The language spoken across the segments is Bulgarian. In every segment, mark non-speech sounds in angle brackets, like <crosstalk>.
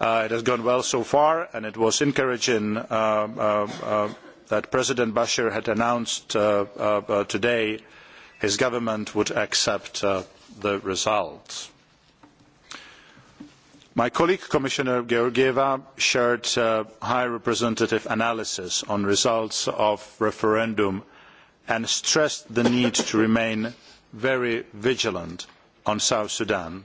it has gone well so far and it was encouraging that president bashir had announced today his government would accept the results. my colleague commissioner georgieva shared high representative's analysis on the results of the referendum and stressed the need to remain very vigilant on south sudan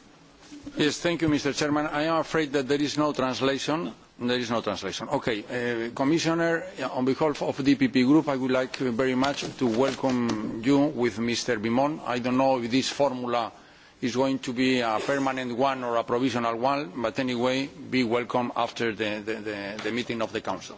mr president i am afraid that there is no translation. There is no translation. commissioner on behalf of the epp group i would like very much to welcome you with mr vimont. i do not know if this formula is going to be a permanent one or a provisional one but anyway be welcome after the meeting of the council.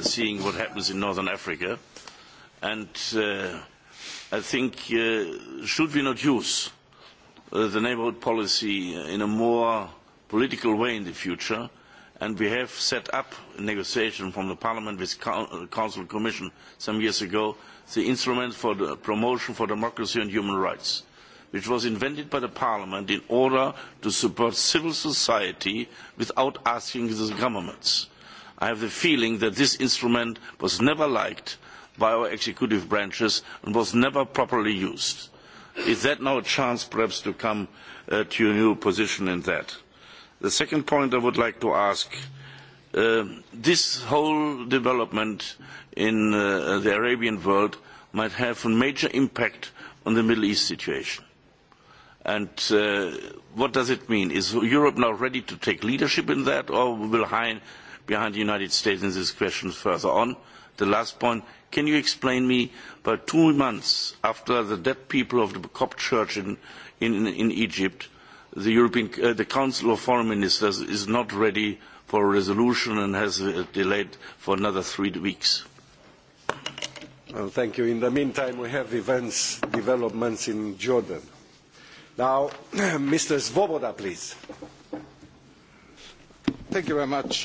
seeing what happens in Northern Africa. And I think, should we not use the neighbourhood policy in a more political way in the future? And we have set up a negotiation from the Parliament with the Council and Commission some years ago, the Instrument for the Promotion for Democracy and Human Rights, which was invented by the Parliament in order to support civil society without asking the governments I have the feeling that this instrument was never liked by our executive branches and was never properly used. Is that now a chance perhaps to come to a new position in that? The second point I would like to ask, this whole development in the Arabian world might have a major impact on the Middle East situation. And what does it mean? Is Europe now ready to take leadership in that, or will behind the United States in this question further on. The last point, can you explain to me, about two months after the dead people of the Copt Church in, Egypt, the, European, the Council of Foreign Ministers is not ready for a resolution and has delayed for another three weeks? thank you. In the meantime, we have events, developments in Jordan. Now, Mr. Svoboda, please. Thank you very much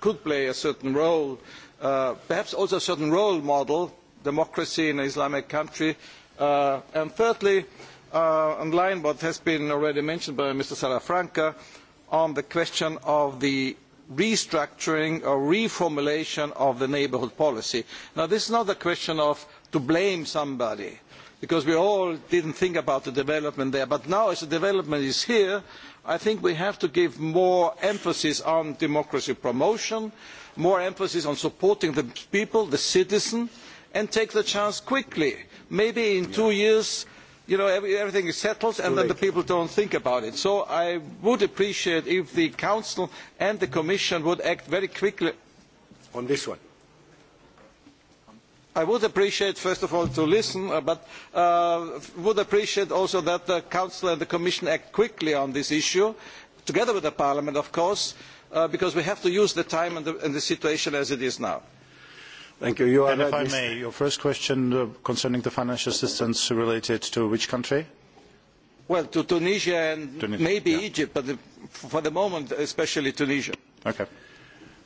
could play a certain role, perhaps also a certain role model, democracy in an Islamic country. and thirdly, in line with what has been already mentioned by Mr. Salafranca, on the question of the restructuring or reformulation of the neighbourhood policy. Now, this is not a question of to blame somebody, because we all did not think about the development there. But now, as the development is here, I think we have to give more emphasis on democracy promotion, more emphasis on supporting the people, the citizen, and take the chance quickly. Maybe in two years, everything is settled and then the people do not think about it. So I would appreciate if the Council and the Commission would act very quickly. On this one I would appreciate, first of all, to listen, but uh, would appreciate also that the Council and the Commission act quickly on this issue, together with Parliament, of course, because we have to use the time and the, situation as it is now. if I may, your first question concerning the financial assistance related to which country? Well, to Tunisia and maybe Egypt, but for the moment, especially Tunisia. Okay.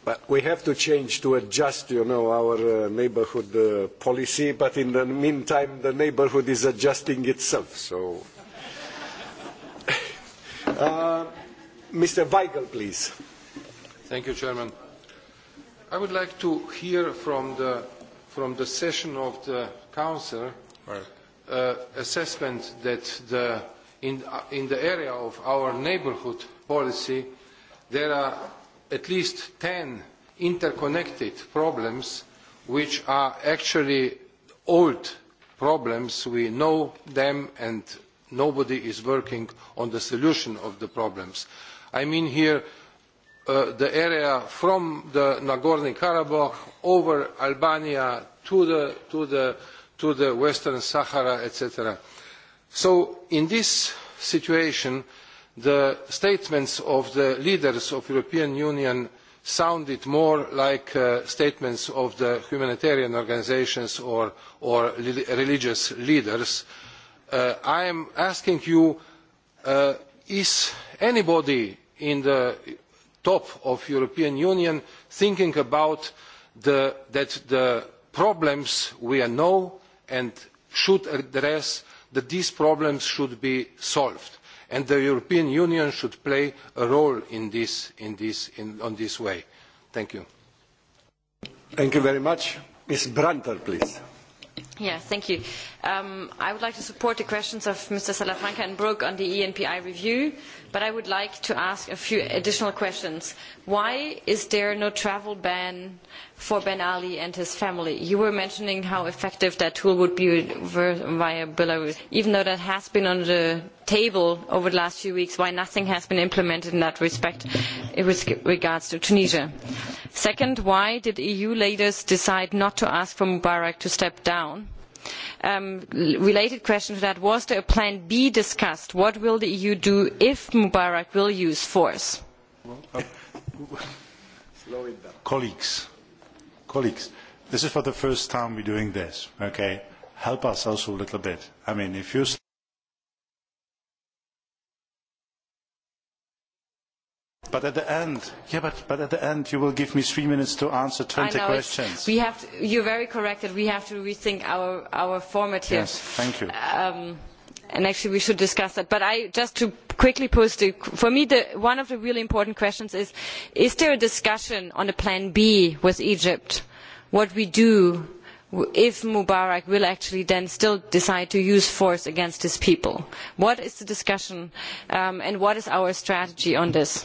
But we have to change to adjust, you know, our neighbourhood policy. But in the meantime, the neighbourhood is adjusting itself. So, Mr. Weigel, please. Thank you, Chairman. I would like to hear from the from the session of the Council uh, assessment that the in in the area of our neighbourhood policy, there are at least ten interconnected problems which are actually old problems. We know them and nobody is working on the solution of the problems. I mean here the area from the Nagorno-Karabakh over Albania to the Western Sahara, etc. So in this situation, the statements of the leaders of the European Union sounded more like statements of the humanitarian organisations or, religious leaders. I am asking you, is anybody in the top of the European Union thinking about that the problems we know and should address, that these problems should be solved? and the european union should play a role in this in this way thank you thank you very much ms brantner please yeah, thank you. Um, I would like to support the questions of Mr. Salafranca and Brooke on the ENPI review, but I would like to ask a few additional questions. Why is there no travel ban for Ben Ali and his family. You were mentioning how effective that tool would be via Belarus. Even though that has been on the table over the last few weeks, why nothing has been implemented in that respect with regards to Tunisia. Second, why did EU leaders decide not to ask for Mubarak to step down? related question to that, was there a plan B discussed? What will the EU do if Mubarak will use force? Colleagues, colleagues, this is for the first time we're doing this, okay? Help us also a little bit. I mean, if you But at the end, yeah, but, but at the end, you will give me three minutes to answer 20 I know, questions. We have to, you're very correct that we have to rethink our, our format here. Yes, thank you. Um, and actually we should discuss that. But I, just to quickly pose the, for me the, one of the really important questions is, is there a discussion on a plan B with Egypt? What we do if Mubarak will actually then still decide to use force against his people? What is the discussion and what is our strategy on this?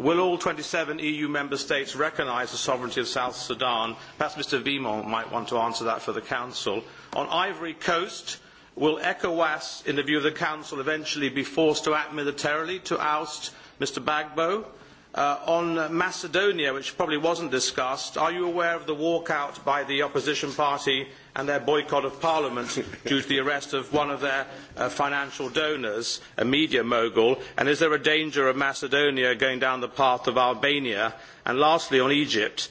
will all twenty seven eu member states recognise the sovereignty of south sudan? perhaps mr vimont might want to answer that for the council. on ivory coast will ecowas in the view of the council eventually be forced to act militarily to oust mr gbagbo? on Macedonia, which probably was not discussed, are you aware of the walkout by the opposition party and their boycott of Parliament due to the arrest of one of their financial donors, a media mogul? And is there a danger of Macedonia going down the path of Albania? And lastly, on Egypt,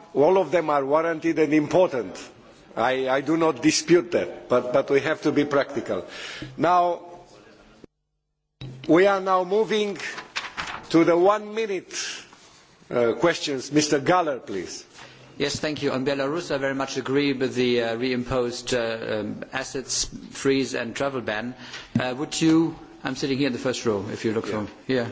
all of them are warranted and important. I, I do not dispute that, but, but we have to be practical. Now, we are now moving to the one minute questions. Mr. Galler, please. Yes, thank you. On Belarus, I very much agree with the reimposed assets freeze and travel ban. would you, I'm sitting here in the first row, if you look from here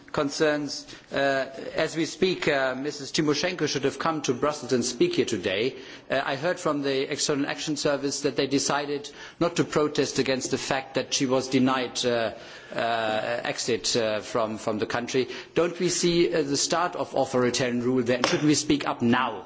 concerns, as we speak, Mrs. Tymoshenko should have come to Brussels and speak here today. I heard from the External Action Service that they decided not to protest against the fact that she was denied exit from, the country. Do we not see the start of authoritarian rule there? And should we speak up now?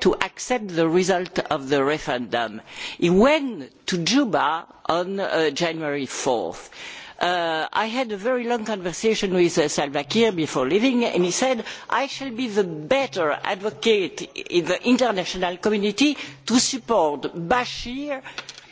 to accept the result of the referendum. He went to Juba on four January I had a very long conversation with Salva Kiir before leaving, and he said, I shall be the better advocate in the international community to support Bashir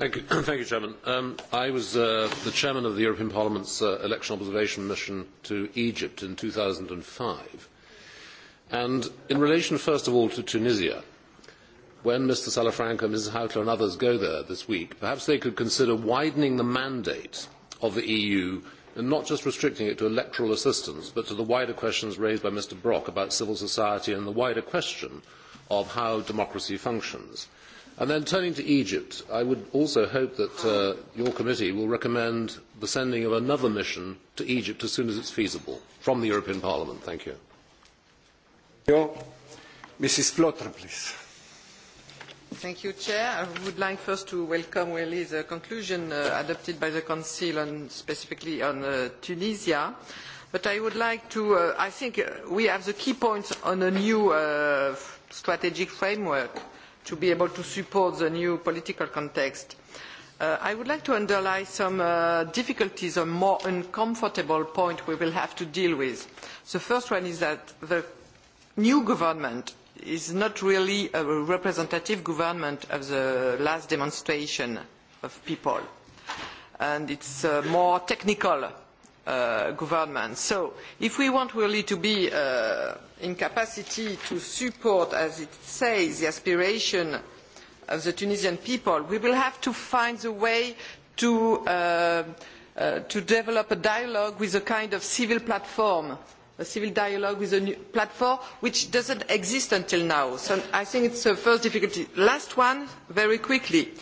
i was the chairman of the european parliament's election observation mission to egypt in two thousand and five and in relation first of all to tunisia when mr salafranca ms hautala and others go there this week perhaps they could consider widening the mandate of the eu and not just restricting it to electoral assistance but to the wider questions raised by mr brok about civil society and the wider question of how democracy functions then turning to Egypt, I would also hope that your committee will recommend the sending of another mission to Egypt as soon as it is feasible from the European Parliament. Thank you. Mrs. Flotter, please. Thank you, Chair. I would like first to welcome really the conclusion adopted by the Council on, specifically on Tunisia. But I would like to, I think we have the key points on a new strategic framework to be able to support the new political context. I would like to underline some difficulties or more uncomfortable point we will have to deal with. The first one is that the new government is not really a representative government of the last demonstration of people. And it's a more technical government. So if we want really to be incapacity to support, as it says, the aspiration of the Tunisian people, we will have to find a way to develop a dialogue with a kind of civil platform, a civil dialogue with a new platform which does not exist until now. So I think it is the first difficulty. Last one, very quickly.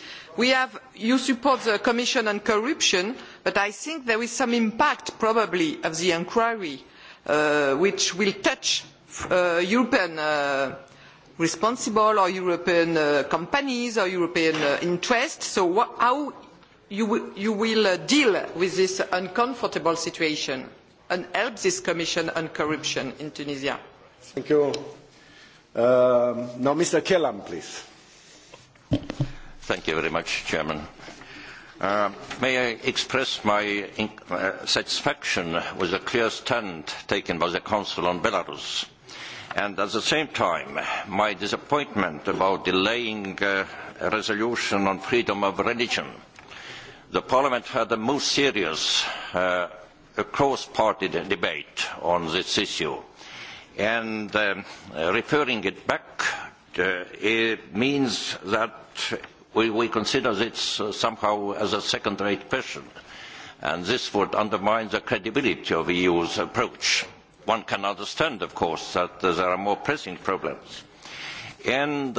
you support the Commission on Corruption, but I think there is some impact probably of the inquiry which will touch European responsible or European companies or European interests. So how you, you will deal with this uncomfortable situation and help this Commission on corruption in Tunisia? Thank you. now, Mr. Kellam, please. Thank you very much, Chairman. may I express my satisfaction with the clear stand taken by the Council on Belarus and at the same time my disappointment about delaying a resolution on freedom of religion. parliament had a most serious cross party debate on this issue and referring it back it means that we consider this somehow as a second rate question and this would undermine the credibility of the eu's approach one can understand, of course, that there are more pressing problems. And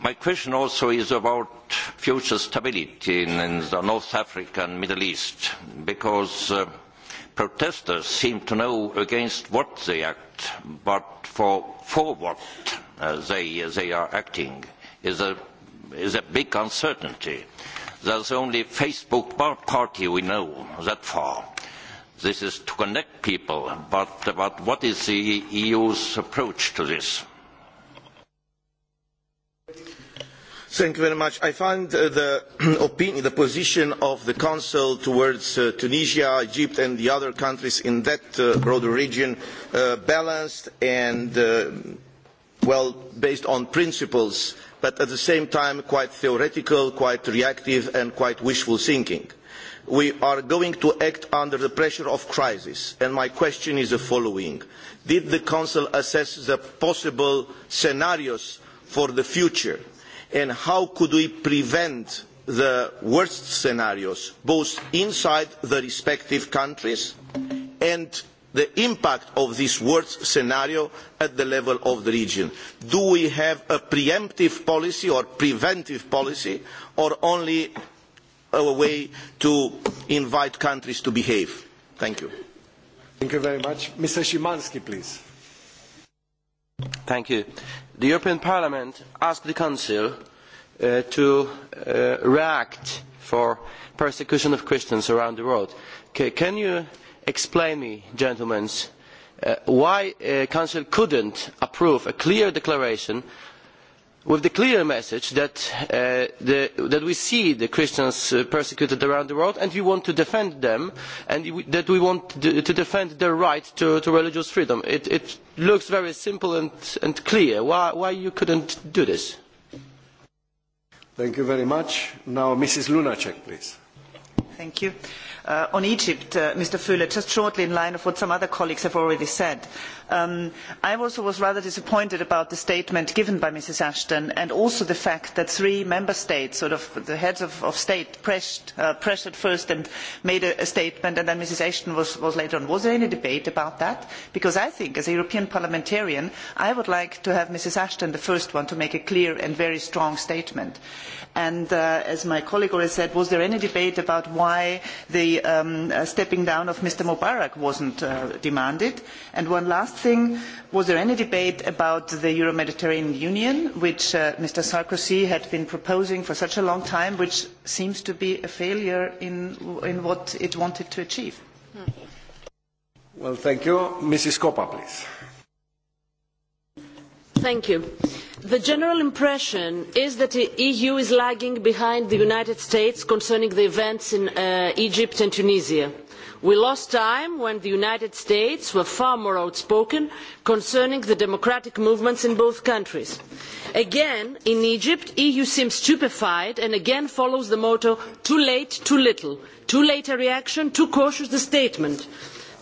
my question also is about future stability in, the North Africa and Middle East, because protesters seem to know against what they act, but for, for what they, they are acting is a, is a big uncertainty. There's only Facebook party we know that far This is to connect people, but, but what is the EU's approach to this? Thank you very much. I find the, opinion, the position of the Council towards Tunisia, Egypt and the other countries in that broader region balanced and well based on principles, but at the same time quite theoretical, quite reactive and quite wishful thinking we are going to act under the pressure of crisis. And my question is the following. Did the Council assess the possible scenarios for the future? And how could we prevent the worst scenarios, both inside the respective countries and the impact of this worst scenario at the level of the region. Do we have a pre emptive policy or preventive policy or only a way to invite countries to behave. Thank you. Thank you very much. Mr. Szymanski, please. Thank you. The European Parliament asked the Council to react for persecution of Christians around the world. can you explain me, gentlemen, why the Council could not approve a clear declaration with the clear message that, we see the Christians persecuted around the world and we want to defend them and that we want to defend their right to, religious freedom. It, looks very simple and, clear. Why, could you not do this? Thank you very much. Now Mrs. Lunacek, please. Thank you on Egypt, Mr. fle just shortly in line with what some other colleagues have already said. I also was rather disappointed about the statement given by Mrs. Ashton and also the fact that three member states, sort of the heads of, state, pressured, first and made a, statement, and then Mrs. Ashton was, later on. Was there any debate about that? Because I think, as a European parliamentarian, I would like to have Mrs. Ashton the first one to make a clear and very strong statement. And as my colleague already said, was there any debate about why the the stepping down of Mr. Mubarak wasn't demanded. And one last thing, was there any debate about the Euro-Mediterranean Union, which Mr. Sarkozy had been proposing for such a long time, which seems to be a failure in, what it wanted to achieve? Well, thank you. Mrs. Coppa, please the general impression is that the eu is lagging behind the united states concerning the events in egypt and tunisia. we lost time when the united states were far more outspoken concerning the democratic movements in both countries. again in egypt the eu seems stupefied and again follows the motto too late too little too late a reaction too cautious a statement'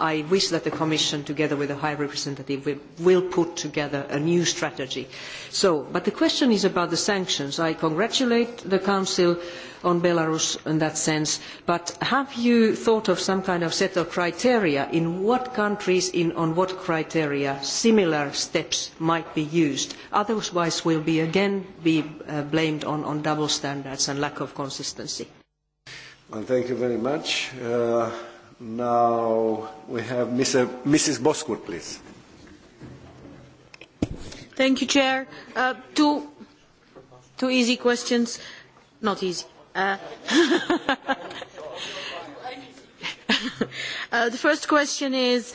I wish that the Commission, together with the High Representative, will put together a new strategy. but the question is about the sanctions. I congratulate the Council on Belarus in that sense, but have you thought of some kind of set of criteria in what countries, in, on what criteria similar steps might be used? Otherwise, we will be again be blamed on, double standards and lack of consistency. thank you very much. Now we have Mrs. Bosworth, please. Thank you, Chair. Uh, two, two easy questions. Not easy. Uh, uh, the first question is,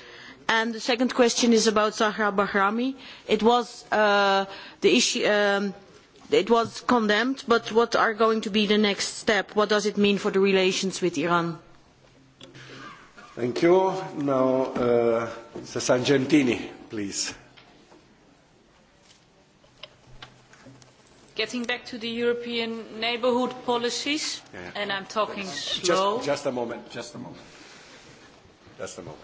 And the second question is about Zahra Bahrami. It was, condemned, but what are going to be the next step? What does it mean for the relations with Iran? Thank you. Now, uh, Sargentini, please. Getting back to the European neighbourhood policies, and I'm talking slow. just a moment. Just a moment. Just a moment.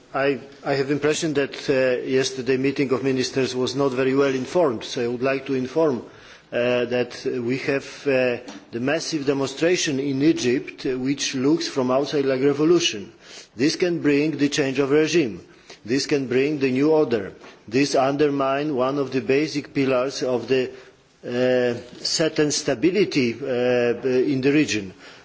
I, have the impression that yesterday's meeting of ministers was not very well informed, so I would like to inform that we have the massive demonstration in Egypt, which looks from outside like revolution. This can bring the change of regime. This can bring the new order. This undermines one of the basic pillars of the certain stability in the region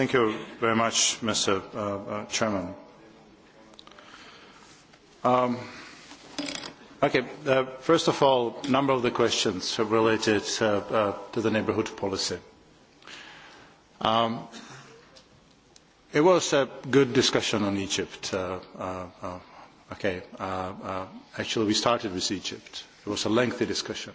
Thank you very much, Mr. Uh, Chairman. Um, okay, uh, first of all, a number of the questions have related uh, uh, to the neighbourhood policy. Um, it was a good discussion on Egypt. Uh, uh, uh, okay, uh, uh, actually, we started with Egypt. It was a lengthy discussion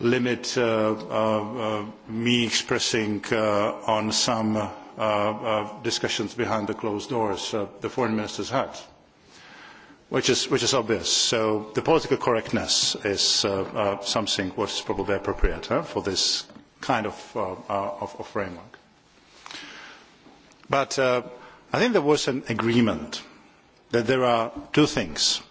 limit me expressing on some discussions behind the closed doors the foreign ministers had, which is obvious. So the political correctness is something which is probably appropriate for this kind of framework. But I think there was an agreement that there are two things –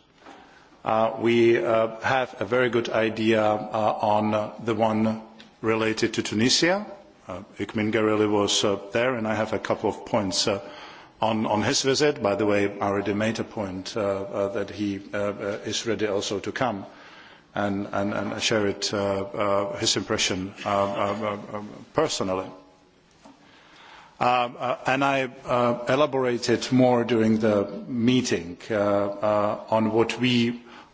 we have a very good idea on the one related to Tunisia. Ekmin Gareli was there, and I have a couple of points on his visit. By the way, I already made a point that he is ready also to come and share his impression personally. And I elaborated more during the meeting on what we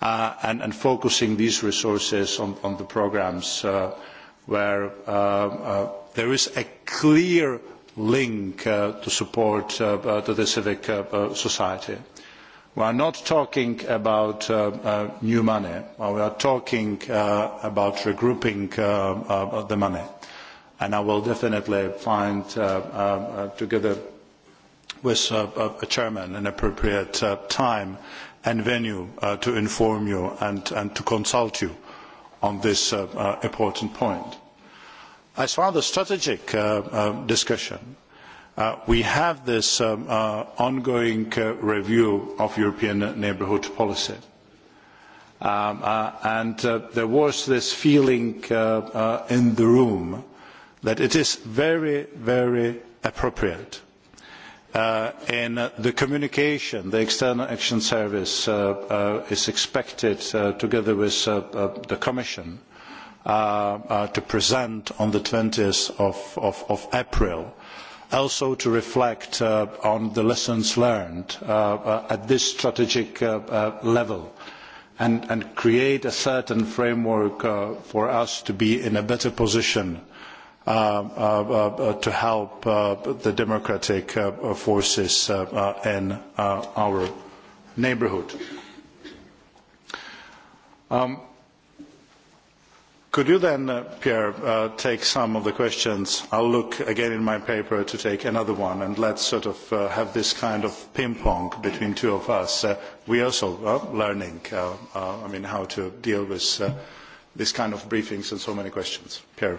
and, focusing these resources on, the programmes where there is a clear link to support the civic society. We are not talking about new money. We are talking about regrouping the money. And I will definitely find, together with a chairman, an appropriate time and venue to inform you and, to consult you on this important point. As far as the strategic discussion, we have this ongoing review of European neighbourhood policy. and there was this feeling in the room that it is very, very appropriate in the communication, the External Action Service is expected, together with the Commission, to present on the 20 of, April, also to reflect on the lessons learned at this strategic level and, create a certain framework for us to be in a better position to help the democratic forces in our neighbourhood. Could you then, Pierre, take some of the questions? I'll look again in my paper to take another one, and let's sort of have this kind of ping-pong between two of us. We also are learning, I mean, how to deal with this kind of briefings and so many questions. Pierre.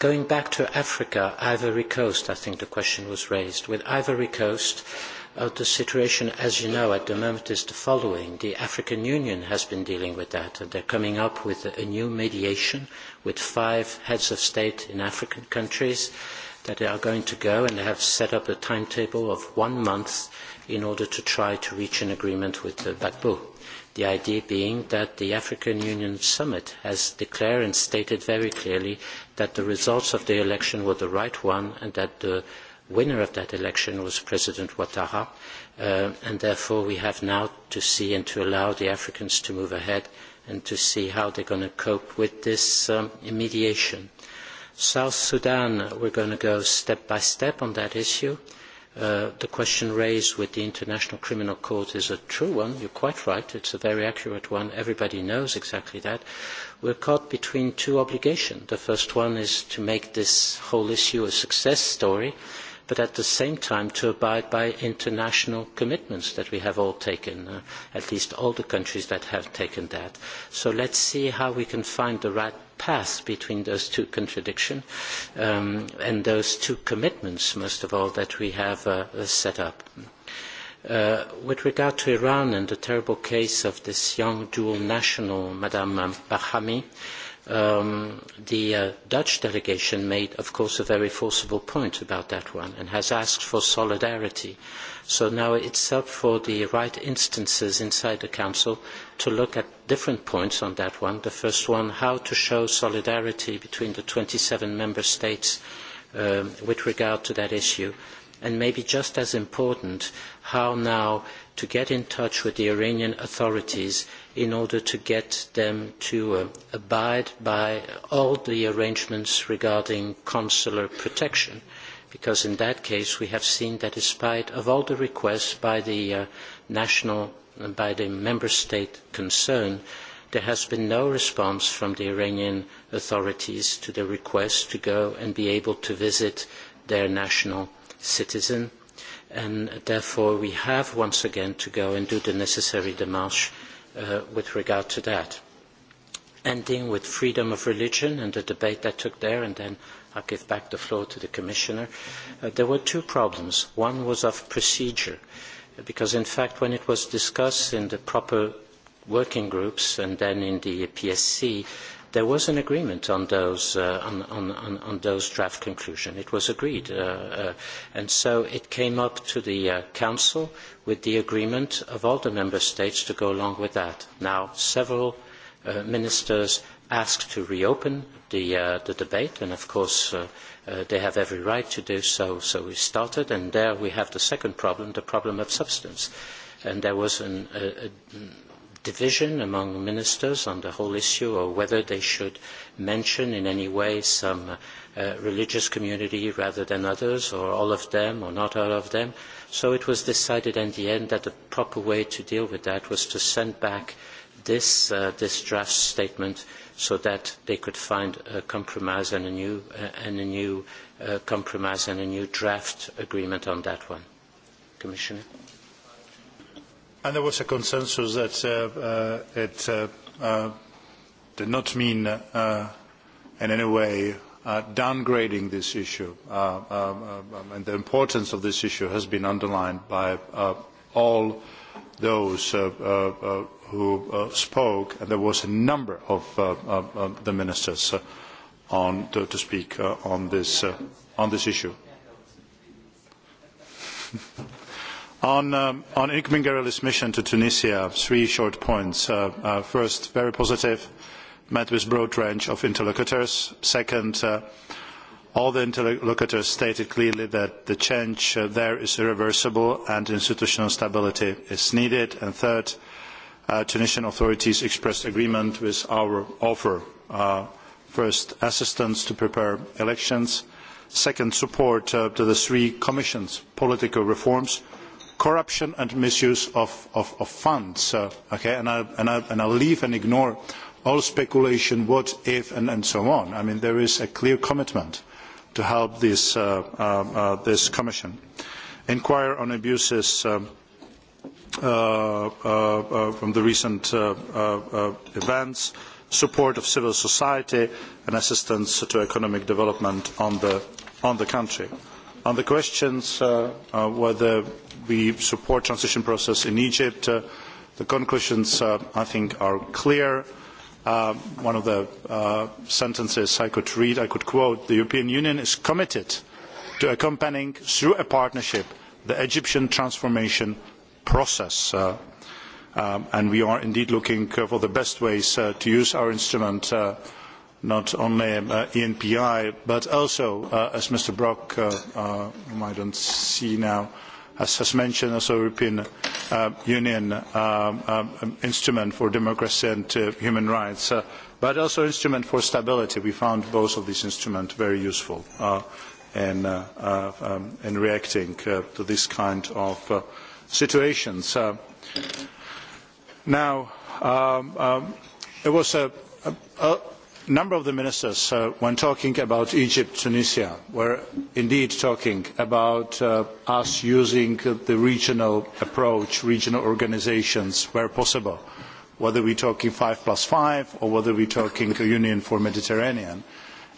Going back to Africa, Ivory Coast, I think the question was raised. With Ivory Coast, uh, the situation, as you know, at the moment is the following. The African Union has been dealing with that, and they're coming up with a new mediation with five heads of state in African countries that are going to go and have set up a timetable of one month in order to try to reach an agreement with uh, Gbagbo. The idea being that the African Union summit has declared and stated very clearly that the results of the election were the right one and that the winner of that election was President Ouattara. and therefore we have now to see and to allow the Africans to move ahead and to see how they are going to cope with this mediation. South Sudan, we are going to go step by step on that issue. the question raised with the International Criminal Court is a true one. you are quite right. it is a very accurate one. Everybody knows exactly that. We are caught between two obligations. The first one is to make this whole issue a success story, but at the same time to abide by international commitments that we have all taken, at least all the countries that have taken that. So let us see how we can find the right path between those two contradictions and those two commitments, most of all, that we have set up with regard to Iran and the terrible case of this young dual national, Madame Bahami, the Dutch delegation made, of course, a very forcible point about that one and has asked for solidarity. So now it's up for the right instances inside the Council to look at different points on that one. The first one, how to show solidarity between the twenty seven member states with regard to that issue and maybe just as important, how now to get in touch with the Iranian authorities in order to get them to abide by all the arrangements regarding consular protection. Because in that case, we have seen that in spite of all the requests by the national, by the member state concerned, there has been no response from the Iranian authorities to the request to go and be able to visit their national citizen, and therefore we have once again to go and do the necessary démarche with regard to that. Ending with freedom of religion and the debate that took there, and then I'll give back the floor to the Commissioner. there were two problems. One was of procedure, because in fact when it was discussed in the proper working groups and then in the PSC, There was an agreement on those, uh, on, on, on, those draft conclusions. It was agreed. Uh, uh, and so it came up to the uh, Council with the agreement of all the Member States to go along with that. Now, several uh, ministers asked to reopen the, uh, the debate, and of course uh, uh, they have every right to do so, so we started, and there we have the second problem, the problem of substance. And there was an, a, a division among ministers on the whole issue or whether they should mention in any way some religious community rather than others or all of them or not all of them. So it was decided in the end that the proper way to deal with that was to send back this, draft statement so that they could find a compromise and a new, and a new compromise and a new draft agreement on that one. Commissioner? And there was a consensus that it did not mean in any way downgrading this issue. and the importance of this issue has been underlined by all those who spoke, and there was a number of the ministers to, speak on, this, issue. On Ikmin Gereli's mission to Tunisia, three short points. First, very positive, met with a broad range of interlocutors. Second, all the interlocutors stated clearly that the change there is irreversible and institutional stability is needed. And third, Tunisian authorities expressed agreement with our offer. First, assistance to prepare elections. Second, support to the three Commission's political reforms corruption and misuse of, funds. and I, will leave and ignore all speculation, what if, and, so on. I mean, there is a clear commitment to help this, Commission inquire on abuses from the recent events, support of civil society, and assistance to economic development on the country On the questions whether we support the transition process in Egypt, the conclusions, I think, are clear. one of the sentences I could read, I could quote, the European Union is committed to accompanying, through a partnership, the Egyptian transformation process. and we are indeed looking for the best ways to use our instrument not only ENPI, but also, as Mr. Brok, whom I don't see now, has mentioned, also European Union instrument for democracy and human rights, but also instrument for stability. We found both of these instruments very useful in reacting to this kind of situations. Now, it was A number of the ministers, when talking about Egypt, and Tunisia, were indeed talking about us using the regional approach, regional organisations where possible, whether we are talking five plus five or whether we are talking a union for the Mediterranean.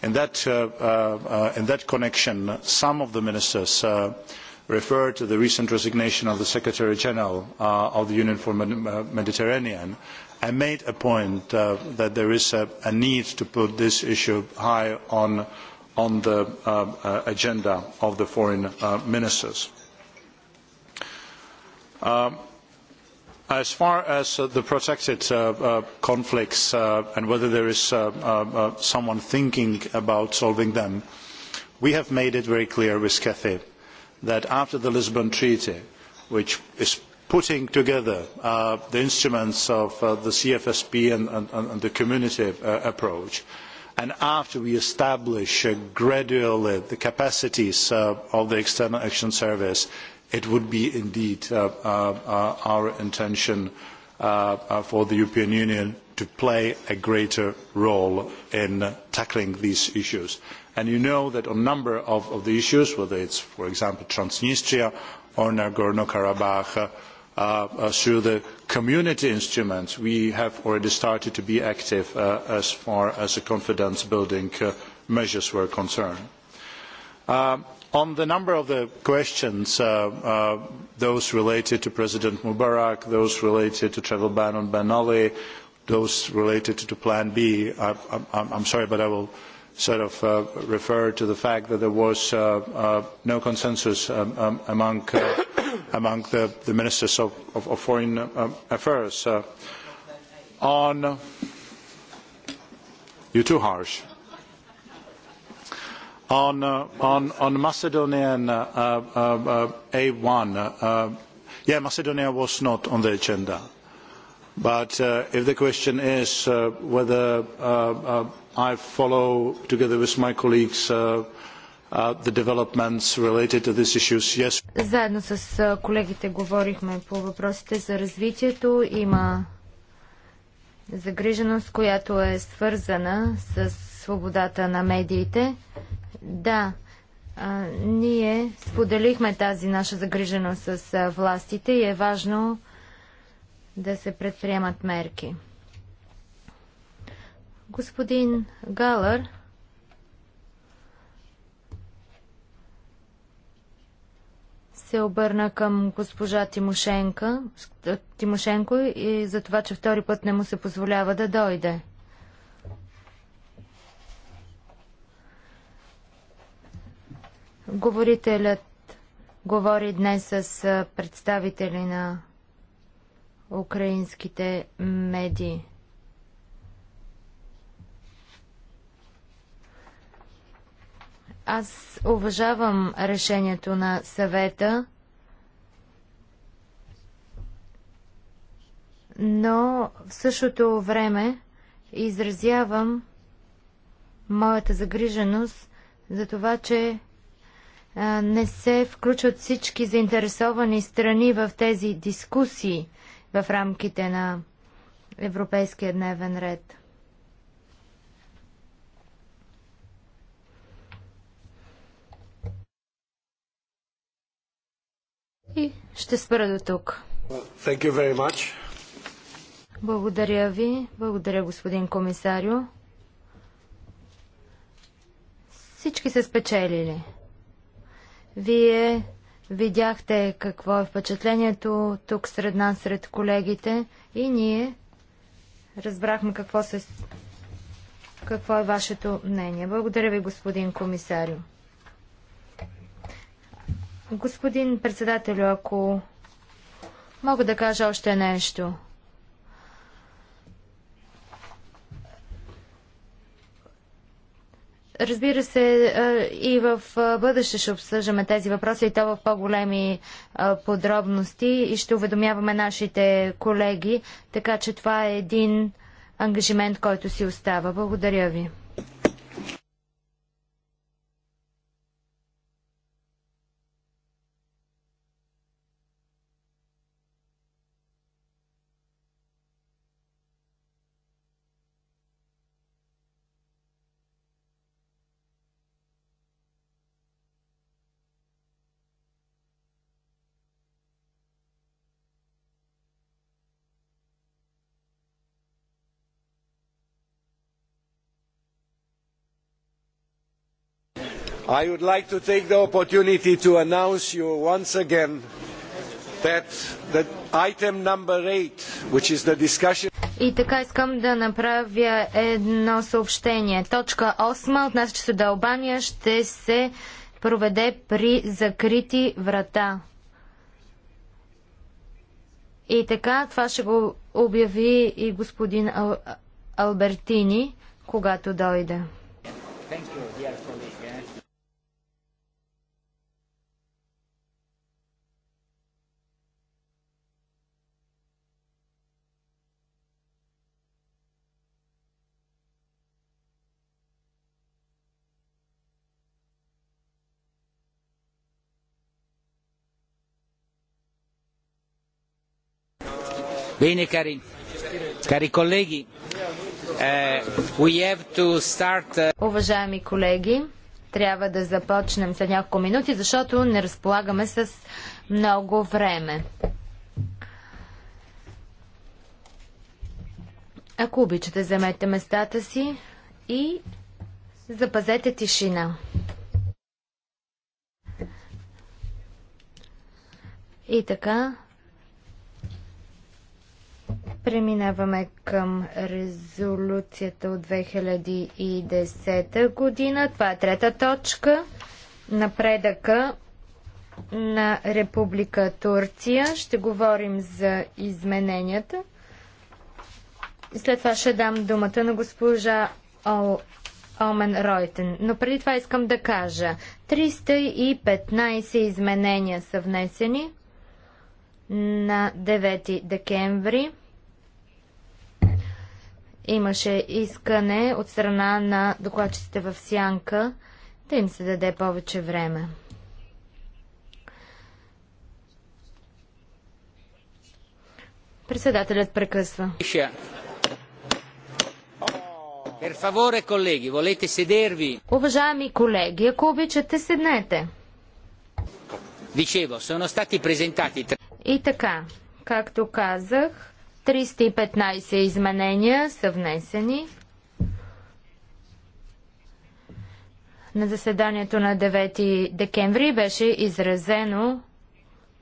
In that connection, some of the ministers referred to the recent resignation of the Secretary General of the Union for the Mediterranean I made a point that there is a need to put this issue high on the agenda of the foreign ministers. As far as the protected conflicts and whether there is someone thinking about solving them, we have made it very clear with CAFE that after the Lisbon Treaty, which is putting together the instruments of the CFSP and, the community approach. And after we establish gradually the capacities of the External Action Service, it would be indeed our intention for the European Union to play a greater role in tackling these issues. And you know that on a number of, the issues, whether it is, for example, Transnistria or Nagorno-Karabakh, through the community instruments, we have already started to be active as far as the confidence building measures were concerned. on the number of the questions, those related to President Mubarak, those related to travel ban on Ben Ali, those related to Plan B, I, am sorry, but I will sort of refer to the fact that there was no consensus among among the, ministers of, foreign affairs. on are too harsh. On, Macedonian a one, yes Macedonia was not on the agenda. But if the question is whether I follow, together with my colleagues, Uh, Заедно с колегите говорихме по въпросите за развитието. Има загриженост, която е свързана с свободата на медиите. Да, ние споделихме тази наша загриженост с властите и е важно да се предприемат мерки. Господин Галър, се обърна към госпожа Тимошенко, Тимошенко и за това, че втори път не му се позволява да дойде. Говорителят говори днес с представители на украинските медии. Аз уважавам решението на съвета, но в същото време изразявам моята загриженост за това, че не се включват всички заинтересовани страни в тези дискусии в рамките на Европейския дневен ред. И ще спра до тук. Thank you very much. Благодаря ви. Благодаря, господин комисарио. Всички са спечелили. Вие видяхте какво е впечатлението тук сред нас, сред колегите и ние разбрахме какво, се, какво е вашето мнение. Благодаря ви, господин комисарио. Господин председател, ако мога да кажа още нещо. Разбира се, и в бъдеще ще обсъждаме тези въпроси и то в по-големи подробности и ще уведомяваме нашите колеги, така че това е един ангажимент, който си остава. Благодаря ви. I would like to take the opportunity to announce you once again that the item number 8, which is the discussion... И така искам да направя едно съобщение. Точка 8 от нас, че са до Албания, ще се проведе при закрити врата. И така, това ще го обяви и господин Ал... Албертини, когато дойде. Thank you. Bene, cari, cari colleghi, uh, we have to start... Eh. Уважаеми колеги, трябва да започнем за няколко минути, защото не разполагаме с много време. Ако обичате, вземете местата си и запазете тишина. И така, Преминаваме към резолюцията от 2010 година. Това е трета точка. Напредъка на Република Турция. Ще говорим за измененията. След това ще дам думата на госпожа Омен Ройтен. Но преди това искам да кажа. 315 изменения са внесени на 9 декември Имаше искане от страна на докладчиците в Сянка да им се даде повече време. Председателят прекъсва. Уважаеми колеги, ако обичате, седнете. И така, както казах, 315 изменения са внесени на заседанието на 9 декември беше изразено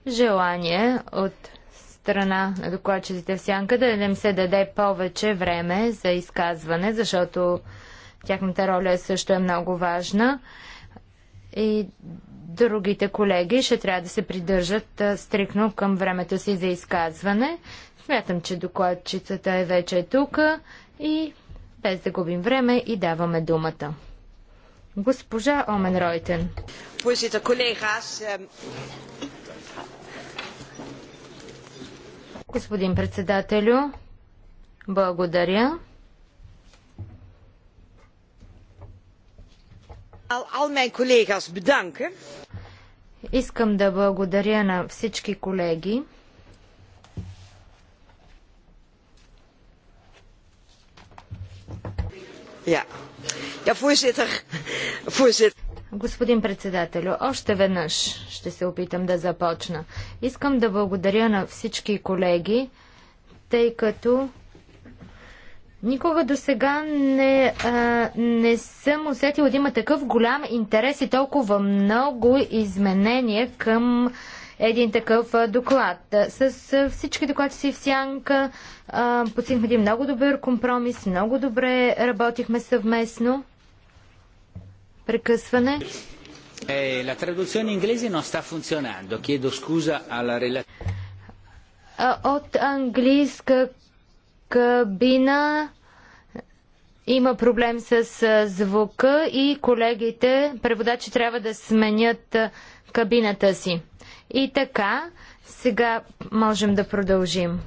желание от страна на докладчиците в Сянка да не се даде повече време за изказване, защото тяхната роля също е много важна и другите колеги ще трябва да се придържат стрикно към времето си за изказване. Смятам, че докладчицата е вече тук и без да губим време и даваме думата. Госпожа Омен Ройтен. Ehm, Господин председателю, благодаря. al mijn collega's bedanken. Искам да благодаря на всички колеги. Господин председателю, още веднъж ще се опитам да започна. Искам да благодаря на всички колеги, тъй като никога до сега не, а, не съм усетила да има такъв голям интерес и толкова много изменения към а, един такъв доклад. С всички доклади си в сянка постигнахме един много добър компромис, много добре работихме съвместно. Прекъсване. Е, la traduzione inglese non sta funzionando, chiedo scusa alla relazione. От английска кабина има проблем с звука и колегите, преводачи трябва да сменят кабината си. И така, сега можем да продължим.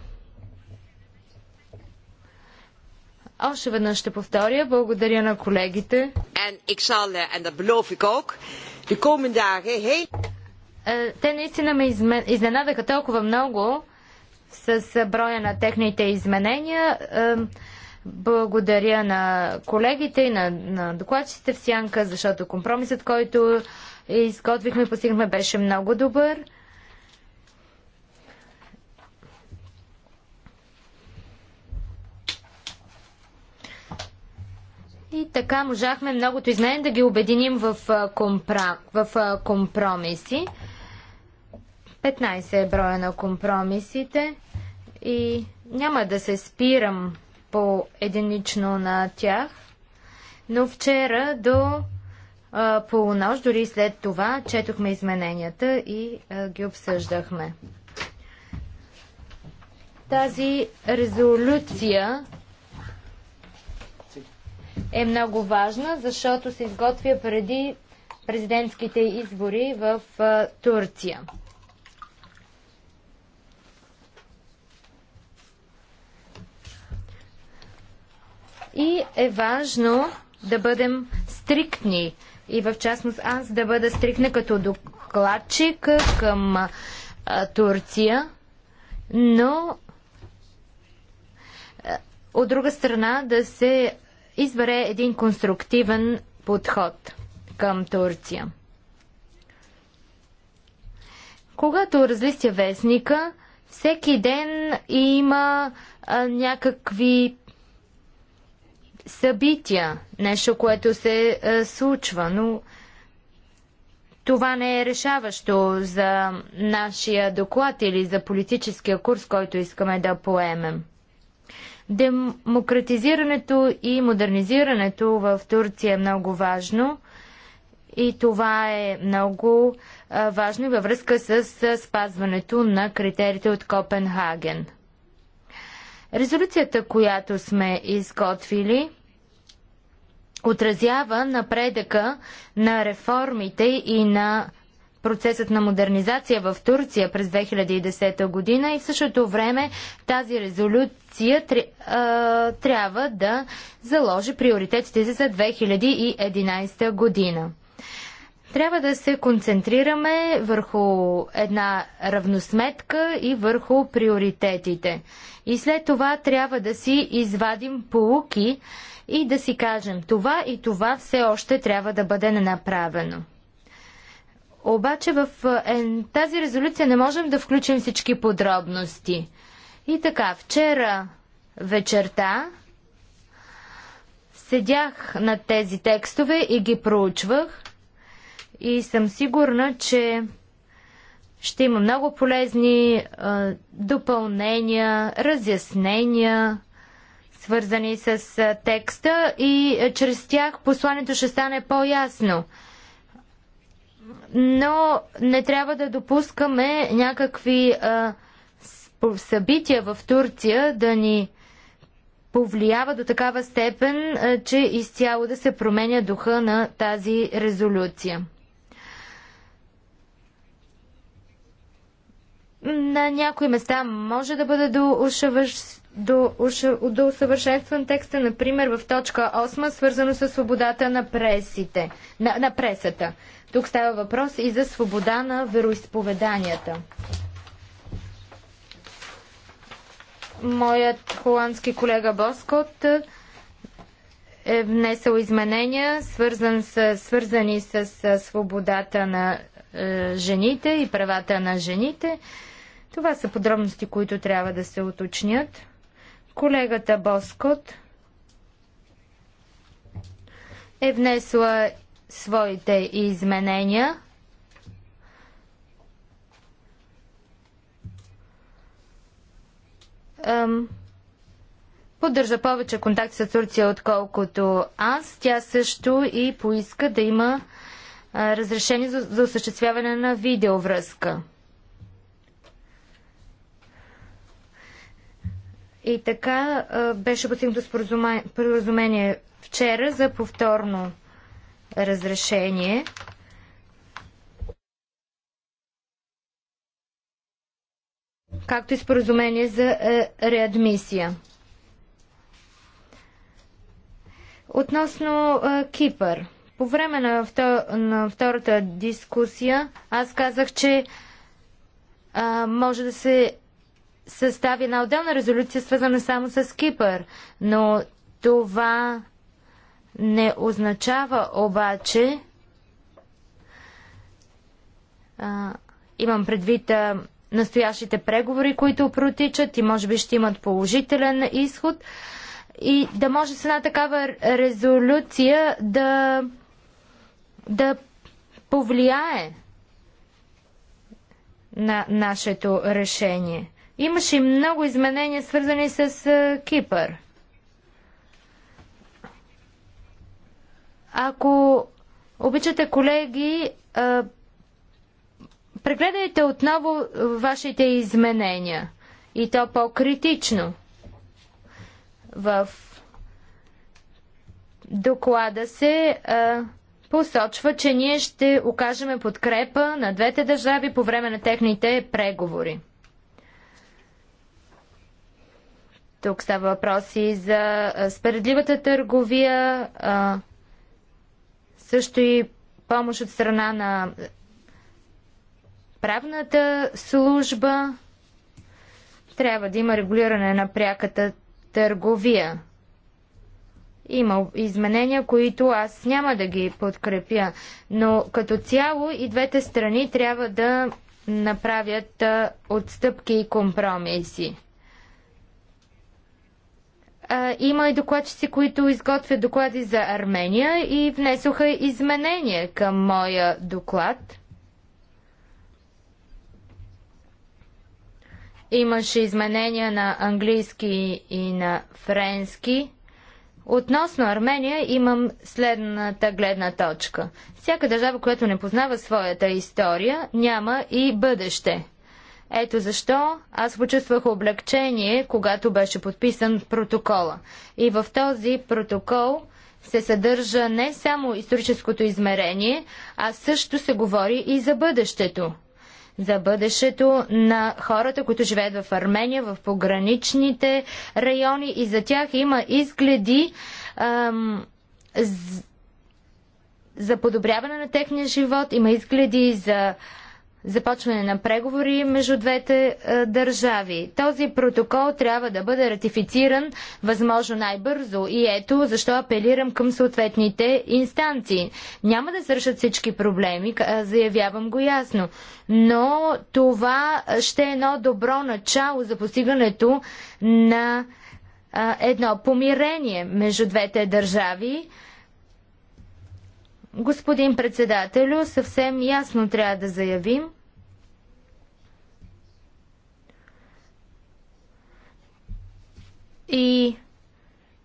Още веднъж ще повторя. Благодаря на колегите. En ik zal, eh, en dat beloof ik ook, de komende dagen heel... Е, те наистина ме изненадаха толкова много с броя на техните изменения. Е, благодаря на колегите и на, на в Сянка, защото компромисът, който изготвихме, постигнахме, беше много добър. И така можахме многото изменения да ги обединим в, компра... в компромиси. 15 е броя на компромисите и няма да се спирам по единично на тях, но вчера до полунощ, дори след това четохме измененията и ги обсъждахме. Тази резолюция е много важна, защото се изготвя преди президентските избори в Турция. И е важно да бъдем стриктни и в частност аз да бъда стрикна като докладчик към а, Турция, но а, от друга страна да се избере един конструктивен подход към Турция. Когато разлистя вестника, всеки ден има а, някакви събития, нещо, което се е, случва, но това не е решаващо за нашия доклад или за политическия курс, който искаме да поемем. Демократизирането и модернизирането в Турция е много важно и това е много е, важно и във връзка с е, спазването на критериите от Копенхаген. Резолюцията, която сме изготвили, отразява напредъка на реформите и на процесът на модернизация в Турция през 2010 година и в същото време тази резолюция трябва да заложи приоритетите си за 2011 година. Трябва да се концентрираме върху една равносметка и върху приоритетите. И след това трябва да си извадим полуки и да си кажем това и това все още трябва да бъде направено. Обаче в е, тази резолюция не можем да включим всички подробности. И така, вчера вечерта седях на тези текстове и ги проучвах и съм сигурна, че ще има много полезни а, допълнения, разяснения, свързани с а, текста и а, чрез тях посланието ще стане по-ясно. Но не трябва да допускаме някакви а, събития в Турция да ни повлиява до такава степен, а, че изцяло да се променя духа на тази резолюция. На някои места може да бъде до, ушавъж, до, уша, до усъвършенстван текста, например в точка 8, свързано с свободата на, пресите, на, на пресата. Тук става въпрос и за свобода на вероисповеданията. Моят холандски колега Боскот е, е внесъл изменения, свързан с, свързани с, с свободата на е, жените и правата на жените. Е, това са подробности, които трябва да се уточнят. Колегата Боскот е внесла своите изменения. Ам, поддържа повече контакт с Турция, отколкото аз. Тя също и поиска да има а, разрешение за, за осъществяване на видеовръзка. И така беше постигнато споразумение вчера за повторно разрешение. както и споразумение за реадмисия. Относно Кипър. По време на, втор... на втората дискусия аз казах, че а, може да се състави една отделна резолюция, свързана само с Кипър. Но това не означава обаче, а, имам предвид а, настоящите преговори, които протичат и може би ще имат положителен изход. И да може с една такава резолюция да, да повлияе на нашето решение. Имаше и много изменения, свързани с Кипър. Ако обичате, колеги, прегледайте отново вашите изменения и то по-критично. В доклада се а, посочва, че ние ще окажем подкрепа на двете държави по време на техните преговори. Тук става въпроси за справедливата търговия, а, също и помощ от страна на правната служба. Трябва да има регулиране на пряката търговия. Има изменения, които аз няма да ги подкрепя, но като цяло и двете страни трябва да направят отстъпки и компромиси. Има и докладчици, които изготвят доклади за Армения и внесоха изменения към моя доклад. Имаше изменения на английски и на френски. Относно Армения имам следната гледна точка. Всяка държава, която не познава своята история, няма и бъдеще. Ето защо аз почувствах облегчение, когато беше подписан протокола. И в този протокол се съдържа не само историческото измерение, а също се говори и за бъдещето. За бъдещето на хората, които живеят в Армения, в пограничните райони и за тях има изгледи ам, за подобряване на техния живот, има изгледи за започване на преговори между двете е, държави. Този протокол трябва да бъде ратифициран възможно най-бързо и ето защо апелирам към съответните инстанции. Няма да свършат всички проблеми, е, заявявам го ясно, но това ще е едно добро начало за постигането на е, едно помирение между двете държави. Господин председателю, съвсем ясно трябва да заявим, и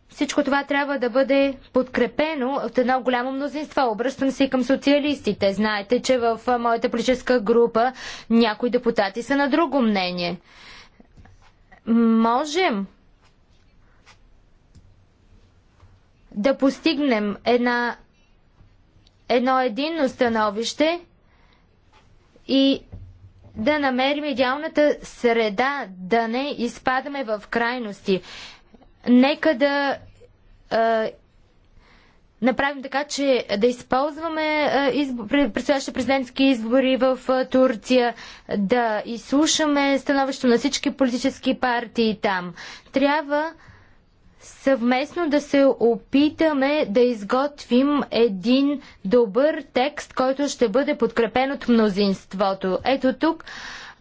всичко това трябва да бъде подкрепено от едно голямо мнозинство. Обръщам се и към социалистите. Знаете, че в моята политическа група някои депутати са на друго мнение. Можем да постигнем една едно единно становище и да намерим идеалната среда, да не изпадаме в крайности. Нека да а, направим така, че да използваме предстоящите президентски избори в Турция, да изслушаме становището на всички политически партии там. Трябва съвместно да се опитаме да изготвим един добър текст, който ще бъде подкрепен от мнозинството. Ето тук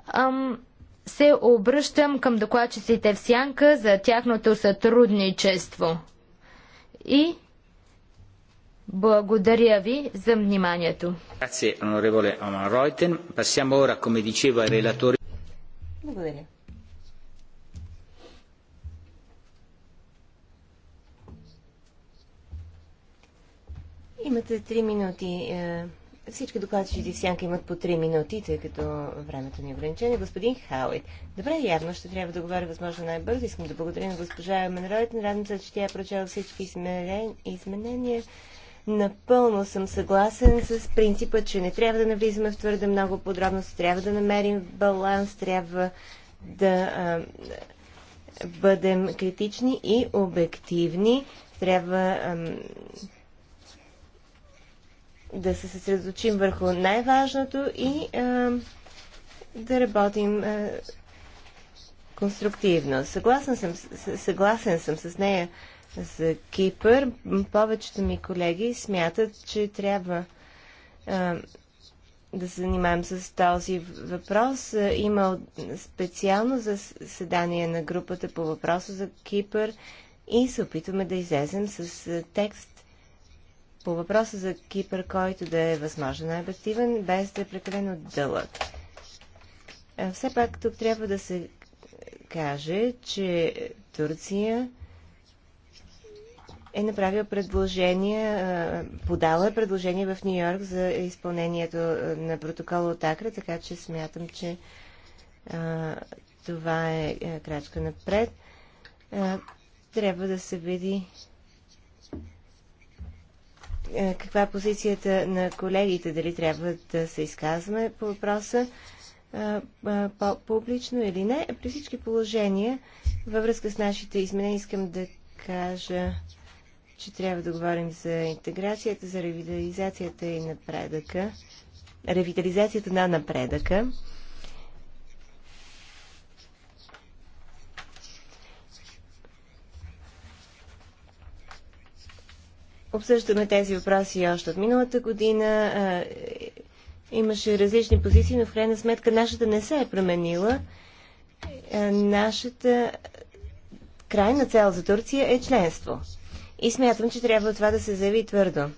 ам, се обръщам към докладчиците в Сянка за тяхното сътрудничество. И благодаря ви за вниманието. Благодаря. Имате три минути. Е, всички докладчици в сянка имат по три минути, тъй като времето ни е ограничено. Господин Хауит. Добре, явно ще трябва да говоря възможно най-бързо. Искам да благодаря на госпожа Менроид. Радвам се, че тя е прочела всички изменения. Напълно съм съгласен с принципа, че не трябва да навлизаме в твърде много подробност, трябва да намерим баланс, трябва да а, бъдем критични и обективни, трябва а, да се съсредоточим върху най-важното и а, да работим а, конструктивно. Съгласен съм, съгласен съм с нея за Кипър. Повечето ми колеги смятат, че трябва а, да се занимаем с този въпрос. Има специално заседание на групата по въпроса за Кипър и се опитваме да излезем с текст по въпроса за Кипър, който да е възможно най-обективен, без да е прекалено дълъг. Все пак тук трябва да се каже, че Турция е направила предложение, подала е предложение в Нью Йорк за изпълнението на протокола от Акра, така че смятам, че а, това е крачка напред. А, трябва да се види е, каква е позицията на колегите, дали трябва да се изказваме по въпроса е, е, публично или не. При всички положения, във връзка с нашите изменения, искам да кажа, че трябва да говорим за интеграцията, за ревитализацията и напредъка. Ревитализацията на напредъка. Обсъждаме тези въпроси още от миналата година. Е, имаше различни позиции, но в крайна сметка нашата не се е променила. Е, нашата крайна цел за Турция е членство. И смятам, че трябва това да се заяви твърдо. Е,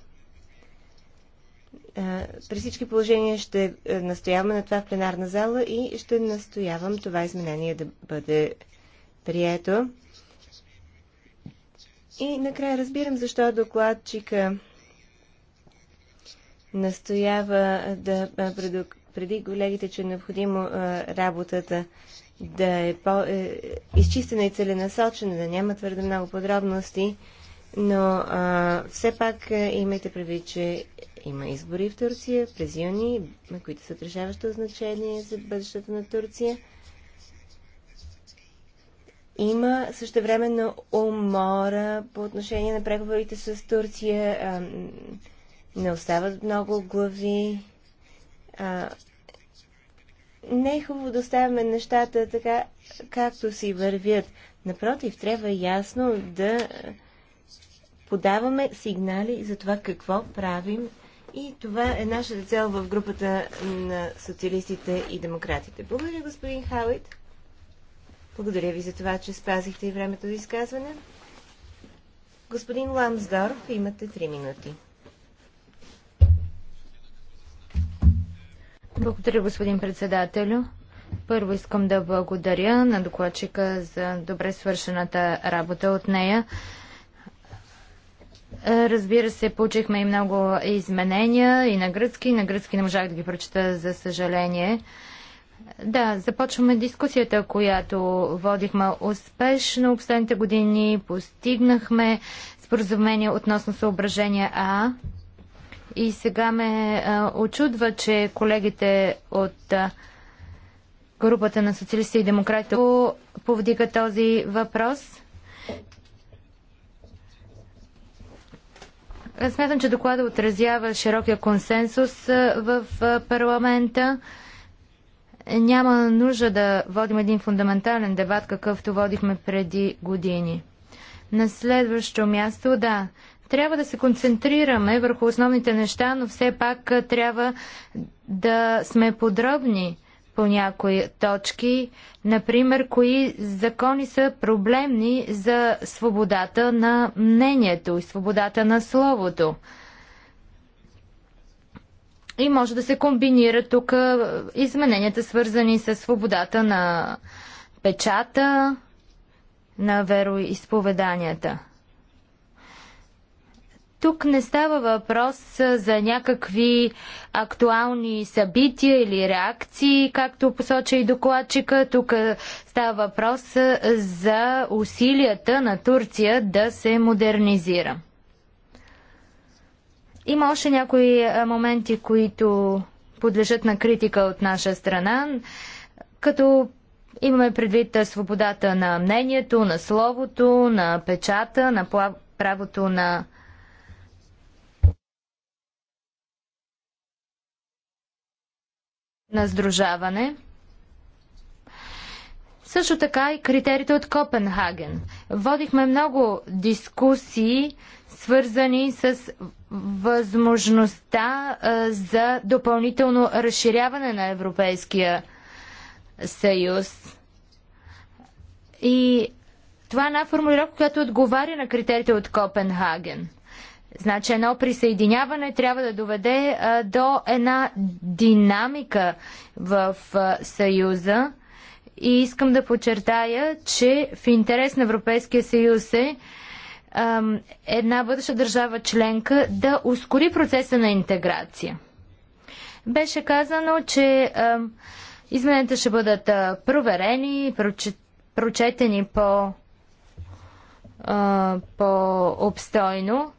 при всички положения ще настояваме на това в пленарна зала и ще настоявам това изменение да бъде прието. И накрая разбирам защо докладчика настоява да преди колегите, че е необходимо работата да е по-изчистена е, и целенасочена, да няма твърде много подробности, но а, все пак имайте предвид, че има избори в Турция през юни, които са решаващо значение за бъдещето на Турция. Има също времено умора по отношение на преговорите с Турция. А, не остават много глави. А, не е хубаво да оставяме нещата така, както си вървят. Напротив, трябва ясно да подаваме сигнали за това какво правим и това е нашата цел в групата на социалистите и демократите. Благодаря, господин Хауит. Благодаря ви за това, че спазихте и времето за изказване. Господин Ламсдорф, имате 3 минути. Благодаря, господин председателю. Първо искам да благодаря на докладчика за добре свършената работа от нея. Разбира се, получихме и много изменения и на гръцки. На гръцки не можах да ги прочета, за съжаление. Да, започваме дискусията, която водихме успешно. Последните години постигнахме споразумение относно съображение А. И сега ме а, очудва, че колегите от а, групата на социалисти и демократи повдига този въпрос. Смятам, че доклада отразява широкия консенсус в парламента няма нужда да водим един фундаментален дебат, какъвто водихме преди години. На следващо място, да, трябва да се концентрираме върху основните неща, но все пак трябва да сме подробни по някои точки. Например, кои закони са проблемни за свободата на мнението и свободата на словото. И може да се комбинира тук измененията, свързани с свободата на печата, на вероисповеданията. Тук не става въпрос за някакви актуални събития или реакции, както посоча и докладчика. Тук става въпрос за усилията на Турция да се модернизира. Има още някои е, моменти, които подлежат на критика от наша страна, като имаме предвид е, свободата на мнението, на словото, на печата, на правото на на сдружаване. Също така и критерите от Копенхаген. Водихме много дискусии, свързани с възможността за допълнително разширяване на Европейския съюз. И това е една формулировка, която отговаря на критериите от Копенхаген. Значи едно присъединяване трябва да доведе а, до една динамика в а, Съюза. И искам да подчертая, че в интерес на Европейския съюз е една бъдеща държава членка да ускори процеса на интеграция. Беше казано, че измененията ще бъдат проверени, прочетени по, по обстойно.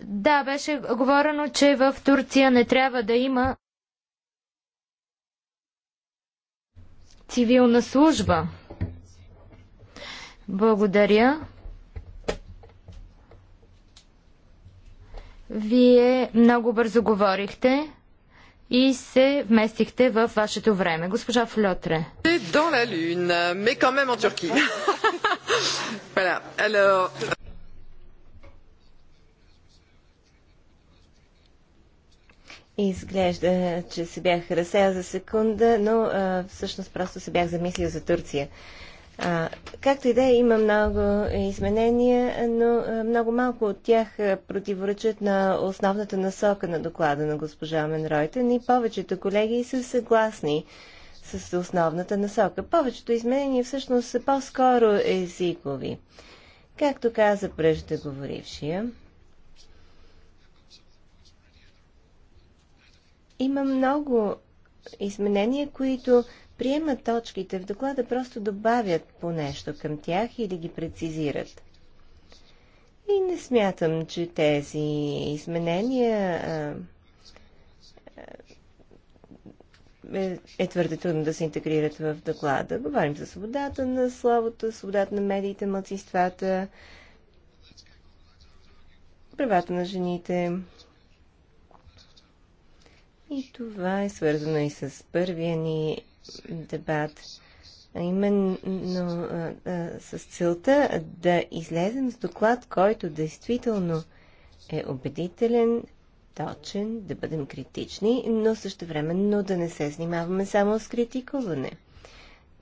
Да, беше говорено, че в Турция не трябва да има цивилна служба. Благодаря. Вие много бързо говорихте и се вместихте в вашето време. Госпожа Флотре. <laughs> Изглежда, че се бях разсеял за секунда, но а, всъщност просто се бях замислил за Турция. А, както и да е, има много изменения, но много малко от тях противоречат на основната насока на доклада на госпожа Менройтен и повечето колеги са съгласни с основната насока. Повечето изменения всъщност са по-скоро езикови. Както каза преждеговорившия, има много изменения, които приемат точките в доклада, просто добавят по нещо към тях или ги прецизират. И не смятам, че тези изменения а, е, е твърде трудно да се интегрират в доклада. Говорим за свободата на словото, свободата на медиите, младсинствата, правата на жените. И това е свързано и с първия ни дебат, а именно а, а, с целта да излезем с доклад, който действително е убедителен, точен, да бъдем критични, но също времено да не се занимаваме само с критикуване.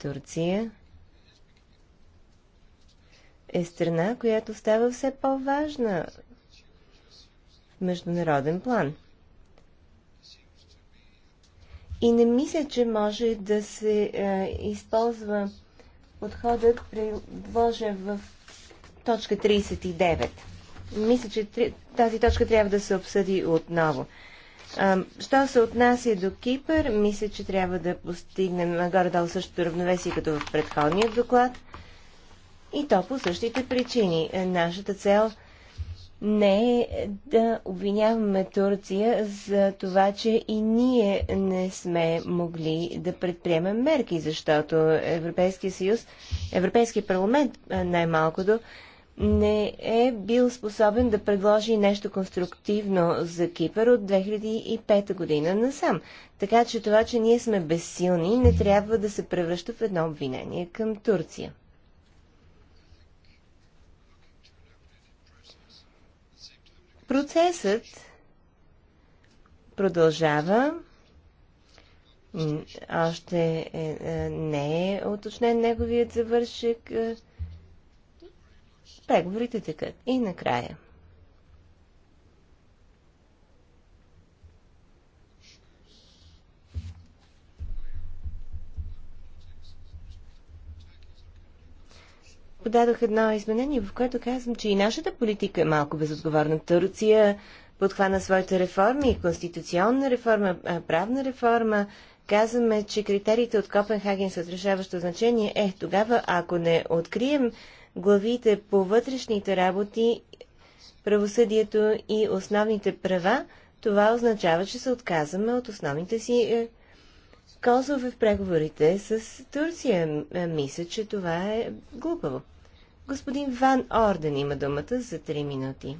Турция е страна, която става все по-важна в международен план – и не мисля, че може да се е, използва подходът, предложен в точка 39. Мисля, че тази точка трябва да се обсъди отново. Е, що се отнася до Кипър, мисля, че трябва да постигнем горе-долу същото равновесие като в предходния доклад. И то по същите причини. Е, нашата цел не е да обвиняваме Турция за това, че и ние не сме могли да предприемем мерки, защото Европейския съюз, Европейския парламент най-малкото, не е бил способен да предложи нещо конструктивно за Кипър от 2005 година насам. Така че това, че ние сме безсилни, не трябва да се превръща в едно обвинение към Турция. Процесът продължава. Още е, е, не е уточнен неговият завършек. Е, преговорите текат. И накрая. подадох едно изменение, в което казвам, че и нашата политика е малко безотговорна. Турция подхвана своите реформи, конституционна реформа, правна реформа. Казваме, че критериите от Копенхаген са отрешаващо значение. Е, тогава, ако не открием главите по вътрешните работи, правосъдието и основните права, това означава, че се отказваме от основните си е, козове в преговорите с Турция. Мисля, че това е глупаво. Господин Ван Орден има думата за 3 минути.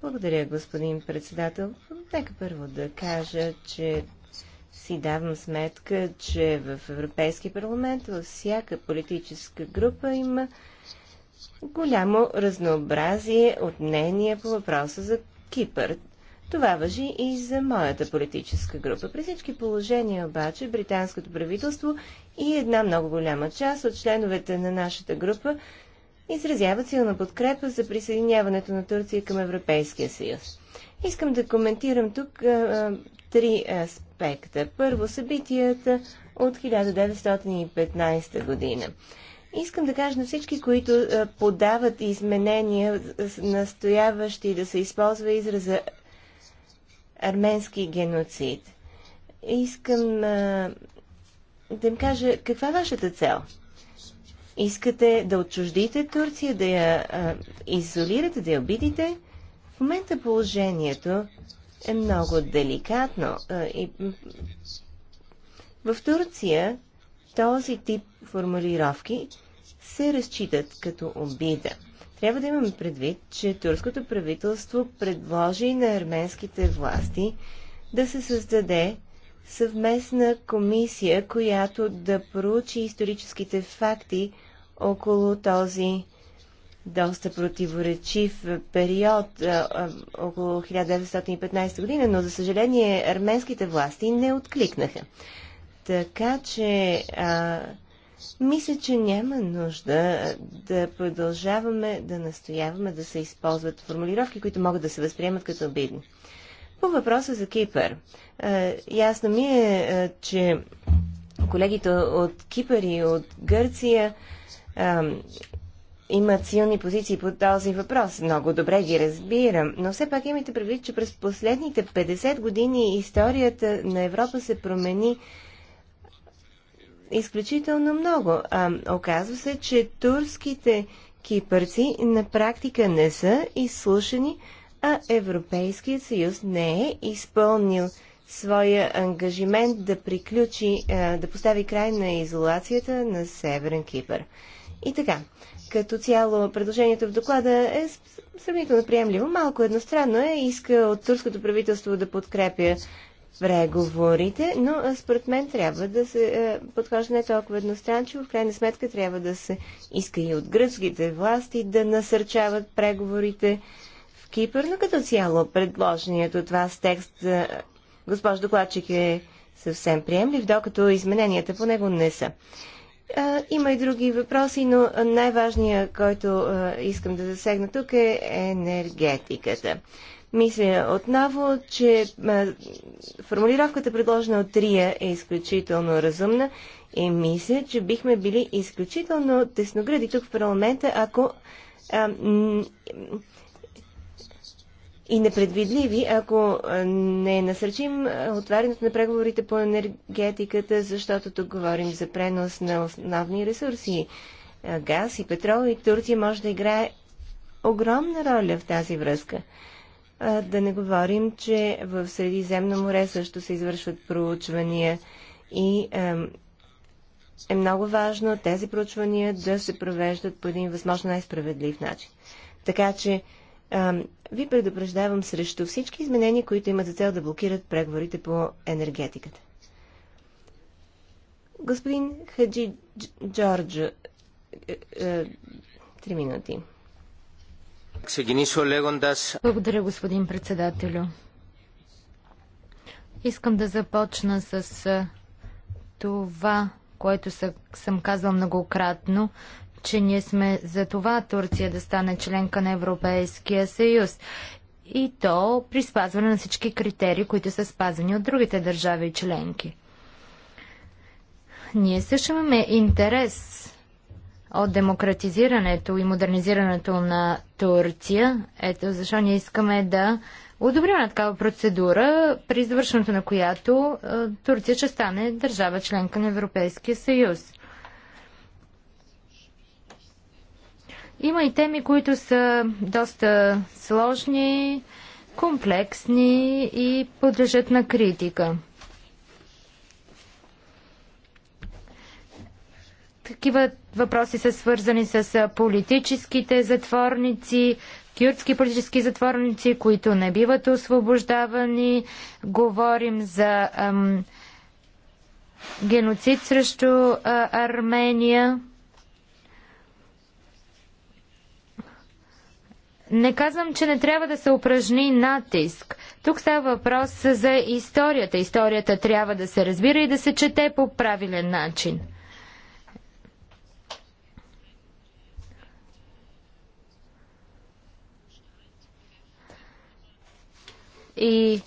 Благодаря, господин председател. Нека първо да кажа, че си давам сметка, че в Европейския парламент във всяка политическа група има голямо разнообразие от мнения по въпроса за Кипър. Това въжи и за моята политическа група. При всички положения обаче британското правителство и една много голяма част от членовете на нашата група изразяват силна подкрепа за присъединяването на Турция към Европейския съюз. Искам да коментирам тук а, а, три аспекта. Първо, събитията от 1915 година. Искам да кажа на всички, които подават изменения, настояващи да се използва израза арменски геноцид. Искам а, да им кажа каква е вашата цел. Искате да отчуждите Турция, да я а, изолирате, да я обидите? В момента положението е много деликатно. А, и, в Турция този тип формулировки се разчитат като обида. Трябва да имаме предвид, че турското правителство предложи на арменските власти да се създаде съвместна комисия, която да проучи историческите факти около този доста противоречив период а, а, около 1915 година, но за съжаление арменските власти не откликнаха. Така че а, мисля, че няма нужда да продължаваме да настояваме да се използват формулировки, които могат да се възприемат като обидни. По въпроса за Кипър. Е, ясно ми е, е, че колегите от Кипър и от Гърция имат силни позиции по този въпрос. Много добре ги разбирам, но все пак имайте предвид, че през последните 50 години историята на Европа се промени изключително много. А, оказва се, че турските кипърци на практика не са изслушани, а Европейският съюз не е изпълнил своя ангажимент да приключи, а, да постави край на изолацията на Северен Кипър. И така, като цяло предложението в доклада е сравнително приемливо, малко едностранно е, иска от турското правителство да подкрепя преговорите, но според мен трябва да се подхожда не толкова едностранчиво. В крайна сметка трябва да се иска и от гръцките власти да насърчават преговорите в Кипър, но като цяло предложеният от вас текст, госпожо докладчик, е съвсем приемлив, докато измененията по него не са. Има и други въпроси, но най-важният, който искам да засегна тук е енергетиката. Мисля отново, че формулировката предложена от Рия е изключително разумна и мисля, че бихме били изключително тесногради тук в парламента, ако а, и непредвидливи, ако не насърчим отварянето на преговорите по енергетиката, защото тук говорим за пренос на основни ресурси. Газ и петрол и Турция може да играе огромна роля в тази връзка. Да не говорим, че в Средиземно море също се извършват проучвания и е много важно тези проучвания да се провеждат по един възможно най-справедлив начин. Така че ви предупреждавам срещу всички изменения, които имат за цел да блокират преговорите по енергетиката. Господин Хаджи Джорджо, е, е, три минути. Благодаря, господин председателю. Искам да започна с това, което съм казал многократно, че ние сме за това Турция да стане членка на Европейския съюз. И то при спазване на всички критерии, които са спазвани от другите държави и членки. Ние също имаме интерес от демократизирането и модернизирането на Турция. Ето защо ние искаме да на такава процедура, при завършването на която е, Турция ще стане държава членка на Европейския съюз. Има и теми, които са доста сложни, комплексни и подлежат на критика. Такива въпроси са свързани с политическите затворници, кюртски политически затворници, които не биват освобождавани. Говорим за ам, геноцид срещу а, Армения. Не казвам, че не трябва да се упражни натиск. Тук става въпрос за историята. Историята трябва да се разбира и да се чете по правилен начин. и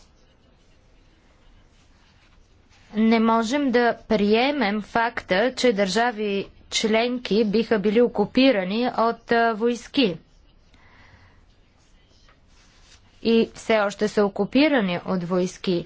не можем да приемем факта, че държави членки биха били окупирани от войски. И все още са окупирани от войски.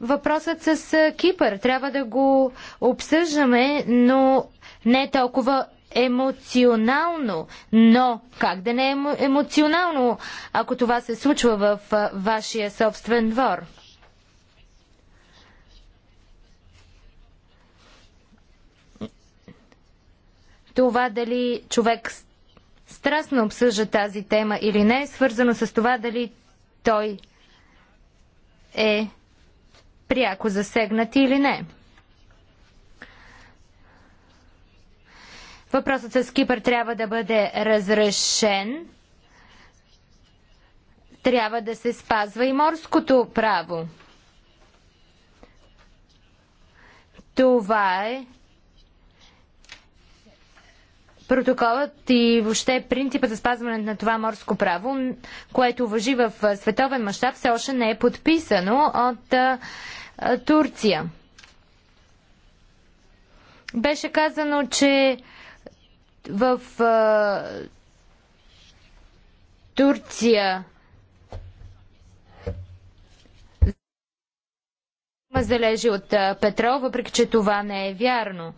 Въпросът с Кипър трябва да го обсъждаме, но не толкова емоционално, но как да не е емоционално, ако това се случва в вашия собствен двор? Това дали човек страстно обсъжда тази тема или не е свързано с това дали той е пряко засегнат или не. Въпросът с Кипър трябва да бъде разрешен. Трябва да се спазва и морското право. Това е протоколът и въобще принципът за спазването на това морско право, което въжи в световен мащаб, все още не е подписано от а, Турция. Беше казано, че в а, Турция залежи от е, петрол, въпреки че това не е вярно.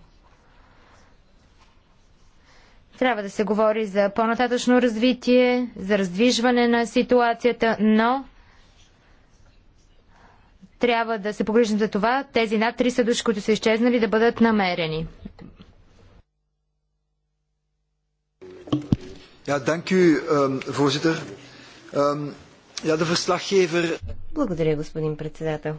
Трябва да се говори за по-нататъчно развитие, за раздвижване на ситуацията, но трябва да се погрижим за това тези над 300 души, които са изчезнали, да бъдат намерени. Ja, dank u, um, voorzitter. Um, ja, de verslaggever... Благодаря, господин председател.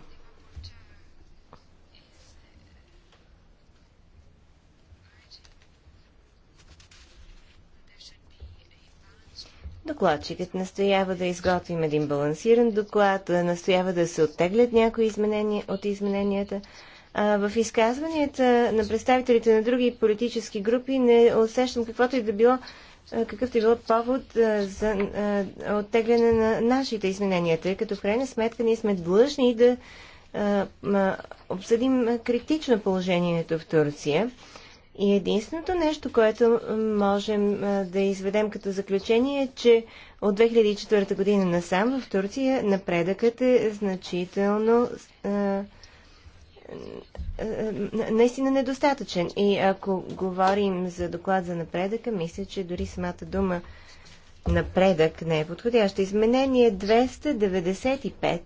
Докладчикът настоява да изготвим един балансиран доклад, настоява да се оттеглят някои изменения от измененията. в изказванията на представителите на други политически групи не усещам каквото и да било е, Какъв ти било повод е, за е, оттегляне на нашите изменения, тъй като в крайна сметка ние сме длъжни да обсъдим критично положението в Турция. И единственото нещо, което можем да изведем като заключение е, че от 2004 година насам в Турция напредъкът е значително наистина недостатъчен. И ако говорим за доклад за напредъка, мисля, че дори самата дума напредък не е подходяща. Изменение 295,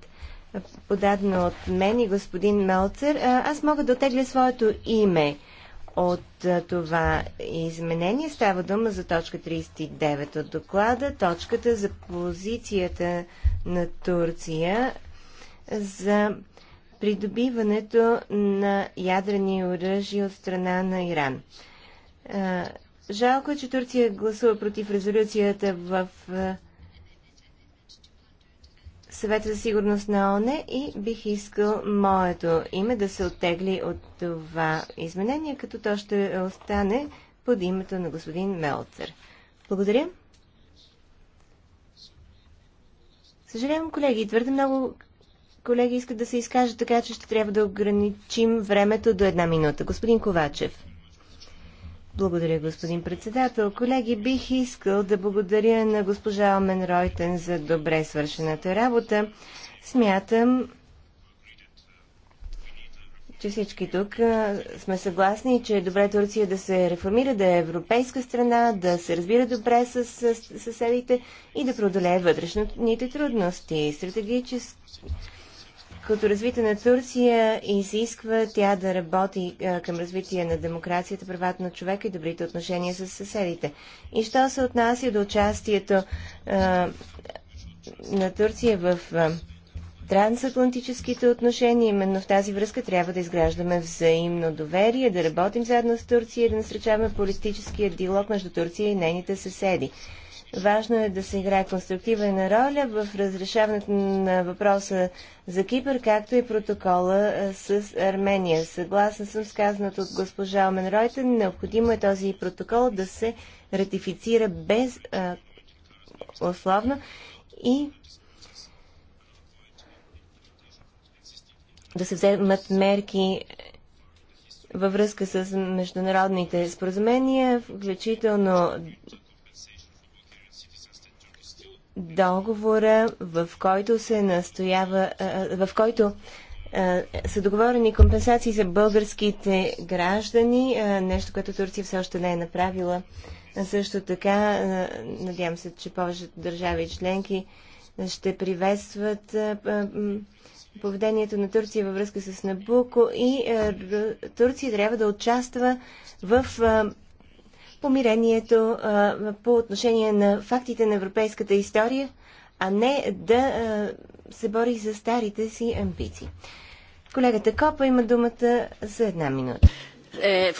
подадено от мен и господин Мелцер, аз мога да отегля своето име от това изменение. Става дума за точка 39 от доклада, точката за позицията на Турция за придобиването на ядрени оръжия от страна на Иран. Жалко е, че Турция гласува против резолюцията в съвета за сигурност на ОНЕ и бих искал моето име да се оттегли от това изменение, като то ще остане под името на господин Мелцер. Благодаря. Съжалявам, колеги, твърде много колеги искат да се изкажат, така че ще трябва да ограничим времето до една минута. Господин Ковачев. Благодаря, господин председател. Колеги, бих искал да благодаря на госпожа Омен Ройтен за добре свършената работа. Смятам, че всички тук сме съгласни, че е добре Турция да се реформира, да е европейска страна, да се разбира добре с, с съседите и да преодолее вътрешните трудности. Стратегически като развитие на Турция изисква тя да работи към развитие на демокрацията, правата на човека и добрите отношения с съседите. И що се отнася до участието на Турция в трансатлантическите отношения, именно в тази връзка трябва да изграждаме взаимно доверие, да работим заедно с Турция и да насречаваме политическия диалог между Турция и нейните съседи. Важно е да се играе конструктивна роля в разрешаването на въпроса за Кипър, както и протокола с Армения. Съгласна съм с казаното от госпожа Омен Ройтен, необходимо е този протокол да се ратифицира без а, условно и да се вземат мерки във връзка с международните споразумения, включително договора, в който се настоява, в който са договорени компенсации за българските граждани, нещо, което Турция все още не е направила. Също така, надявам се, че повечето държави и членки ще приветстват поведението на Турция във връзка с Набуко и Турция трябва да участва в помирението а, по отношение на фактите на европейската история, а не да а, се бори за старите си амбиции. Колегата Копа има думата за една минута. Е,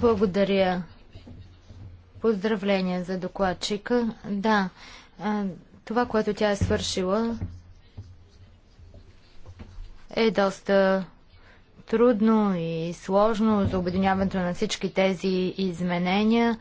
Благодаря. Поздравления за докладчика. Да, това, което тя е свършила, е доста трудно и сложно за обединяването на всички тези изменения.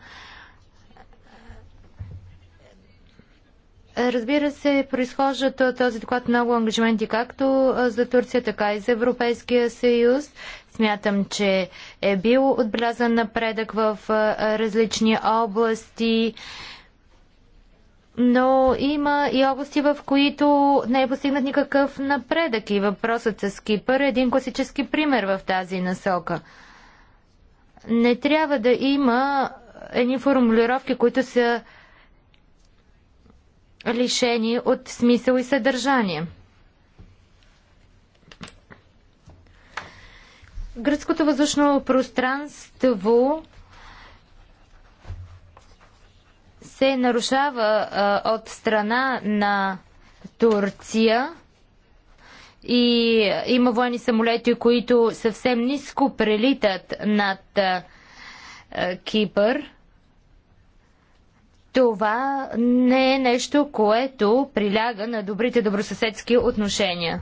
Разбира се, произхождат този доклад много ангажименти както за Турция, така и за Европейския съюз. Смятам, че е бил отбелязан напредък в различни области но има и области, в които не е постигнат никакъв напредък и въпросът с Кипър е един класически пример в тази насока. Не трябва да има едни формулировки, които са лишени от смисъл и съдържание. Гръцкото въздушно пространство се нарушава а, от страна на Турция и има военни самолети, които съвсем ниско прелитат над а, Кипър. Това не е нещо, което приляга на добрите добросъседски отношения.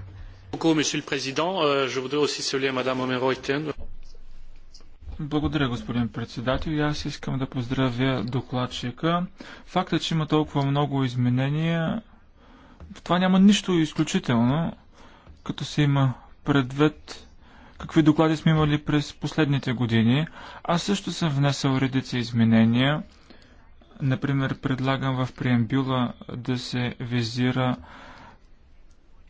Благодаря, господин председател. И аз искам да поздравя докладчика. Факта, че има толкова много изменения, в това няма нищо изключително, като се има предвид какви доклади сме имали през последните години. Аз също съм внесъл редица изменения. Например, предлагам в преембюла да се визира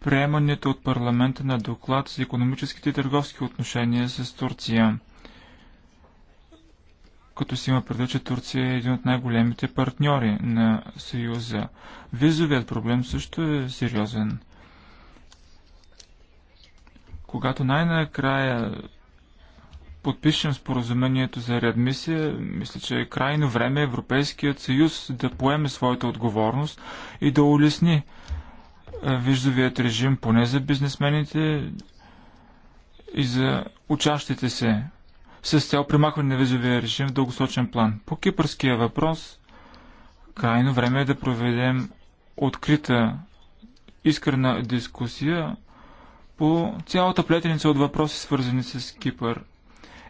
приемането от парламента на доклад за економическите и търговски отношения с Турция като си има предвид, че Турция е един от най-големите партньори на Съюза. Визовият проблем също е сериозен. Когато най-накрая подпишем споразумението за реадмисия, мисля, че е крайно време Европейският съюз да поеме своята отговорност и да улесни виждовият режим поне за бизнесмените и за учащите се с цел примахване на визовия режим в дългосрочен план. По кипърския въпрос, крайно време е да проведем открита, искрена дискусия по цялата плетеница от въпроси, свързани с Кипър.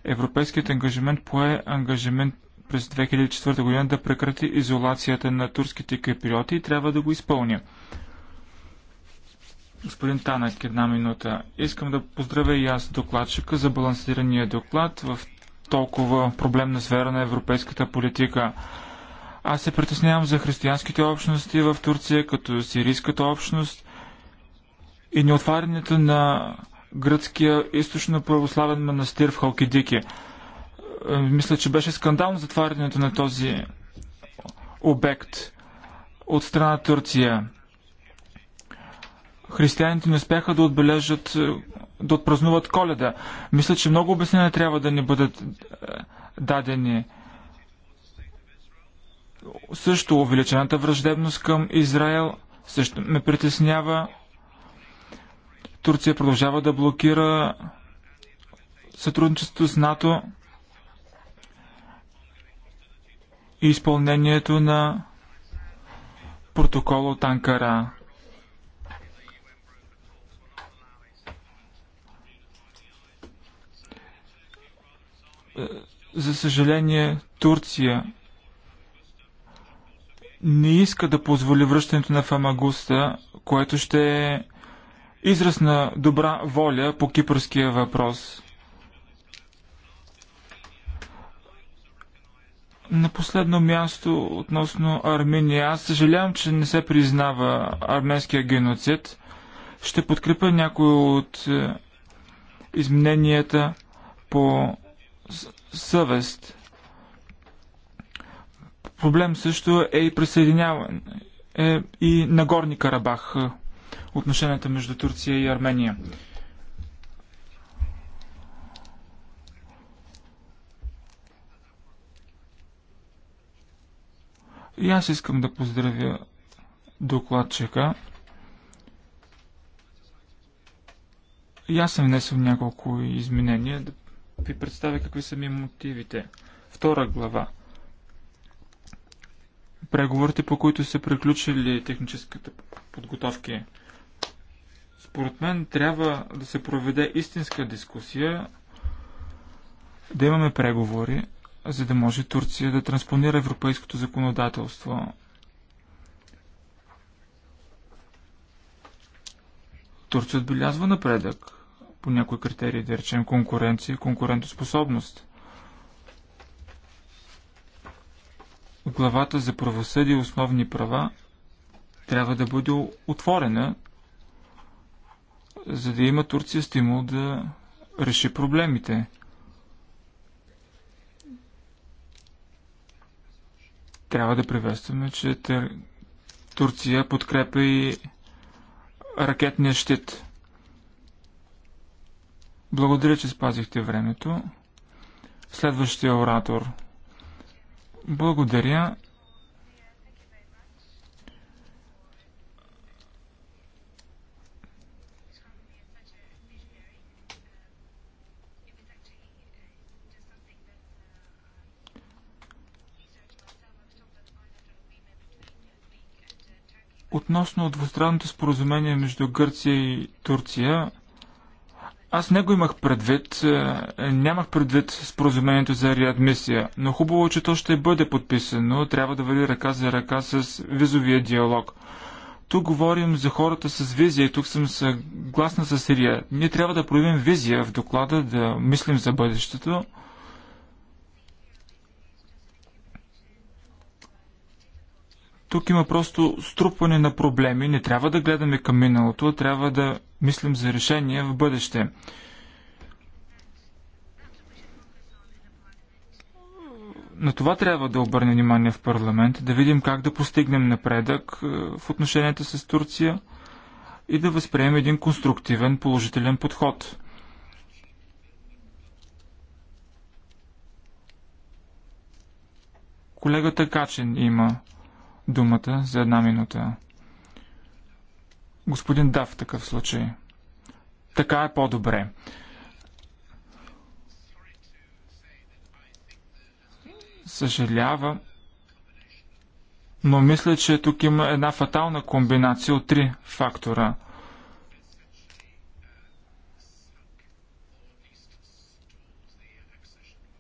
Европейският ангажимент пое ангажимент през 2004 година да прекрати изолацията на турските киприоти и трябва да го изпълня. Господин Танък, една минута. Искам да поздравя и аз докладчика за балансирания доклад в толкова проблемна сфера на европейската политика. Аз се притеснявам за християнските общности в Турция, като сирийската общност и неотварянето на гръцкия източно православен манастир в Халкидики. Е, мисля, че беше скандално затварянето на този обект от страна Турция християните не успяха да отбележат, е, да отпразнуват коледа. Мисля, че много обяснения трябва да ни бъдат е, дадени. Също увеличената враждебност към Израел също ме притеснява. Турция продължава да блокира сътрудничеството с НАТО и изпълнението на протокол от Анкара. Е, за съжаление, Турция не иска да позволи връщането на Фамагуста, което ще е израз на добра воля по кипърския въпрос. На последно място, относно Армения, аз съжалявам, че не се признава арменския геноцид. Ще подкрепя някои от е, измененията по съвест. Проблем също е и присъединяване е и Нагорни Карабах, е, отношенията между Турция и Армения. И аз искам да поздравя докладчика. И аз съм внесъл няколко изменения да ви представя какви са ми мотивите. Втора глава. Преговорите, по които са приключили техническите подготовки. Според мен трябва да се проведе истинска дискусия, да имаме преговори, за да може Турция да транспонира европейското законодателство. Турция отбелязва напредък по някои критерии, да речем конкуренция и конкурентоспособност. Главата за правосъдие и основни права трябва да бъде отворена, за да има Турция стимул да реши проблемите. Трябва да приветстваме, че Турция подкрепя и ракетния щит. Благодаря, че спазихте времето. Следващия оратор. Благодаря. Относно двустранното споразумение между Гърция и Турция, аз не го имах предвид, е, нямах предвид споразумението за реадмисия, но хубаво, е, че то ще бъде подписано, трябва да вали ръка за ръка с визовия диалог. Тук говорим за хората с визия и тук съм съгласна с Сирия. Ние трябва да проявим визия в доклада, да мислим за бъдещето. Тук има просто струпване на проблеми. Не трябва да гледаме към миналото, трябва да мислим за решение в бъдеще. На това трябва да обърнем внимание в парламент, да видим как да постигнем напредък е, в отношенията с Турция и да възприемем един конструктивен, положителен подход. Колегата Качен има думата за една минута. Господин Дав в такъв случай. Така е по-добре. Съжалявам, но мисля, че тук има една фатална комбинация от три фактора.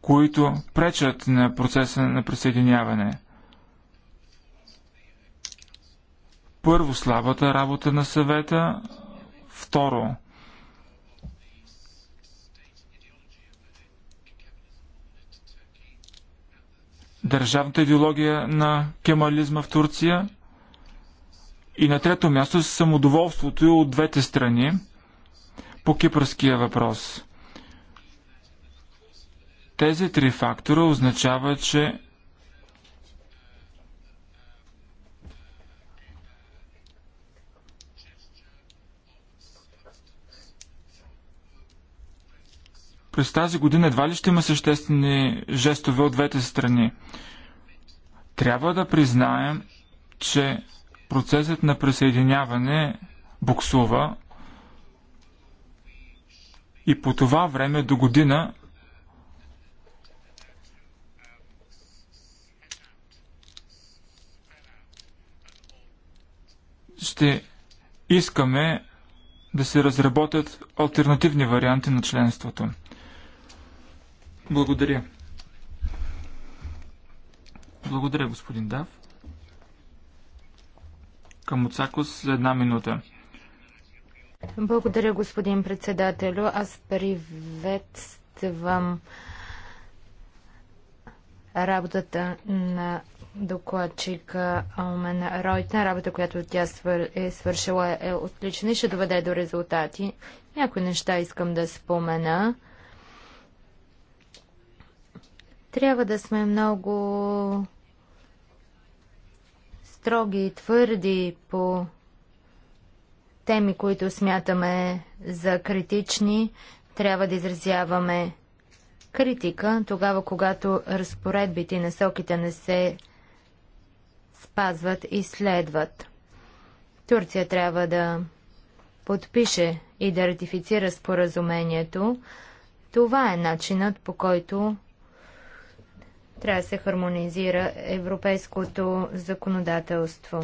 които пречат на процеса на присъединяване – Първо, слабата работа на съвета. Второ, държавната идеология на кемализма в Турция. И на трето място самодоволството от двете страни по кипърския въпрос. Тези три фактора означават, че през тази година едва ли ще има съществени жестове от двете страни. Трябва да признаем, че процесът на присъединяване буксува и по това време до година ще искаме да се разработят альтернативни варианти на членството. Благодаря. Благодаря, господин Дав. Към Оцакос за една минута. Благодаря, господин председателю. Аз приветствам работата на докладчика Алмена Ройтна. Работа, която тя е свършила е отлична и ще доведе до резултати. Някои неща искам да спомена. Трябва да сме много строги и твърди по теми, които смятаме за критични. Трябва да изразяваме критика тогава, когато разпоредбите и насоките не се спазват и следват. Турция трябва да подпише и да ратифицира споразумението. Това е начинът по който трябва да се хармонизира европейското законодателство.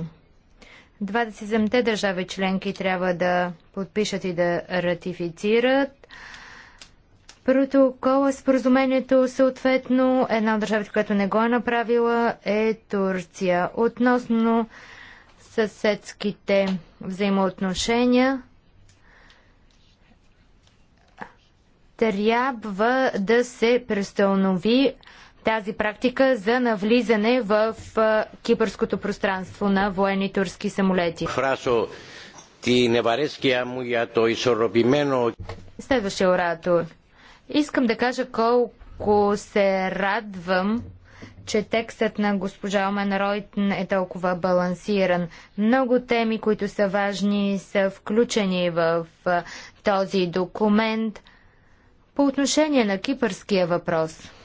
27-те държави членки трябва да подпишат и да ратифицират протокола с поразумението съответно. Една от държавите, която не го е направила е Турция. Относно съседските взаимоотношения, трябва да се престанови тази практика за навлизане в кипърското пространство на военни турски самолети. Следващия оратор. Искам да кажа колко се радвам, че текстът на госпожа Омен Ройтен е толкова балансиран. Много теми, които са важни, са включени в този документ. По отношение на кипърския въпрос –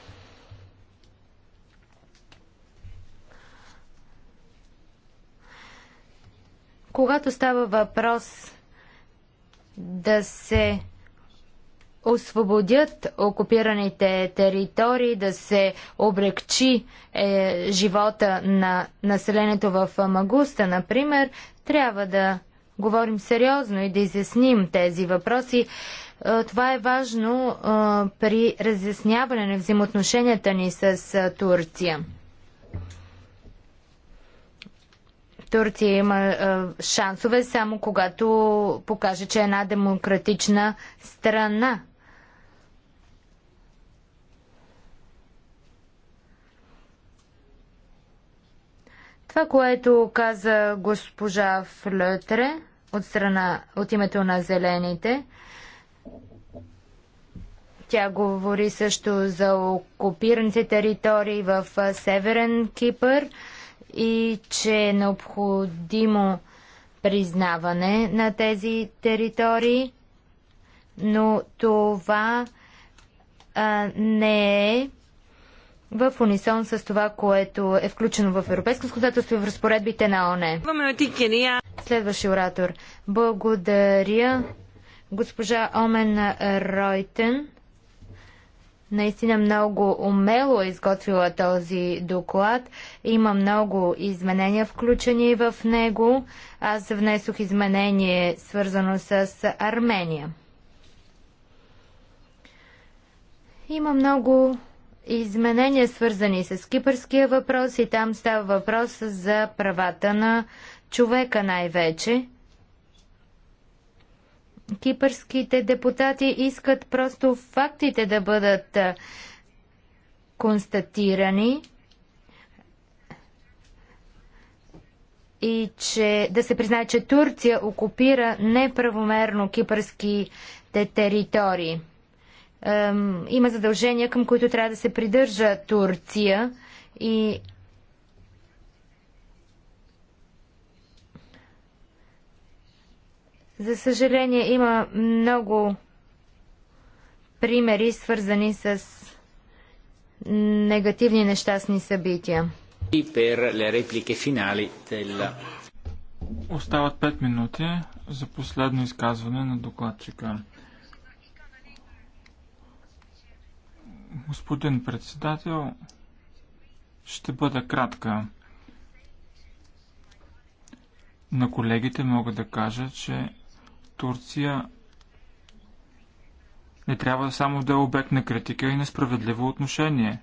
Когато става въпрос да се освободят окупираните територии, да се облегчи е, живота на населението в Магуста, например, трябва да говорим сериозно и да изясним тези въпроси. Е, това е важно е, при разясняване на взаимоотношенията ни с е, Турция. Турция има шансове само когато покаже, че е една демократична страна. Това, което каза госпожа Флетре от, страна, от името на зелените, тя говори също за окупираните територии в Северен Кипър – и че е необходимо признаване на тези територии, но това а, не е в унисон с това, което е включено в европейско законодателство и в разпоредбите на ОНЕ. Следващи оратор. Благодаря госпожа Омен Ройтен наистина много умело е изготвила този доклад. Има много изменения включени в него. Аз внесох изменение свързано с Армения. Има много изменения свързани с кипърския въпрос и там става въпрос за правата на човека най-вече кипърските депутати искат просто фактите да бъдат констатирани и че да се признае, че Турция окупира неправомерно кипърските територии. има задължения, към които трябва да се придържа Турция и За съжаление има много примери, свързани с негативни нещастни събития. Остават 5 минути за последно изказване на докладчика. Господин председател, ще бъда кратка. На колегите мога да кажа, че Турция не трябва само да е обект на критика и на справедливо отношение.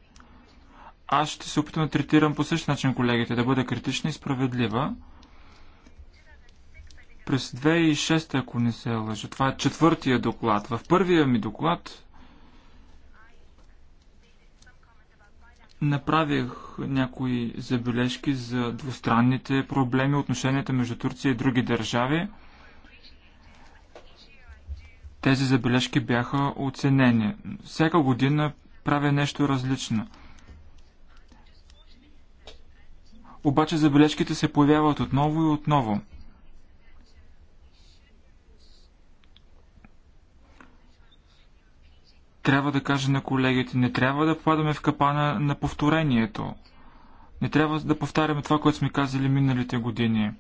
Аз ще се опитам да третирам по същия начин колегите, да бъда критична и справедлива. През 2006, ако не се лъжа, това е четвъртия доклад. В първия ми доклад направих някои забележки за двустранните проблеми, отношенията между Турция и други държави – тези забележки бяха оценени. Всяка година правя нещо различно. Обаче забележките се появяват отново и отново. Трябва да кажа на колегите, не трябва да попадаме в капана на повторението. Не трябва да повтаряме това, което сме казали миналите години.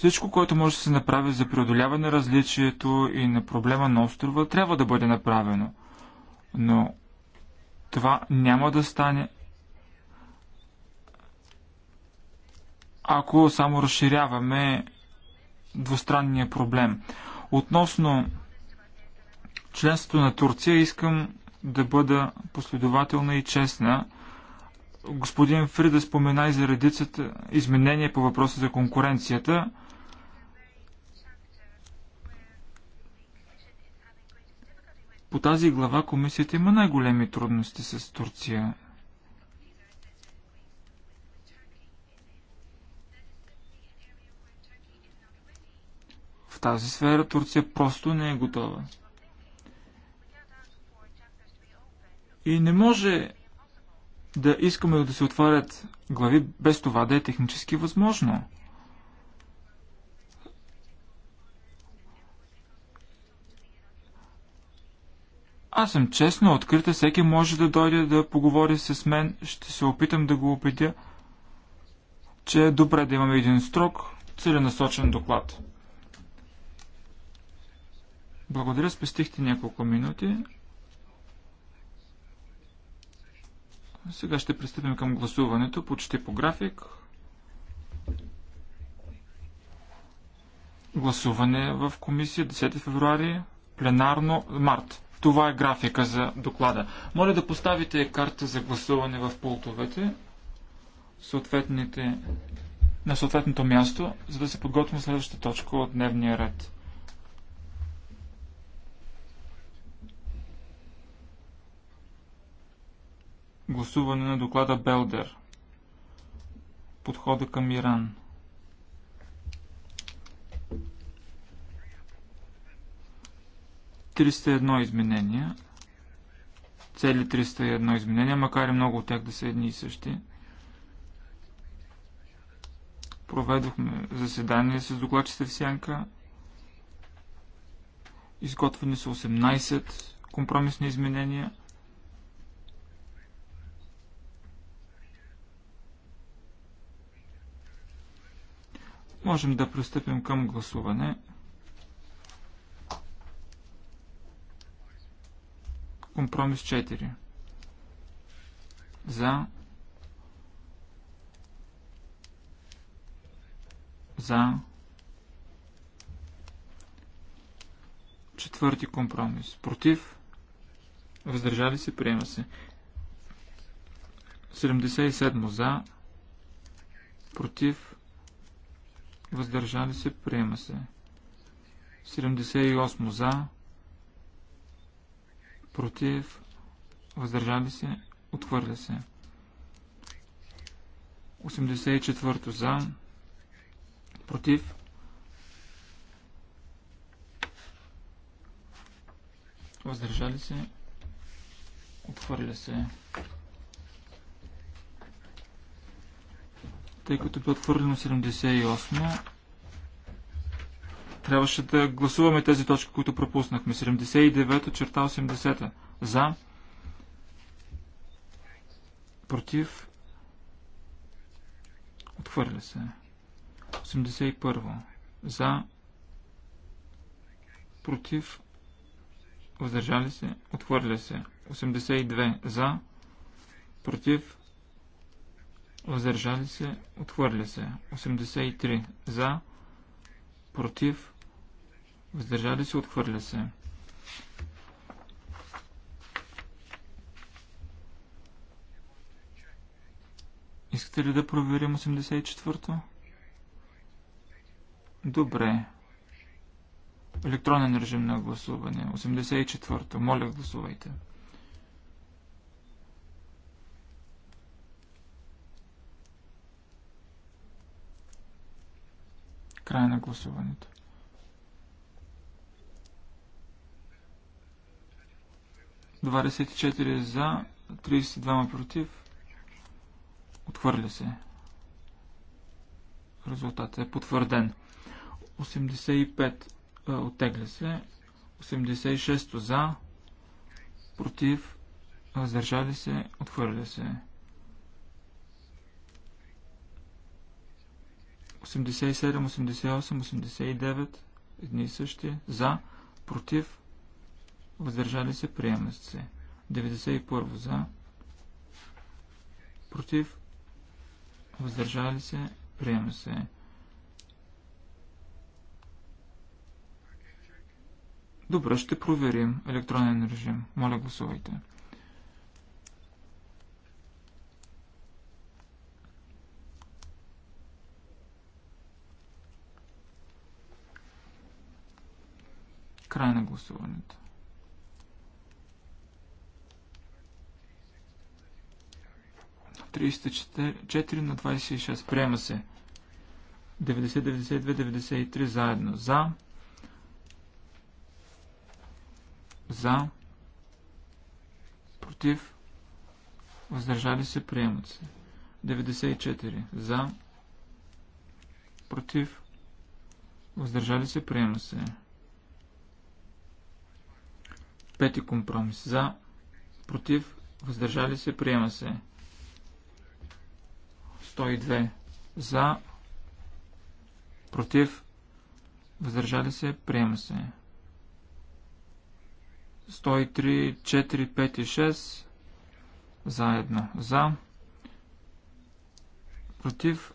Всичко, което може да се направи за преодоляване на различието и на проблема на острова, трябва да бъде направено. Но това няма да стане, ако само разширяваме двустранния проблем. Относно членството на Турция, искам да бъда последователна и честна. Господин Фрида спомена и за редицата изменения по въпроса за конкуренцията – По тази глава комисията има най-големи трудности с Турция. В тази сфера Турция просто не е готова. И не може да искаме да се отварят глави без това да е технически възможно. Аз съм честна, открита, всеки може да дойде да поговори с мен. Ще се опитам да го убедя, че е добре да имаме един строк, целенасочен доклад. Благодаря, спестихте няколко минути. Сега ще пристъпим към гласуването, почти по график. Гласуване в комисия 10 февруари, пленарно март. Това е графика за доклада. Моля да поставите карта за гласуване в пултовете на съответното място, за да се подготвим следващата точка от дневния ред. Гласуване на доклада Белдер. Подхода към Иран. 301 изменения, цели 301 изменения, макар и много от тях да са едни и същи. Проведохме заседание с докладчите в Сянка. Изготвени са 18 компромисни изменения. Можем да пристъпим към гласуване. Компромис 4. За. За. Четвърти компромис. Против. Въздържали се. Приема се. 77 за. Против. Въздържали се. Приема се. 78 за против, въздържали се, отхвърля се. 84 за, против, въздържали се, отхвърля се. Тъй като бе отхвърлено 78, Трябваше да гласуваме тези точки, които пропуснахме. 79 черта 80. За. Против. Отхвърля се. 81. За. Против. Въздържали се. Отхвърля се. 82. За. Против. Въздържали се. Отхвърля се. 83. За против, въздържали се, отхвърля се. Искате ли да проверим 84-то? Добре. Електронен режим на гласуване. 84-то. Моля, гласувайте. 84 Край на гласуването. Двадесет за, 32 против. Отхвърля се. Резултатът е потвърден. 85 а, оттегля се. 86 за, против, въздържали се, отхвърля се. 87, 88, 89, едни и същи, за, против, въздържали се, приема се. 91 за, против, въздържали се, приема се. Добре, ще проверим електронен режим. Моля гласувайте. Край на гласуването. четири на 26. Приема се. 90-92-93 заедно. За. За. Против. Въздържали се. Приемат се. 94. За. Против. Въздържали се. Приема се. Пети компромис. За, против, въздържали се, приема се. 102. За, против, въздържали се, приема се. 103, 4, 5 и 6 заедно. За, против,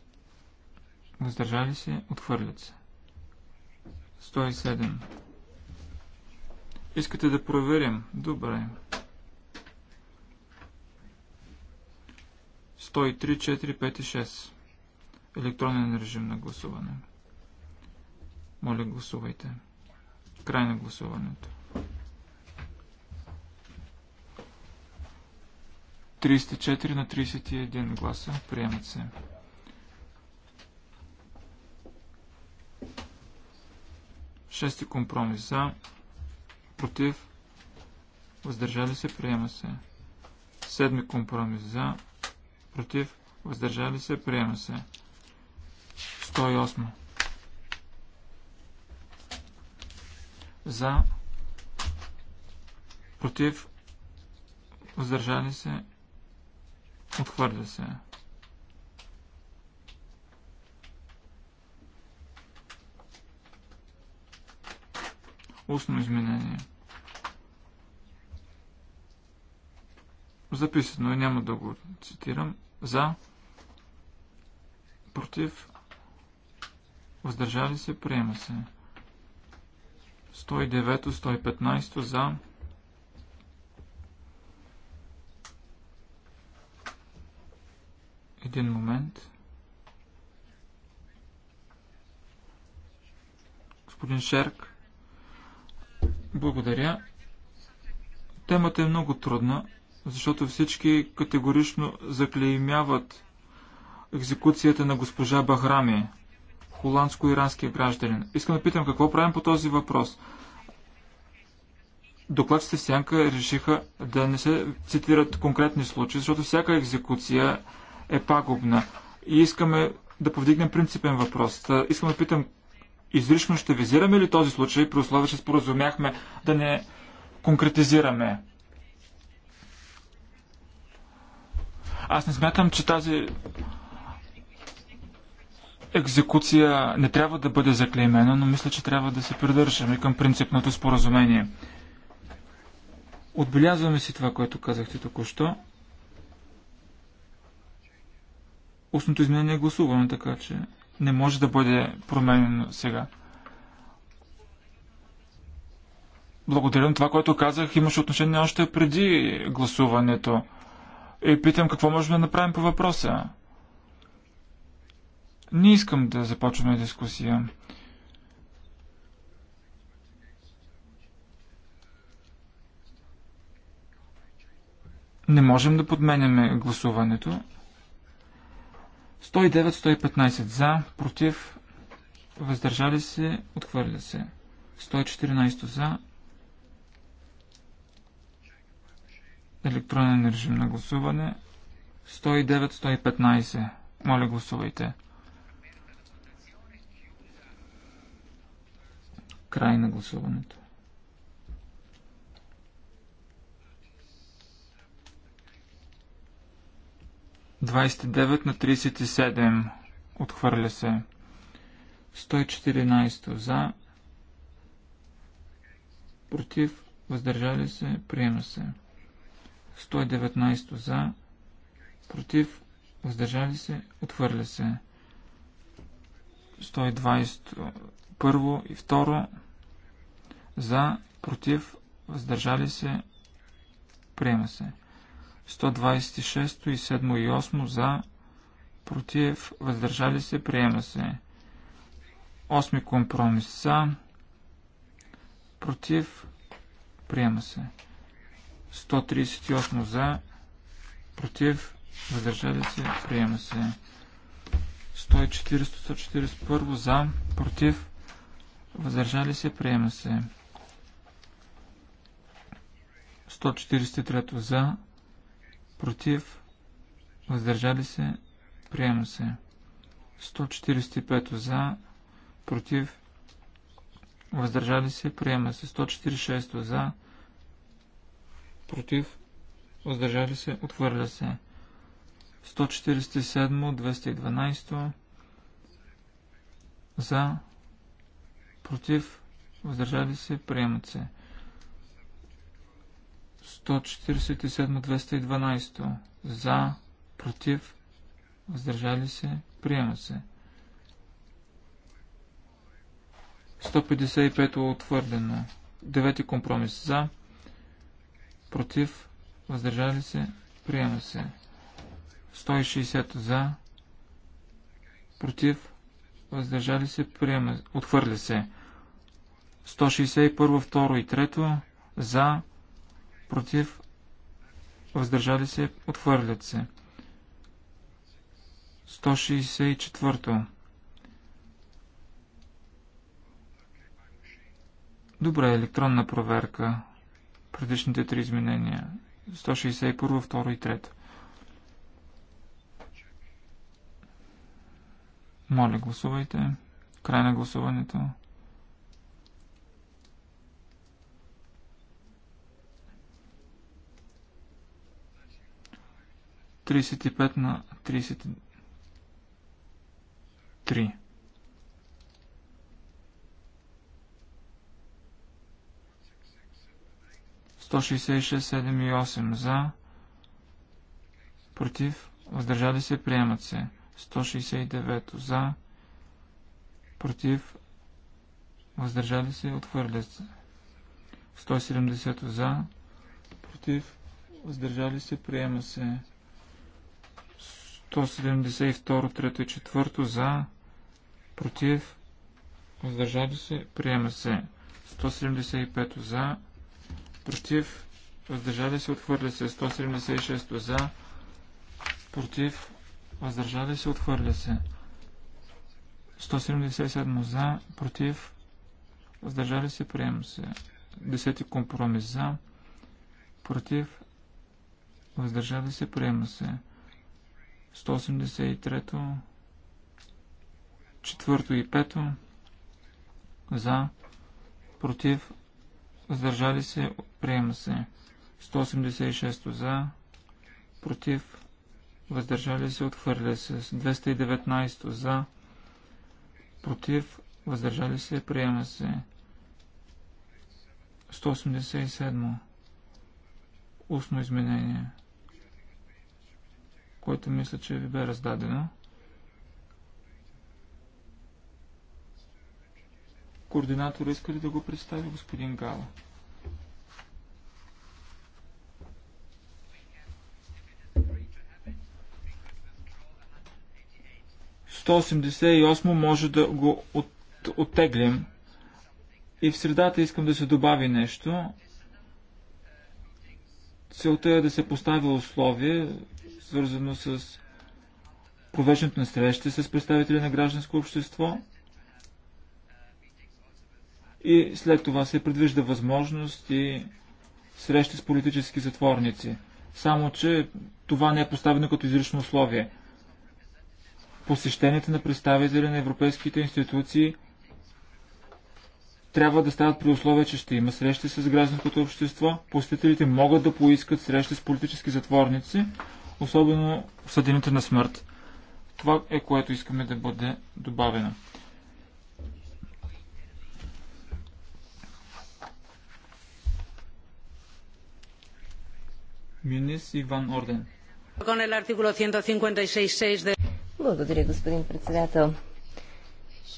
въздържали се, отхвърлят се. 107. Искате да проверим? Добре. 103, 4, 5 и 6. Електронен режим на гласуване. Моля, гласувайте. Край на гласуването. 34 на 31 гласа. Приемат се. Шести компромис за против, въздържали се, приема се. Седми компромис за, против, въздържали се, приема се. 108. За, против, въздържали се, отхвърля се. Устно изменение. Записано е, няма да го цитирам. За, против, въздържали се, приема се. 109, 115 за, един момент. Господин Шерк. Благодаря. Темата е много трудна, защото всички категорично заклеймяват екзекуцията на госпожа Бахрами, холандско-иранския гражданин. Искам да питам какво правим по този въпрос. Докладчите Сянка решиха да не се цитират конкретни случаи, защото всяка екзекуция е пагубна. И искаме да повдигнем принципен въпрос. искам да питам Изрично ще визираме ли този случай, при условие, че споразумяхме да не конкретизираме? Аз не смятам, че тази екзекуция не трябва да бъде заклеймена, но мисля, че трябва да се придържаме към принципното споразумение. Отбелязваме си това, което казахте току-що. Устното изменение е гласувано, така че не може да бъде променено сега. Благодаря на това, което казах, имаше отношение още преди гласуването. И питам какво можем да направим по въпроса. Не искам да започваме дискусия. Не можем да подменяме гласуването. 109-115 за, против, въздържали се, отхвърля се. 114 за. Електронен режим на гласуване. 109-115. Моля, гласувайте. Край на гласуването. 29 на 37. Отхвърля се. 114 за. Против. Въздържали се. Приема се. 119 за. Против. Въздържали се. Отхвърля се. 120 първо и второ. За. Против. Въздържали се. Приема се. 126 и 7 и 8 за, против, въздържали се, приема се. Осми компромис за, против, приема се. 138 за, против, въздържали се, приема се. 140-141 за, против, въздържали се, приема се. 143 за, против, въздържали се, приема се. 145 за, против, въздържали се, приема се. 146 за, против, въздържали се, отвърля се. 147, 212 за, против, въздържали се, приемат се. 147-212 за, против, въздържали се, приема се. 155 е отвърдено. Девети компромис за, против, въздържали се, приема се. 160 за, против, въздържали се, приема, отхвърля се. 161, 2 и 3 за, против, въздържали се, отхвърлят се. 164. Добре, електронна проверка. Предишните три изменения. 161, 2 и 3. Моля, гласувайте. Край на гласуването. 35 на 33. Сто и 8 за, против, въздържали се, приемат се. 169 за, против, въздържали се, отхвърлят се. 170 за, против, въздържали се, приема се. 172, 3 и 4 за, против, въздържали се, приема се. 175 за, против, въздържали се, отхвърля се. 176 за, против, въздържали се, отхвърля се. 177 за, против, въздържали се, приема се. 10 компромис за, против, въздържали се, приема се. 183-то, 4 и 5 за, против, въздържали се, приема се. 186 за, против, въздържали се, отхвърля се. 219 за, против, въздържали се, приема се. 187 устно изменение което мисля, че ви бе раздадено. Координатор иска ли да го представи господин Гала? може да го оттеглим. И в средата искам да се добави нещо. Целта е да се постави условие свързано с провеждането на среща с представители на гражданско общество. И след това се предвижда възможност и срещи с политически затворници. Само, че това не е поставено като изрично условие. Посещенията на представители на европейските институции трябва да стават при условие, че ще има срещи с гражданското общество. Посетителите могат да поискат срещи с политически затворници, особено в съдените на смърт. Това е което искаме да бъде добавено. Мюнис Иван Орден. Благодаря, господин председател.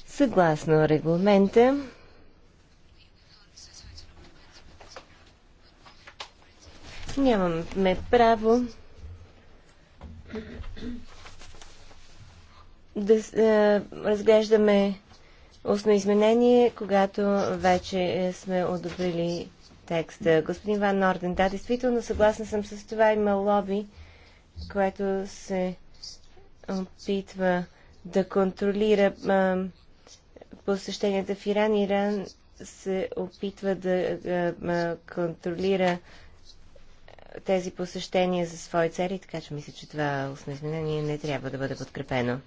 Съгласно регламента, нямаме право да е, разглеждаме устно изменение, когато вече е, сме одобрили текста. Господин Ван Норден, да, действително съгласна съм с това. Има лоби, което се опитва да контролира е, посещенията в Иран. Иран се опитва да е, е контролира тези посещения за свои цели, така че мисля, че това устно не трябва да бъде подкрепено.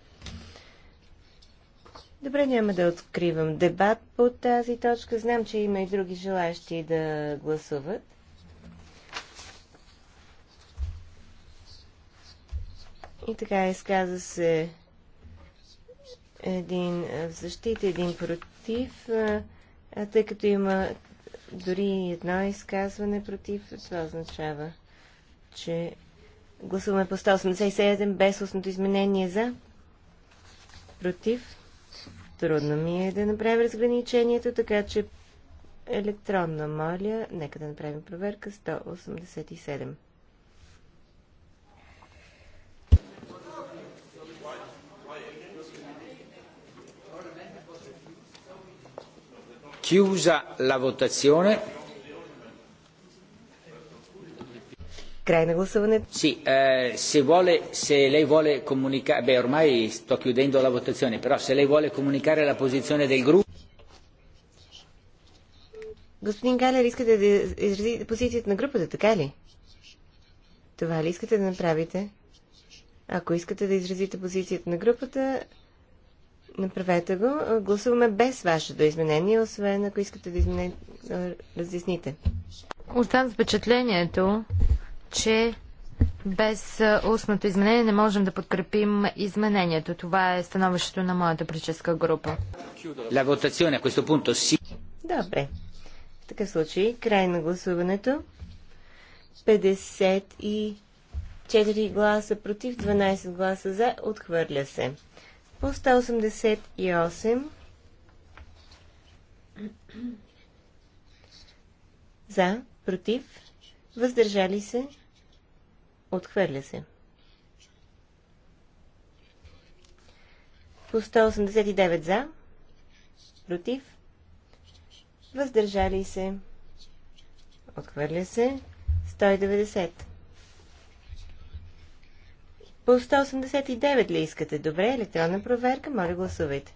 Добре, няма да откривам дебат по тази точка. Знам, че има и други желаящи да гласуват. И така изказа се един в защита, един против, тъй като има дори едно изказване против, това означава че гласуваме по 187 без устното изменение за. Против. Трудно ми е да направим разграничението, така че електронна моля. Нека да направим проверка 187. Chiusa la votazione. Край на гласуването. Sì, eh, se vuole, se lei vuole comunicare, beh ormai sto chiudendo la votazione, però se lei vuole comunicare la posizione del gruppo... Господин Галер, искате да изразите позицията на групата, така ли? Това ли искате да направите? Ако искате да изразите позицията на групата, направете го. Гласуваме без вашето изменение, освен ако искате да измене... разясните. Остан впечатлението, че без устното изменение не можем да подкрепим изменението. Това е становището на моята прическа група. Добре. В такъв случай, край на гласуването. 54 гласа против, 12 гласа за, отхвърля се. По 188 за, против, въздържали се, Отхвърля се. По 189 за. Против. Въздържали се. Отхвърля се. 190. По 189 ли искате? Добре, електронна проверка. Моля, гласувайте.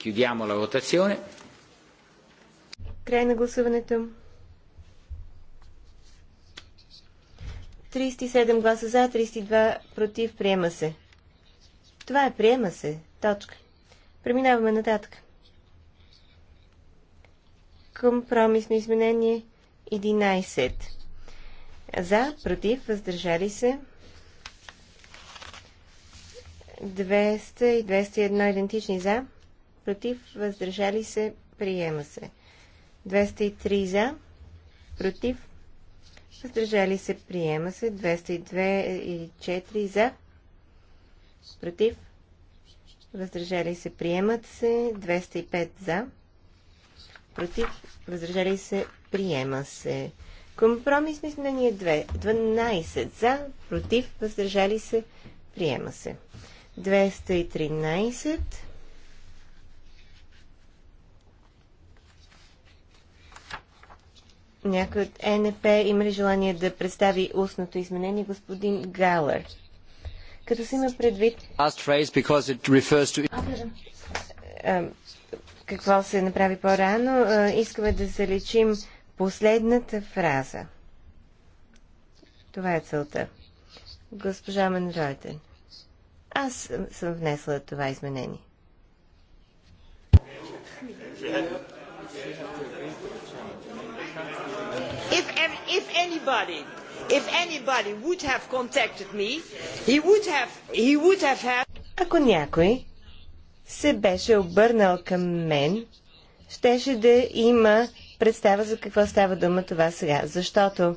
Chiudiamo la votazione. Край на гласуването. 37 гласа за, 32 против. Приема се. Това е приема се. Точка. Преминаваме нататък. Компромисно изменение 11. За, против, въздържали се. 200 и 201 идентични за, против, въздържали се, приема се. 203 за, против, въздържали се, приема се, 202 и 4 за, против, въздържали се, приемат се, 205 за, против, въздържали се, приема се. Компромисни изменения 2. 12 за, против, въздържали се, приема се. 213 някой от НП има ли желание да представи устното изменение господин Галър? Като се има предвид... Какво се направи по-рано, искаме да заличим последната фраза. Това е целта. Госпожа Менройтен. Аз съм внесла това изменение. if anybody, if anybody would have contacted me, he would have, he would have had... Ако някой се беше обърнал към мен, щеше да има представа за какво става дума това сега. Защото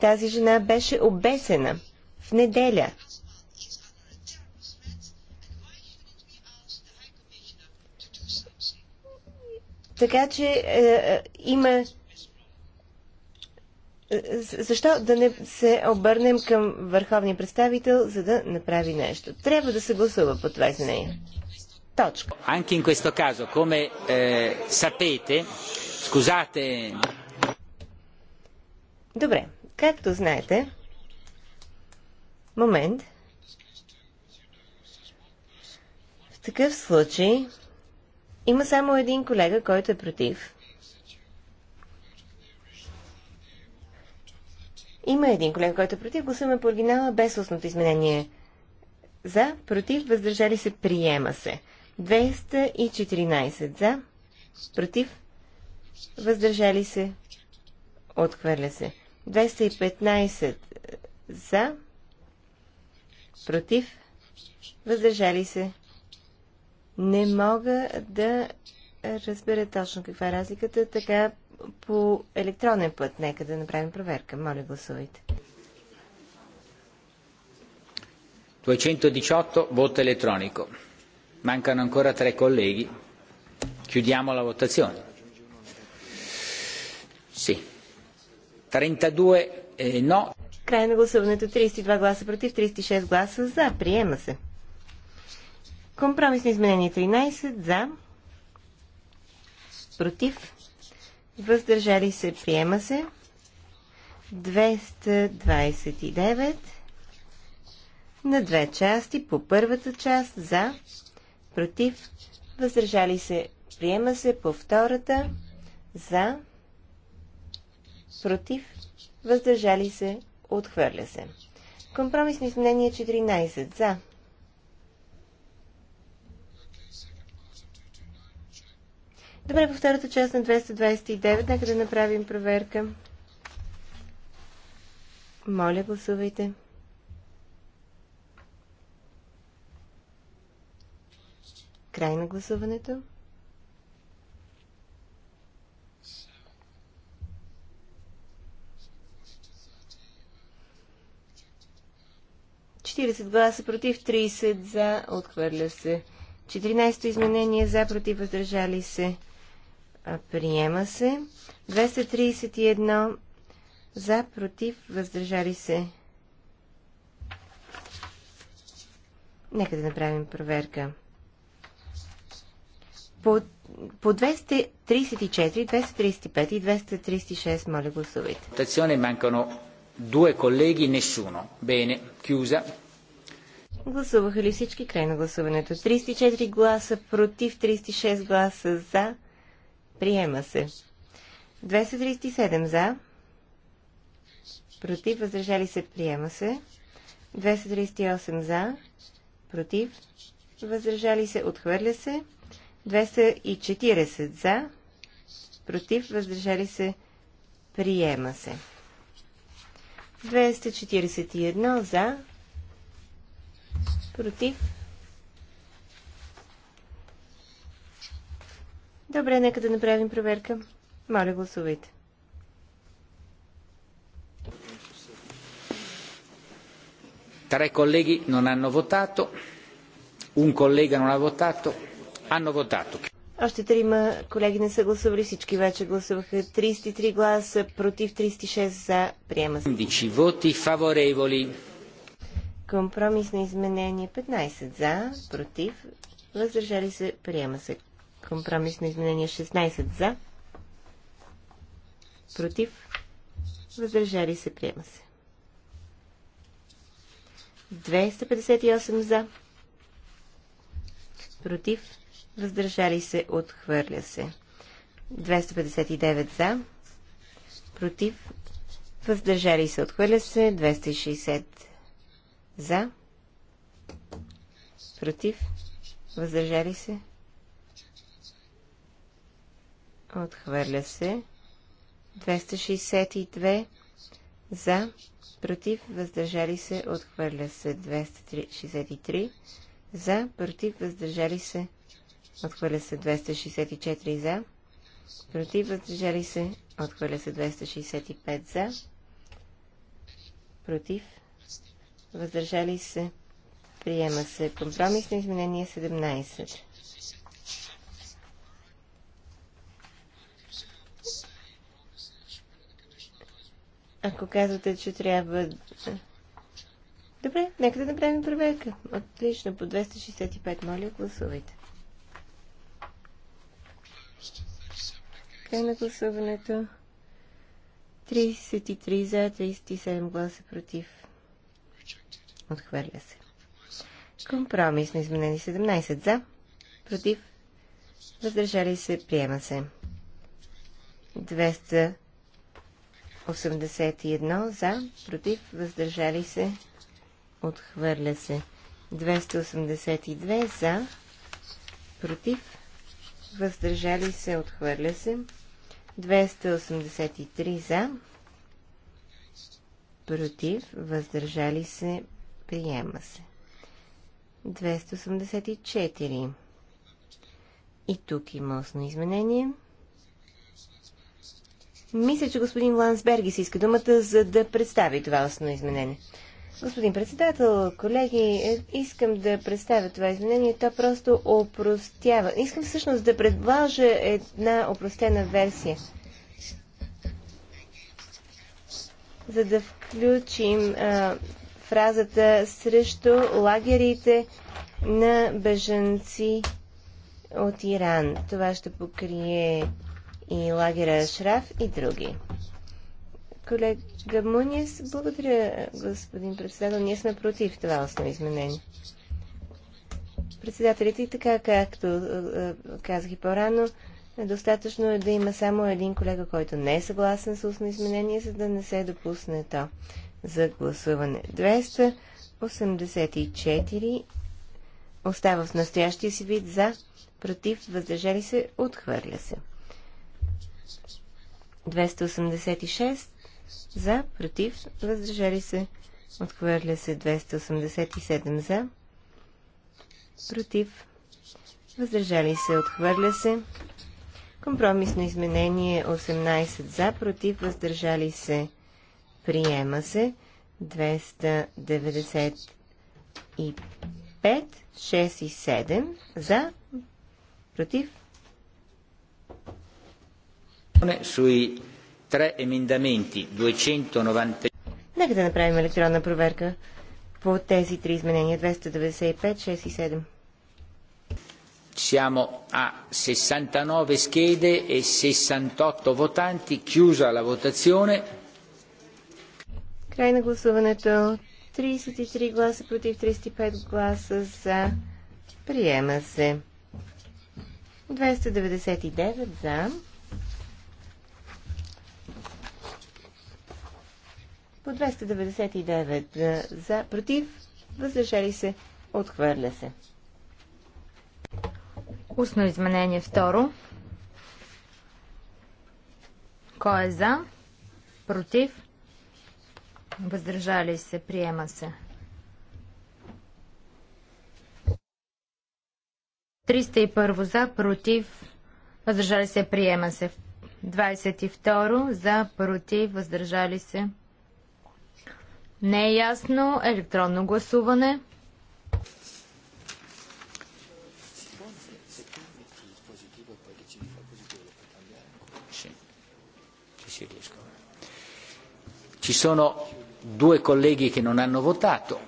тази жена беше обесена в неделя – Така че е, е има. Защо да не се обърнем към върховния представител, за да направи нещо? Трябва да се гласува по това изменение. Точка. Anche questo caso, come eh, sapete, scusate. Добре, както знаете, момент. В такъв случай има само един колега, който е против. Има един колега, който е против. Гласуваме по оригинала без устното изменение. За, против, въздържали се, приема се. 214 за, против, въздържали се, отхвърля се. 215 за, против, въздържали се, не мога да разбера точно каква е разликата, така по електронен път. Нека да направим проверка. Моля, гласувайте. 218 voto elettronico. Mancano ancora tre colleghi. Chiudiamo la votazione. Sì. 32 eh, no. Край на гласуването 32 гласа против, 36 гласа за. Приема се. Компромисно изменение 13 за, против, въздържали се, приема се. 229 на две части. По първата част за, против, въздържали се, приема се. По втората за, против, въздържали се, отхвърля се. Компромисно изменение 14 за, Добре, по втората част на 229, нека да направим проверка. Моля, гласувайте. Край на гласуването. гласа против, 30 за, отхвърля се. 14 изменение за, против, въздържали се. Приема се. 231 за, против, въздържали се. Нека да направим проверка. По, по 234, 235 и 236, моля гласувайте. Тационе, манкано две колеги, nessuno. Бене, кюза. Гласуваха ли всички край на гласуването? 34 гласа против, 36 гласа за. Приема се. 237 за. Против. Въздържали се. Приема се. 238 за. Против. Въздържали се. Отхвърля се. 240 за. Против. Въздържали се. Приема се. 241 за. Против. Добре, нека да направим проверка. Моля, гласувайте. Tre колеги не hanno votato, un не non ha votato, hanno votato. Още трима колеги не са гласували, всички вече гласуваха 33 гласа, против 36 за, приема се. 11 воти Компромисно изменение 15 за, против, въздържали се, приема се. Компромисно изменение 16 за. Против. Въздържали се. Приема се. 258 за. Против. Въздържали се. Отхвърля се. 259 за. Против. Въздържали се. Отхвърля се. 260 за. Против. Въздържали се. Отхвърля се. 262 за, против, въздържали се, отхвърля се. 263 за, против, въздържали се, отхвърля се. 264 за, против, въздържали се, отхвърля се. 265 за, против, въздържали се, приема се. Компромисно изменение 17 Ако казвате, че трябва... Добре, нека да направим проверка. Отлично, по 265, моля, гласувайте. Край на гласуването. 33 за, 37 гласа против. Отхвърля се. Компромис на изменени 17 за, против, въздържали се, приема се. 200 81 за, против, въздържали се, отхвърля се. 282 за, против, въздържали се, отхвърля се. 283 за, против, въздържали се, приема се. 284. И тук има осно изменение. 285. Мисля, че господин Лансберги си иска думата, за да представи това основно изменение. Господин председател, колеги, е, искам да представя това изменение. То просто опростява. Искам всъщност да предложа една опростена версия. За да включим а, фразата срещу лагерите на бежанци от Иран. Това ще покрие и лагера Шраф и други. Колега Муниес, благодаря, господин председател. Ние сме против това основно изменение. Председателите и така, както е, е, казах и по-рано, е достатъчно е да има само един колега, който не е съгласен с устно изменение, за да не се допусне то за гласуване. 284 остава в настоящия си вид за, против, въздържали се, отхвърля се. 286 за, против, въздържали се, отхвърля се 287 за, против, въздържали се, отхвърля се. Компромисно изменение 18 за, против, въздържали се, приема се 295, 6 и 7 за, против, Sui tre emendamenti 290... Нека да направим електронна проверка по тези три изменения 295, 6 и 7. Siamo a 69 schede e 68 votanti. Chiusa la votazione. Край на гласуването. 33 гласа против 35 гласа за. Приема се. 299 за. По 299 е, за, против, въздържали се, отхвърля се. Устно изменение второ. Кой е за? Против? Въздържали се, приема се. 301 за, против, въздържали се, приема се. 22 за, против, въздържали се, не е ясно. Електронно гласуване. Ci sono due colleghi che non hanno votato,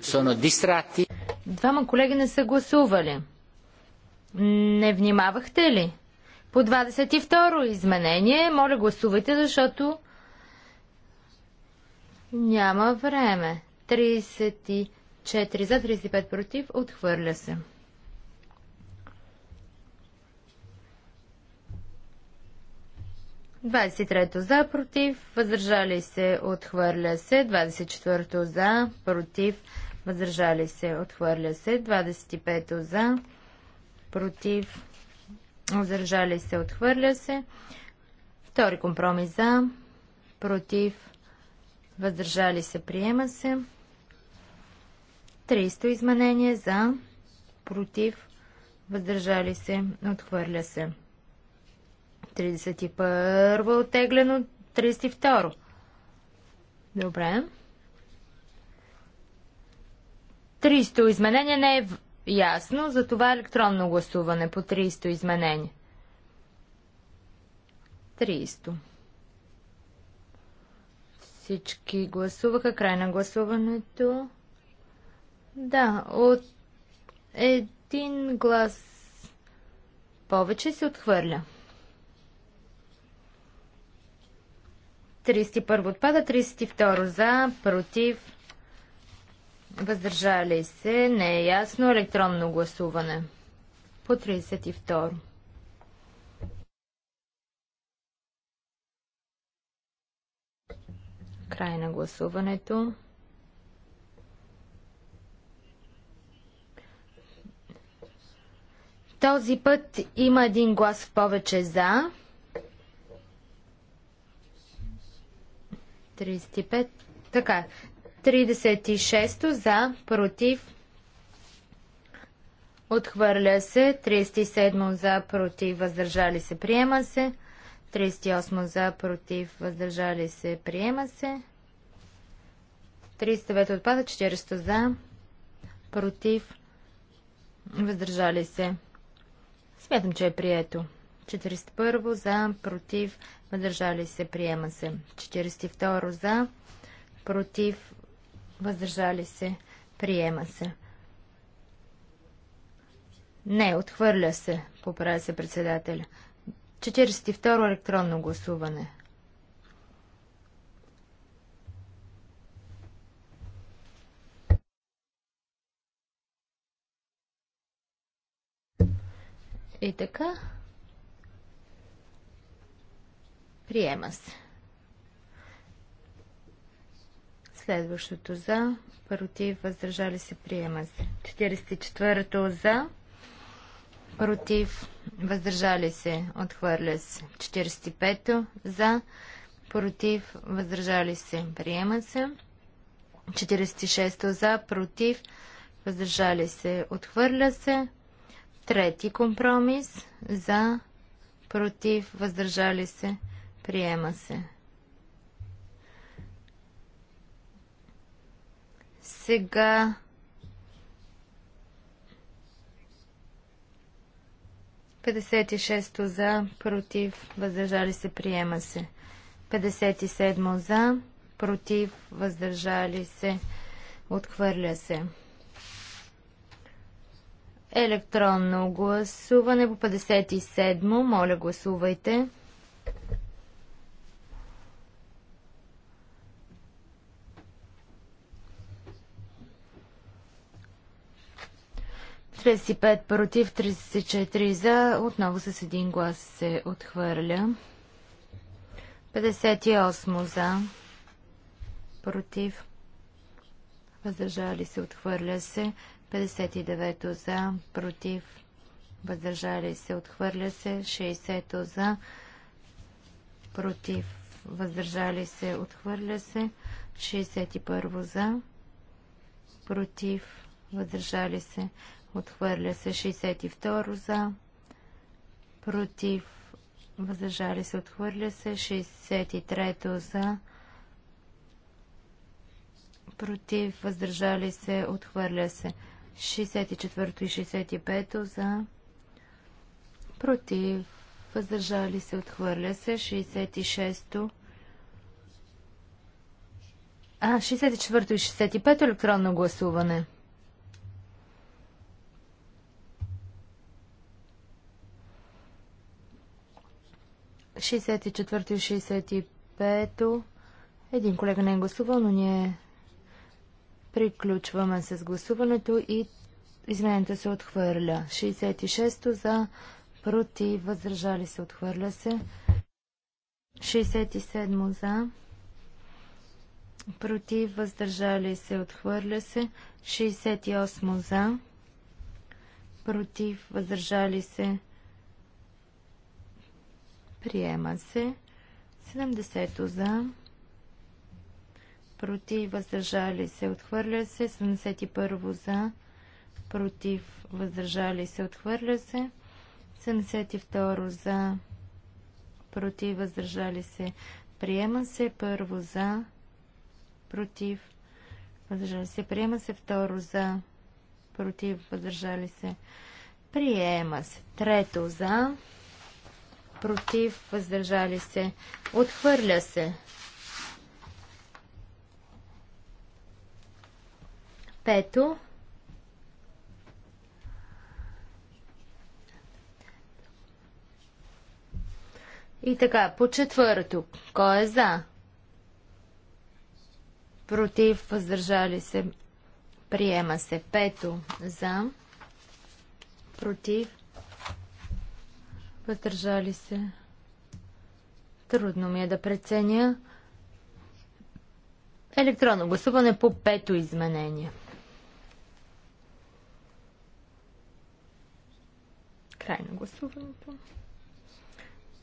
sono distratti. Двама колеги не са гласували. Не внимавахте ли? По 22-ро изменение, моля гласувайте, защото няма време. 34 за, 35 против. Отхвърля се. Двадесет трето за, против, въздържали се, отхвърля се. Двадесет четвърто за, против, въздържали се, отхвърля се. Двадесет пето за, против, въздържали се, отхвърля се. Втори компромис за, против, въздържали се, приема се. 300 изменение за, против, въздържали се, отхвърля се. 31 отеглено, 32. Добре. 300 изменение не е ясно, затова електронно гласуване по 300 изменение. 300. Всички гласуваха. Край на гласуването. Да, от един глас повече се отхвърля. 31 отпада, 32 за, против, въздържали се, не е ясно, електронно гласуване по 32. Край на гласуването. Този път има един глас повече за. 35. Така. 36 за, против. Отхвърля се. 37 за, против. Въздържали се. Приема се. 38 за, против, въздържали се, приема се. 39 отпада, 400 за, против, въздържали се. Смятам, че е прието. 41 за, против, въздържали се, приема се. 42 за, против, въздържали се, приема се. Не, отхвърля се, поправя се председателя. 42 електронно гласуване. И така. Приема се. Следващото за, против, въздържали се, приема се. 44-то за, против, въздържали се, отхвърля се. 45 за, против, въздържали се, приема се. 46 за, против, въздържали се, отхвърля се. Трети компромис за, против, въздържали се, приема се. Сега 56 за, против, въздържали се, приема се. 57 за, против, въздържали се, отхвърля се. Електронно гласуване по 57. Моля, гласувайте. 35 против, 34 за. Отново с един глас се отхвърля. 58 за. Против. Въздържали се, отхвърля се. 59 за. Против. Въздържали се, отхвърля се. 60 за. Против. Въздържали се, отхвърля се. 61 за. Против. Въздържали се. Отхвърля се 62 за. Против. Въздържали се. Отхвърля се 63 за. Против. Въздържали се. Отхвърля се 64 и 65 за. Против. Въздържали се. Отхвърля се 66 а, 64 и 65 електронно гласуване. 64 и 65 един колега не е гласувал, но ние приключваме с гласуването и изменението се отхвърля. 66 за против, въздържали се, отхвърля се. 67 за против, въздържали се, отхвърля се. 68 за против, въздържали се, отхвърля се Приема се. 70 за. Против. Въздържали се. Отхвърля се. 71 за. Против. Въздържали се. Отхвърля се. 72 за. Против. Въздържали се. Приема се. Първо за. Против. Въздържали се. Приема се. Второ за. Против. Въздържали се. Приема се. Трето за против, въздържали се, отхвърля се. Пето. И така, по четвърто. Кой е за? Против, въздържали се. Приема се. Пето. За. Против. Въздържали се. Трудно ми е да преценя. Електронно гласуване по пето изменение. Край на гласуването.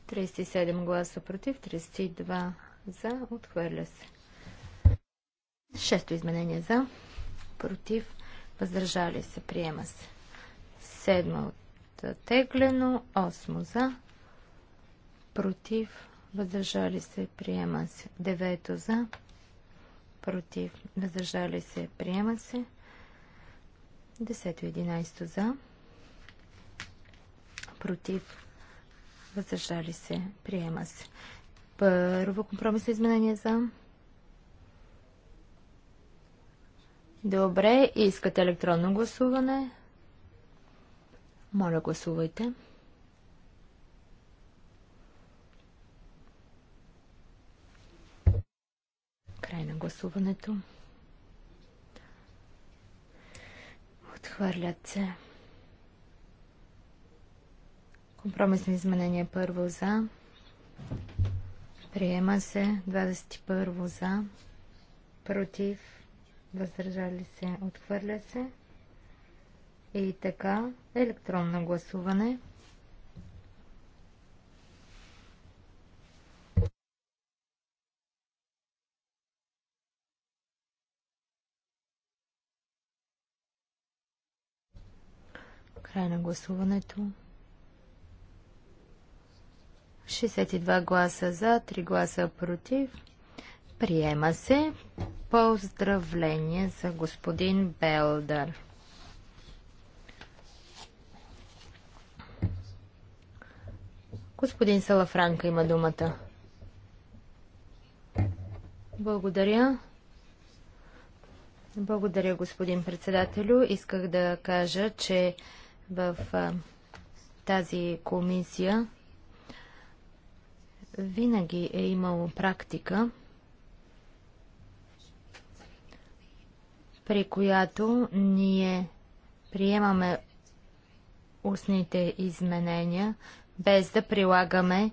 37 гласа против, 32 за. Отхвърля се. Шесто изменение за. Против. Въздържали се. Приема се. Седма оттеглено. 8 за, против, въздържали се, приема се. 9 за, против, въздържали се, приема се. 10 и 11 за, против, въздържали се, приема се. Първо компромисно изменение за. Добре, искате електронно гласуване. Моля, гласувайте. Край на гласуването. Отхвърлят се. Компромисно изменение първо за. Приема се 21 за. Против. Въздържали се. Отхвърля се. И така, електронно гласуване. Край на гласуването. 62 гласа за, 3 гласа против. Приема се. Поздравление за господин Белдър. Господин Салафранка има думата. Благодаря. Благодаря, господин председателю. Исках да кажа, че в а, тази комисия винаги е имало практика, при която ние приемаме устните изменения, без да прилагаме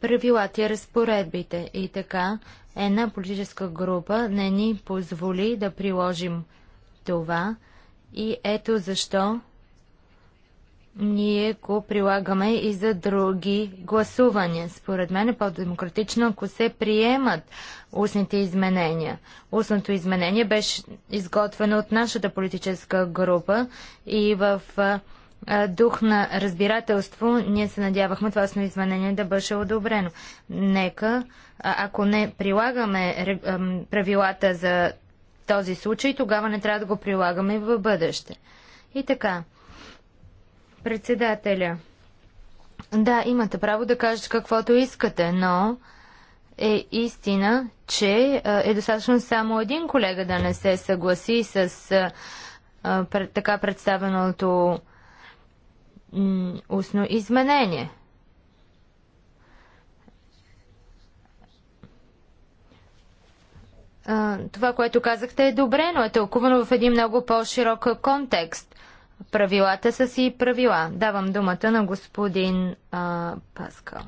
правилата и разпоредбите. И така, една политическа група не ни позволи да приложим това и ето защо ние го прилагаме и за други гласувания. Според мен е по-демократично, ако се приемат устните изменения. Устното изменение беше изготвено от нашата политическа група и в дух на разбирателство, ние се надявахме това сме изменение да беше одобрено. Нека, ако не прилагаме правилата за този случай, тогава не трябва да го прилагаме и в бъдеще. И така, председателя, да, имате право да кажете каквото искате, но е истина, че е достатъчно само един колега да не се съгласи с така представеното устно изменение. Това, което казахте е добре, но е тълкувано в един много по-широк контекст. Правилата са си правила. Давам думата на господин а, Паскал.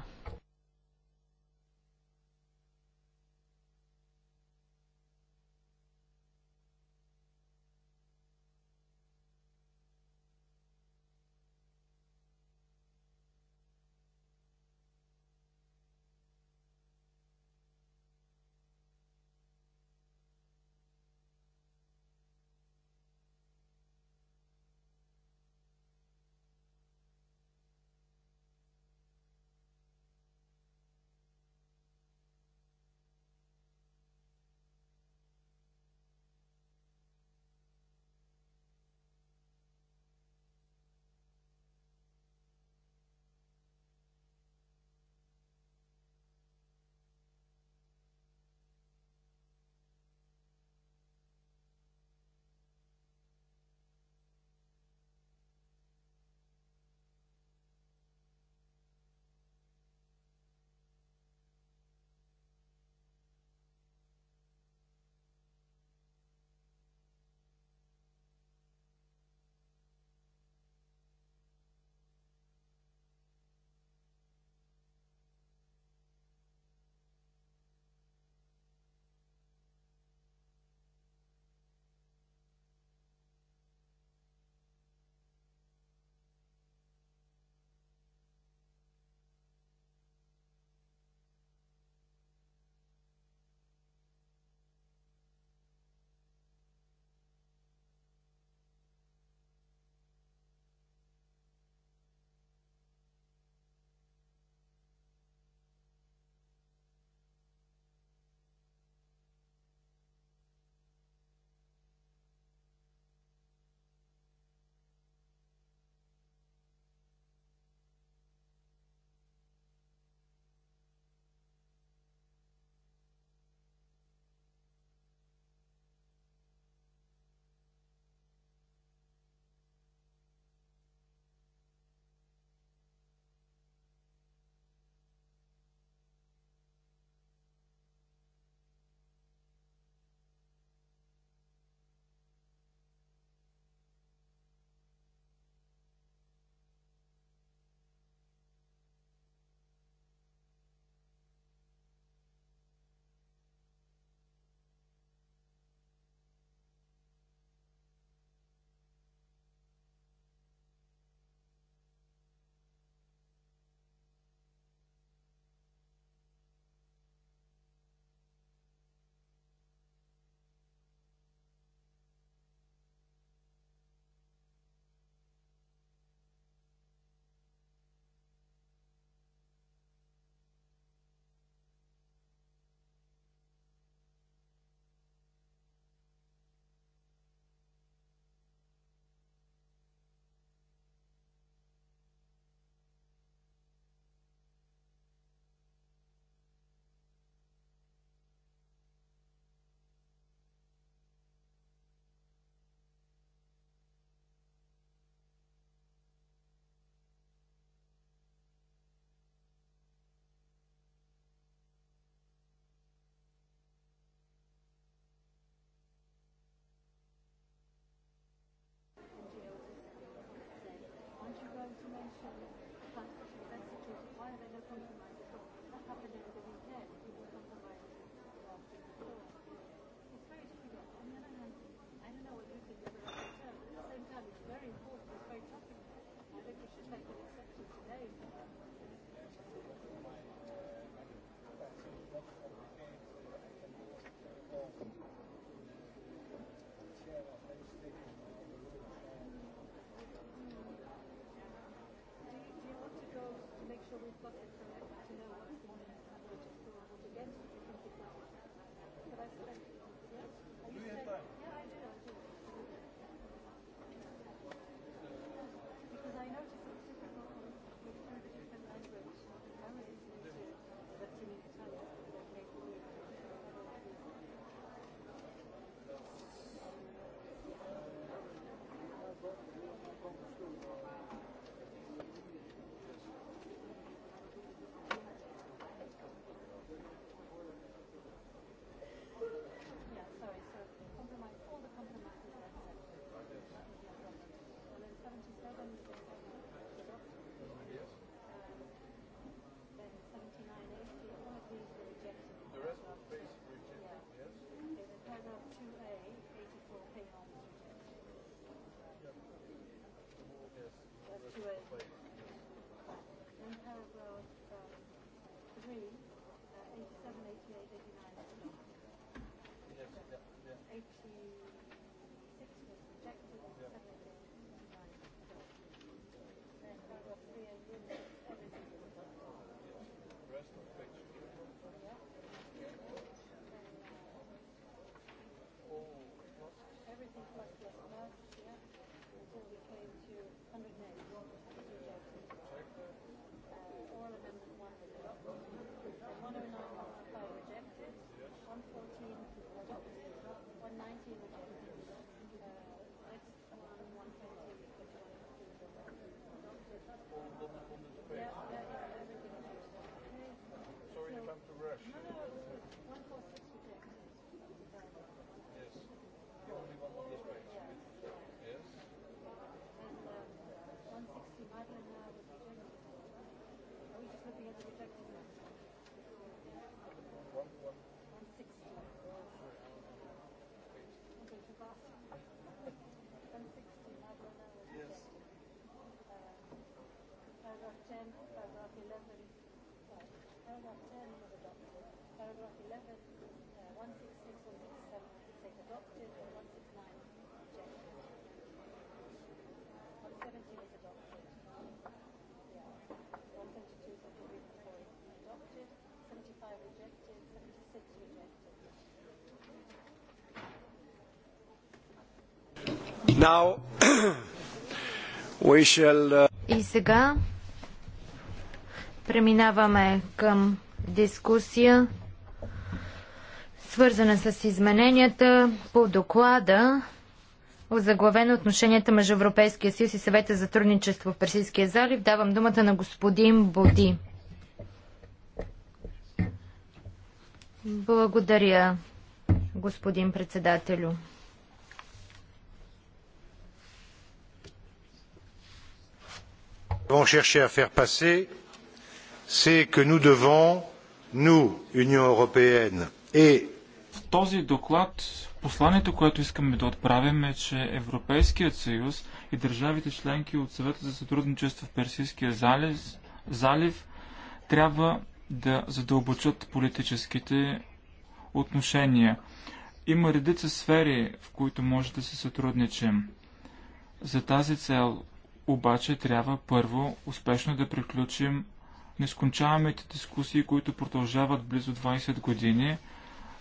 <clears throat> Uh, и сега преминаваме към дискусия, свързана с измененията по доклада озаглавено отношенията между Европейския съюз и съвета за трудничество в Персийския залив. Давам думата на господин Боди. Благодаря, господин председателю. avons cherché à faire passer, c'est que nous devons, nous, Union européenne et този доклад, посланието, което искаме да отправим е, че Европейският съюз и държавите членки от Съвета за сътрудничество в Персийския залез, залив трябва да задълбочат политическите отношения. Има редица сфери, в които може да се сътрудничим. За тази цел обаче трябва първо успешно да приключим нескончаваните дискусии, които продължават близо 20 години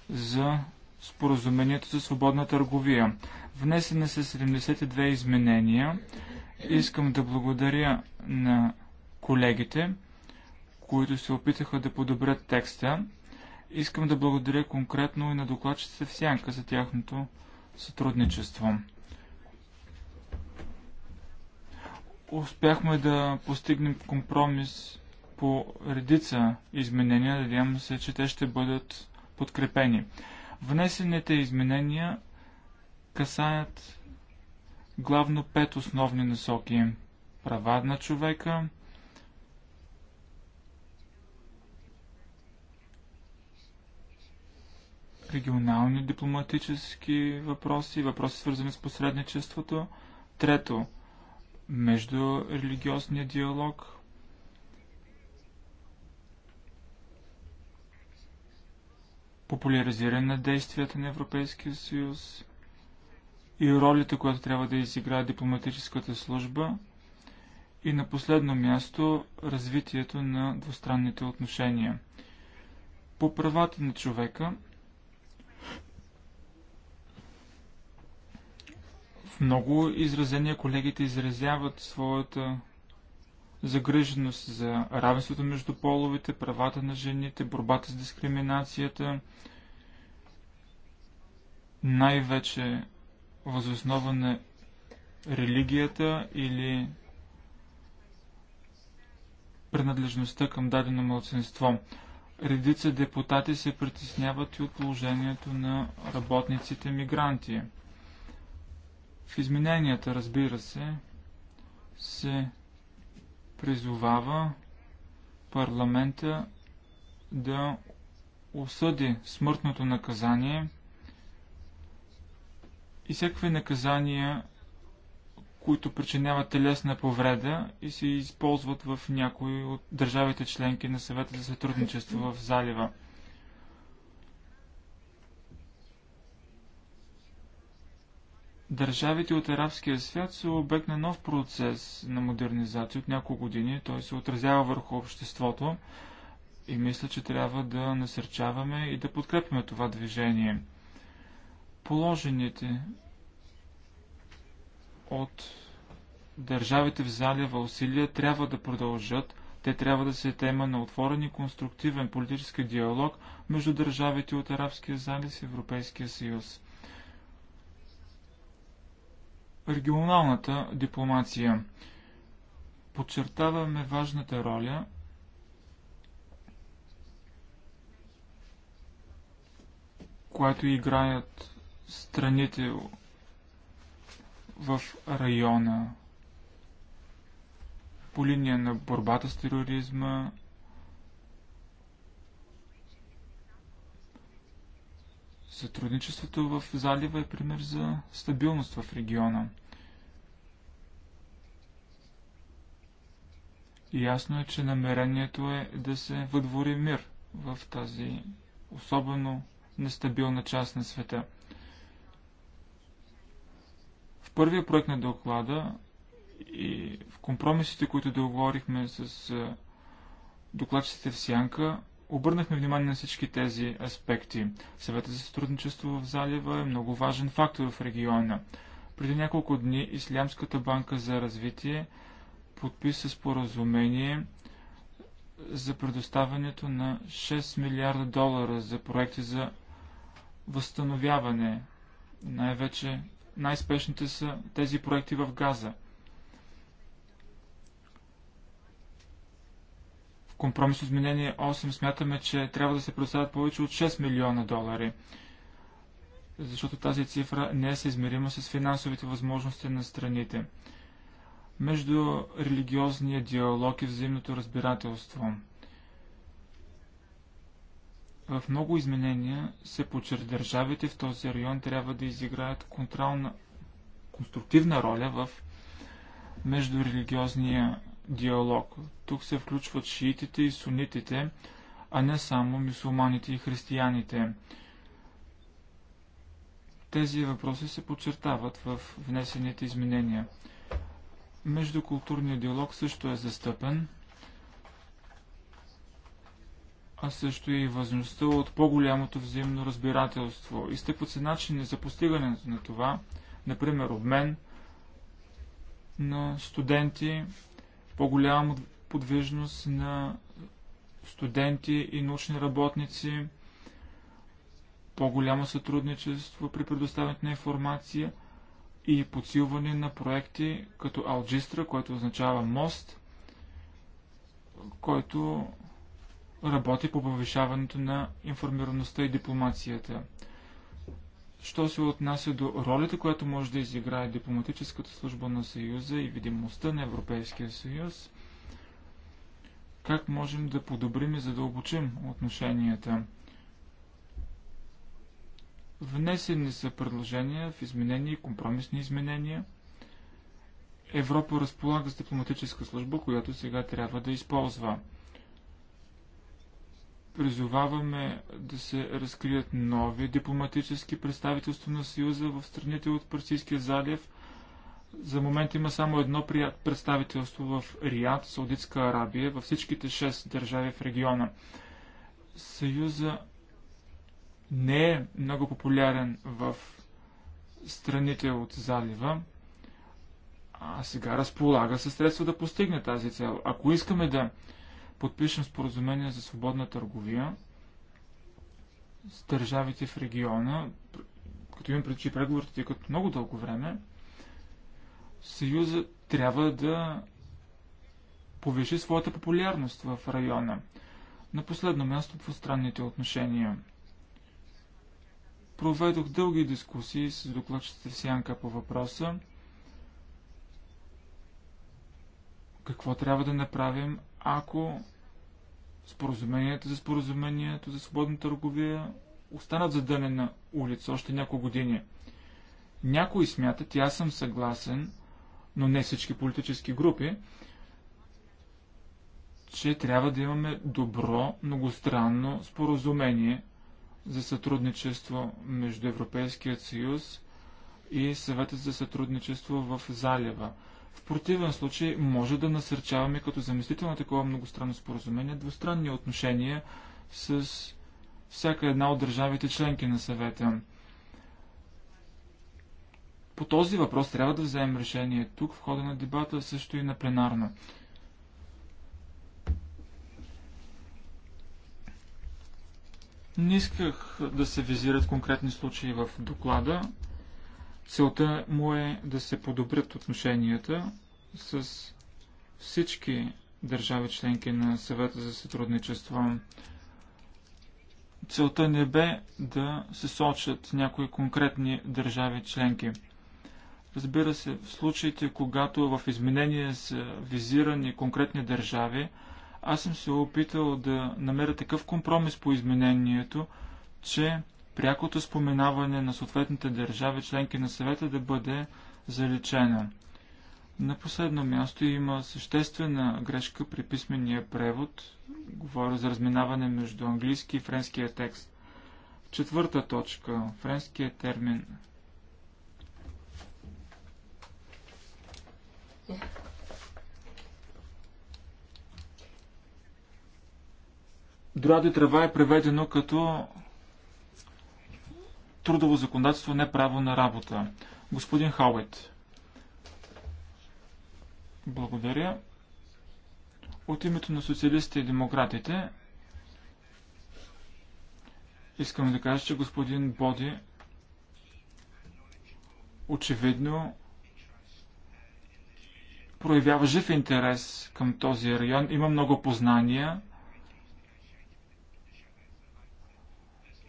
за споразумението за свободна търговия. Внесени са 72 изменения. Искам да благодаря на колегите, които се опитаха да подобрят текста. Искам да благодаря конкретно и на докладчиците в Сянка за тяхното сътрудничество. успяхме да постигнем компромис по редица изменения. Надявам се, че те ще бъдат подкрепени. Внесените изменения касаят главно пет основни насоки. Права на човека, регионални дипломатически въпроси, въпроси свързани с посредничеството. Трето, между религиозния диалог, популяризиране на действията на Европейския съюз и ролята, която трябва да изигра дипломатическата служба и на последно място развитието на двустранните отношения. По правата на човека – В много изразения колегите изразяват своята загриженост за равенството между половите, правата на жените, борбата с дискриминацията, най-вече възоснова на религията или принадлежността към дадено младсенство. Редица депутати се притесняват и от положението на работниците мигранти – в измененията, разбира се, се призовава парламента да осъди смъртното наказание и всякакви наказания, които причиняват телесна повреда и се използват в някои от държавите членки на съвета за сътрудничество в залива. Държавите от арабския свят са обект на нов процес на модернизация от няколко години. Той се отразява върху обществото и мисля, че трябва да насърчаваме и да подкрепяме това движение. Положените от държавите в залива усилия трябва да продължат. Те трябва да се тема на отворен и конструктивен политически диалог между държавите от Арабския залив и Европейския съюз регионалната дипломация. Подчертаваме важната роля която играят страните в района по линия на борбата с тероризма, Сътрудничеството в залива е пример за стабилност в региона. И ясно е, че намерението е да се въдвори мир в тази особено нестабилна част на света. В първия проект на доклада и в компромисите, които договорихме с докладчиците в Сянка, Обърнахме внимание на всички тези аспекти. Съветът за сътрудничество в залива е много важен фактор в региона. Преди няколко дни Ислямската банка за развитие подписа споразумение за предоставянето на 6 милиарда долара за проекти за възстановяване. Най-вече най-спешните са тези проекти в Газа. компромис изменение 8 смятаме, че трябва да се предоставят повече от 6 милиона долари, защото тази цифра не е съизмерима с финансовите възможности на страните. Между религиозния диалог и взаимното разбирателство. В много изменения се почерт държавите в този район трябва да изиграят контролна, конструктивна роля в междурелигиозния диалог. Тук се включват шиитите и сунитите, а не само мусулманите и християните. Тези въпроси се подчертават в внесените изменения. Междукултурният диалог също е застъпен, а също и възможността от по-голямото взаимно разбирателство. Изтъкват се начини за постигането на това, например обмен на студенти, по-голяма подвижност на студенти и научни работници, по-голямо сътрудничество при предоставянето на информация и подсилване на проекти като Алджистра, което означава мост, който работи по повишаването на информираността и дипломацията. Що се отнася до ролята, която може да изиграе дипломатическата служба на Съюза и видимостта на Европейския съюз, как можем да подобрим и задълбочим отношенията. Внесени са предложения в изменения и компромисни изменения. Европа разполага с дипломатическа служба, която сега трябва да използва – Призоваваме да се разкрият нови дипломатически представителства на Съюза в страните от Парсийския залив. За момент има само едно представителство в Риад, Саудитска Арабия, във всичките 6 държави в региона. Съюза не е много популярен в страните от залива, а сега разполага със средства да постигне тази цел. Ако искаме да подпишем споразумение за свободна търговия с държавите в региона, като имам предвид, че преговорите тъй като много дълго време, Съюза трябва да повиши своята популярност в района. На последно място по странните отношения. Проведох дълги дискусии с докладчите в Сянка по въпроса какво трябва да направим, ако споразумението за споразумението за свободна търговия останат задъне на улица още няколко години. Някои смятат, и аз съм съгласен, но не всички политически групи, че трябва да имаме добро многостранно споразумение за сътрудничество между Европейският съюз и съвета за сътрудничество в залива. В противен случай може да насърчаваме като заместител на такова многостранно споразумение двустранни отношения с всяка една от държавите членки на съвета. По този въпрос трябва да вземем решение тук, в хода на дебата, също и на пленарно. Не исках да се визират конкретни случаи в доклада. Целта му е да се подобрят отношенията с всички държави членки на съвета за сътрудничество. Целта не бе да се сочат някои конкретни държави членки. Разбира се, в случаите, когато в изменение са визирани конкретни държави, аз съм се опитал да намеря такъв компромис по изменението, че прякото споменаване на съответните държави, членки на съвета да бъде заличено. На последно място има съществена грешка при писмения превод. Говоря за разминаване между английски и френския текст. Четвърта точка. Френския термин. Дради трава е преведено като трудово законодателство не право на работа. Господин Хаует. Благодаря. От името на социалистите и демократите искам да кажа, че господин Боди очевидно проявява жив интерес към този район, има много познания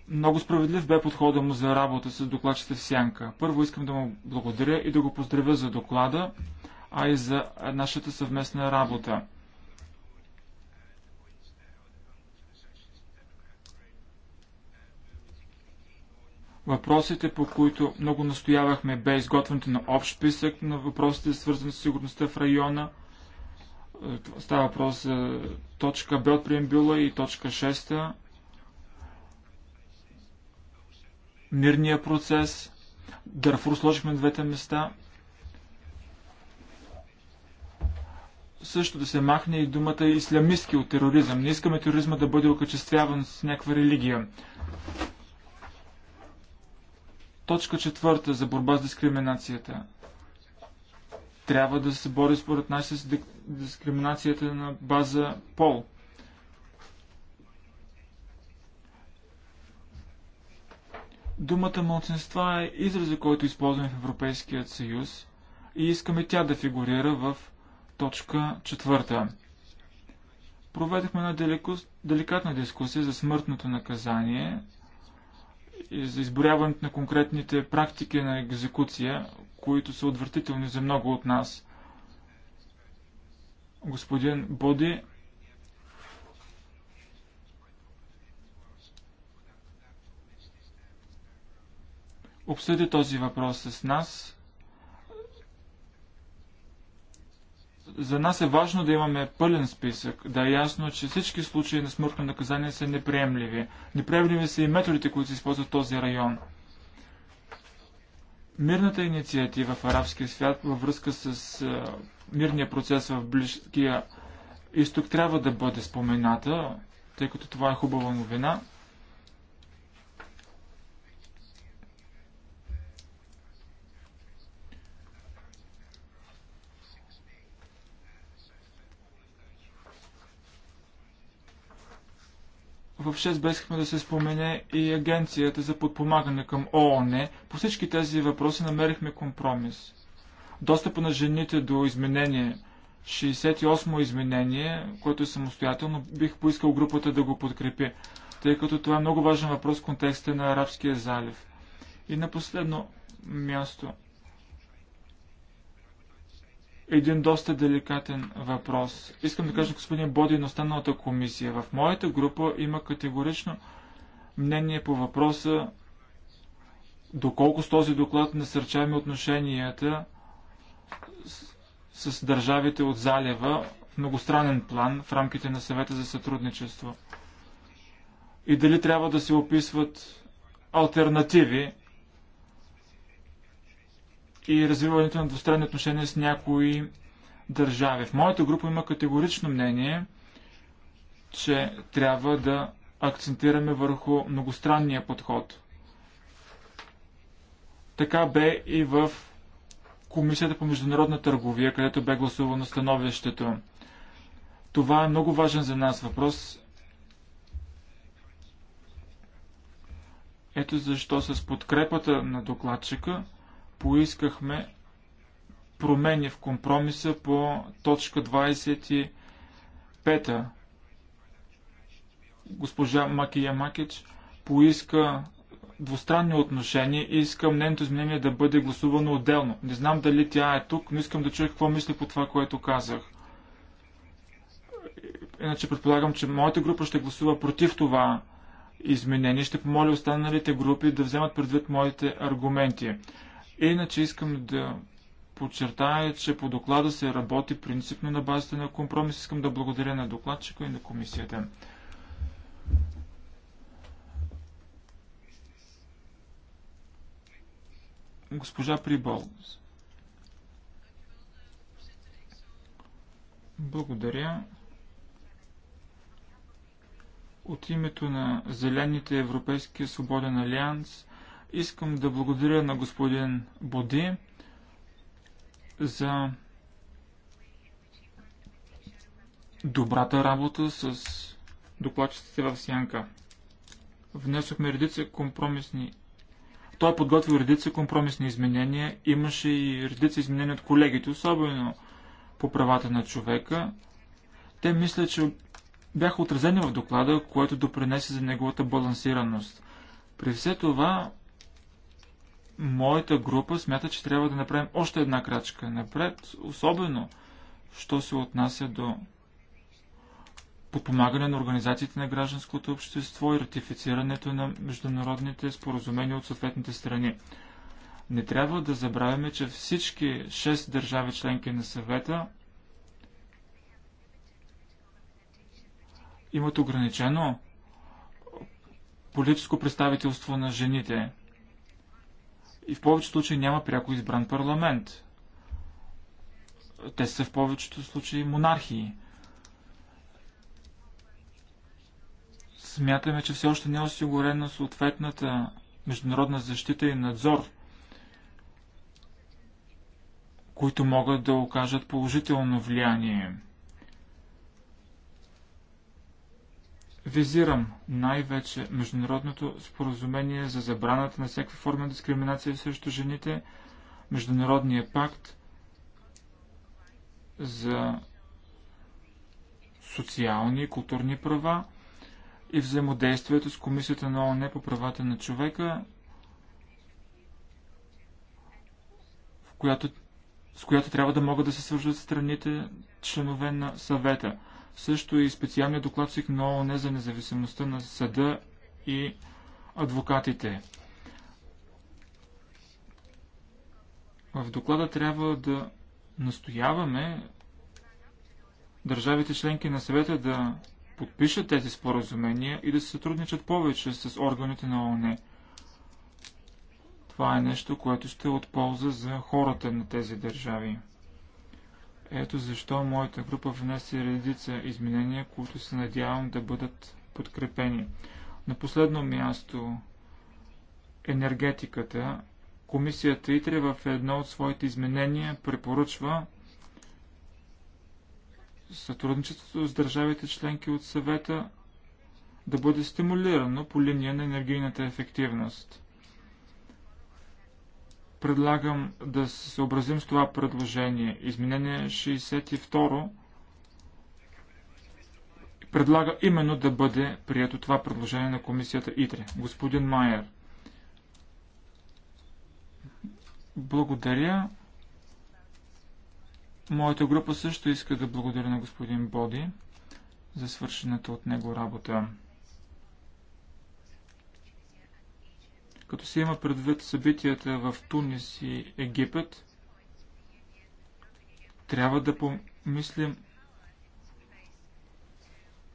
Много справедлив бе подхода му за работа с докладчета в Сянка. Първо искам да му благодаря и да го поздравя за доклада, а и за нашата съвместна работа. Въпросите, по които много настоявахме, бе изготвянето на общ писък на въпросите, свързани с сигурността в района. Е, става въпрос за точка Б от преембюла и точка 6 мирния процес. Дарфур сложихме двете места. Също да се махне и думата ислямистки от тероризъм. Не искаме тероризма да бъде окачествяван с някаква религия. Точка четвърта за борба с дискриминацията. Трябва да се бори според нас с дискриминацията на база пол. Думата младсенства е изрази, който използваме в Европейският съюз и искаме тя да фигурира в точка четвърта. Проведахме една деликатна дискусия за смъртното наказание и за изборяването на конкретните практики на екзекуция, които са отвратителни за много от нас. Господин Боди обсъди този въпрос с нас. За нас е важно да имаме пълен списък, да е ясно, че всички случаи на смъртно наказание са неприемливи. Неприемливи са и методите, които се използват в този район. Мирната инициатива в арабския свят във връзка с мирния процес в Близкия изток трябва да бъде спомената, тъй като това е хубава новина – в 6 бескахме да се спомене и Агенцията за подпомагане към ООН. По всички тези въпроси намерихме компромис. Достъпа на жените до изменение, 68-о изменение, което е самостоятелно, бих поискал групата да го подкрепи, тъй като това е много важен въпрос в контекста на Арабския залив. И на последно място, един доста деликатен въпрос. Искам да кажа господин Боди на останалата комисия. В моята група има категорично мнение по въпроса доколко с този доклад насърчаваме отношенията с, с държавите от залива в многостранен план в рамките на съвета за сътрудничество. И дали трябва да се описват альтернативи и развиването на двустранни отношения с някои държави. В моята група има категорично мнение, че трябва да акцентираме върху многостранния подход. Така бе и в Комисията по международна търговия, където бе гласувано становището. Това е много важен за нас въпрос. Ето защо с подкрепата на докладчика поискахме промени в компромиса по точка 25. Госпожа Макия Макич поиска двустранни отношения и искам нейното изменение да бъде гласувано отделно. Не знам дали тя е тук, но искам да чуя какво мисли по това, което казах. Иначе предполагам, че моята група ще гласува против това изменение. Ще помоля останалите групи да вземат предвид моите аргументи. Иначе искам да подчертая, че по доклада се работи принципно на базата на компромис. Искам да благодаря на докладчика и на комисията. Госпожа Прибол. Благодаря. От името на Зелените Европейския свободен алианс – Искам да благодаря на господин Боди за добрата работа с докладчиците в Сянка. Внесохме редица компромисни... Той е подготвил редица компромисни изменения. Имаше и редица изменения от колегите, особено по правата на човека. Те мисля, че бяха отразени в доклада, което допринесе за неговата балансираност. При все това, Моята група смята, че трябва да направим още една крачка напред, особено, що се отнася до подпомагане на организациите на гражданското общество и ратифицирането на международните споразумения от съответните страни. Не трябва да забравяме, че всички 6 държави членки на съвета имат ограничено политическо представителство на жените. И в повечето случаи няма пряко избран парламент. Те са в повечето случаи монархии. Смятаме, че все още не е осигурена съответната международна защита и надзор, които могат да окажат положително влияние Визирам най-вече Международното споразумение за забраната на всяка форма дискриминация срещу жените, Международния пакт за социални и културни права и взаимодействието с Комисията на ООН по правата на човека, в която, с която трябва да могат да се свържат страните членове на съвета – също и специалния докладчик на ООН за независимостта на съда и адвокатите. В доклада трябва да настояваме държавите членки на съвета да подпишат тези споразумения и да се сътрудничат повече с органите на ООН. Това е нещо, което ще е от полза за хората на тези държави. Ето защо моята група внесе редица изменения, които се надявам да бъдат подкрепени. На последно място енергетиката. Комисията ИТРЕ в едно от своите изменения препоръчва сътрудничеството с държавите членки от съвета да бъде стимулирано по линия на енергийната ефективност предлагам да се съобразим с това предложение. Изменение 62 предлага именно да бъде прието това предложение на комисията ИТРЕ. Господин Майер. Благодаря. Моята група също иска да благодаря на господин Боди за свършената от него работа. Като се има предвид събитията в Тунис и Египет, трябва да помислим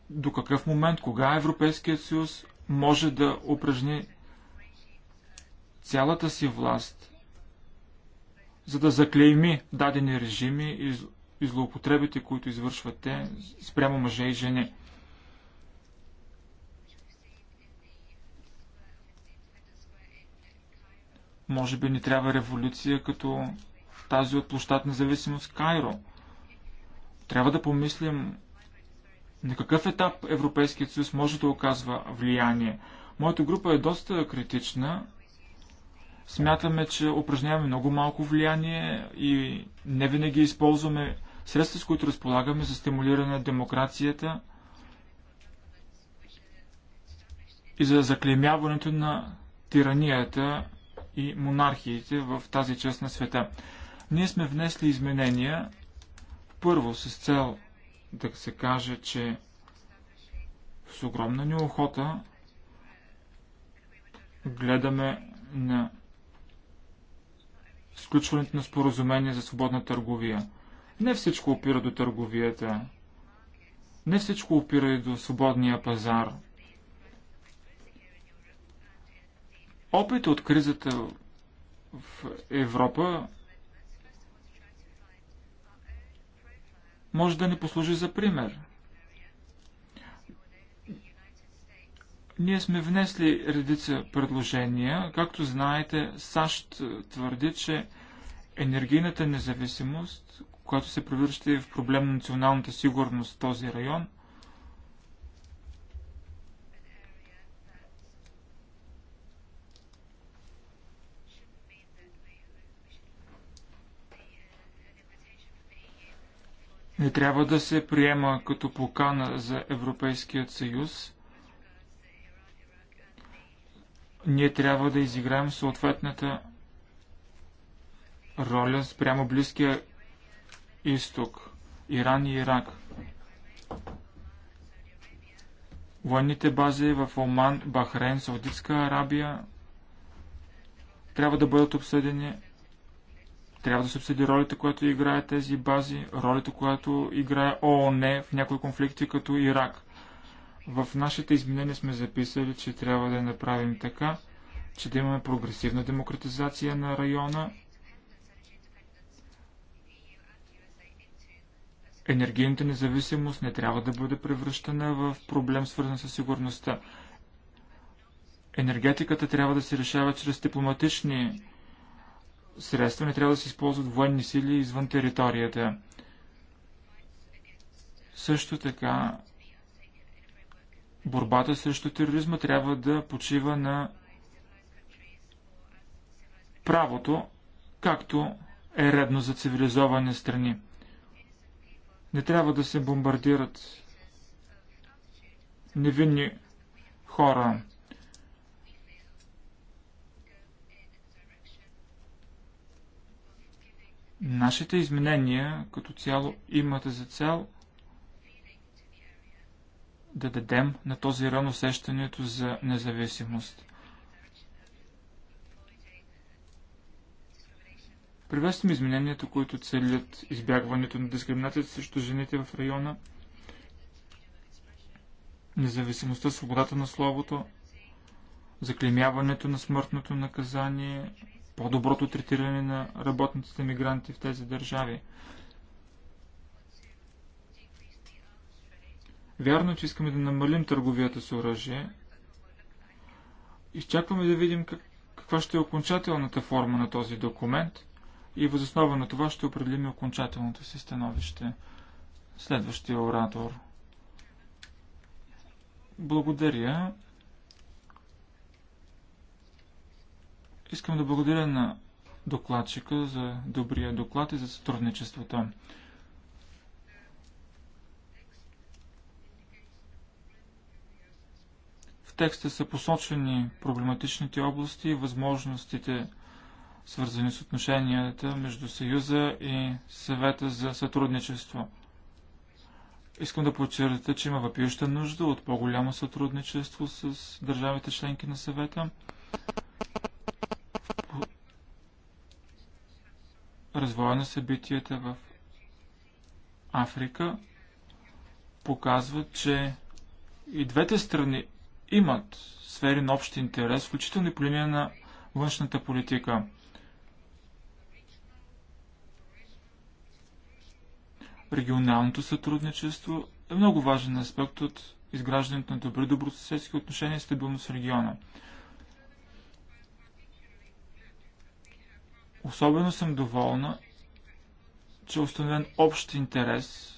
до какъв момент, кога Европейският съюз може да упражни цялата си власт, за да заклейми дадени режими и, злоупотребите, които извършват те спрямо мъже и жени. Може би ни трябва революция като тази от площад независимост Кайро. Трябва да помислим на какъв етап Европейският съюз може да оказва влияние. Моята група е доста критична. Смятаме, че упражняваме много малко влияние и не винаги използваме средства, с които разполагаме за стимулиране на демокрацията и за заклемяването на тиранията и монархиите в тази част на света. Ние сме внесли изменения първо с цел да се каже, че с огромна неохота гледаме на сключването на споразумение за свободна търговия. Не всичко опира до търговията. Не всичко опира и до свободния пазар. Опит от кризата в Европа може да ни послужи за пример. Ние сме внесли редица предложения. Както знаете, САЩ твърди, че енергийната независимост, която се превръща в проблем на националната сигурност в този район, не трябва да се приема като покана за Европейският съюз. Ние трябва да изиграем съответната роля спрямо Близкия изток, Иран и Ирак. Военните бази в Оман, Бахрейн, Саудитска Арабия трябва да бъдат обсъдени трябва да се обсъди ролите, която играе тези бази, ролята, която играе ООН в някои конфликти, като Ирак. В нашите изменения сме записали, че трябва да направим така, че да имаме прогресивна демократизация на района, Енергийната независимост не трябва да бъде превръщана в проблем, свързан с сигурността. Енергетиката трябва да се решава чрез дипломатични средства не трябва да се използват военни сили извън територията. Също така, борбата срещу тероризма трябва да почива на правото, както е редно за цивилизовани страни. Не трябва да се бомбардират невинни хора. Нашите изменения като цяло имат за цел да дадем на този район усещането за независимост. Приветствам измененията, които целят избягването на дискриминацията срещу жените в района, независимостта, свободата на словото, заклемяването на смъртното наказание, по-доброто третиране на работниците мигранти в тези държави. Вярно, че искаме да намалим търговията с оръжие. Изчакваме да видим как, каква ще е окончателната форма на този документ и възоснова на това ще определим окончателното си становище. Следващия оратор. Благодаря. Искам да благодаря на докладчика за добрия доклад и за сътрудничеството. В текста са посочени проблематичните области и възможностите, свързани с отношенията между Съюза и Съвета за сътрудничество. Искам да подчертая, че има въпиюща нужда от по-голямо сътрудничество с държавите членки на съвета. развоя на събитията в Африка показват, че и двете страни имат сфери на общ интерес, включително и по линия на външната политика. Регионалното сътрудничество е много важен аспект от изграждането на добри добросъседски отношения и стабилност в региона. Особено съм доволна, че е установен общ интерес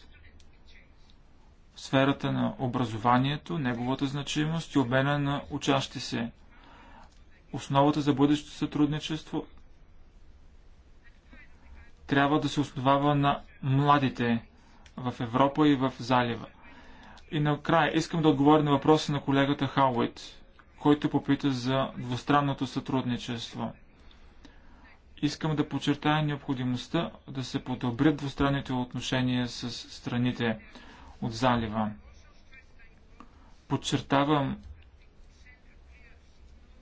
в сферата на образованието, неговата значимост и обмена на учащи се. Основата за бъдещето сътрудничество трябва да се основава на младите в Европа и в залива. И накрая искам да отговоря на въпроса на колегата Хауит, който попита за двустранното сътрудничество – Искам да подчертая необходимостта да се подобрят двустранните отношения с страните от залива. Подчертавам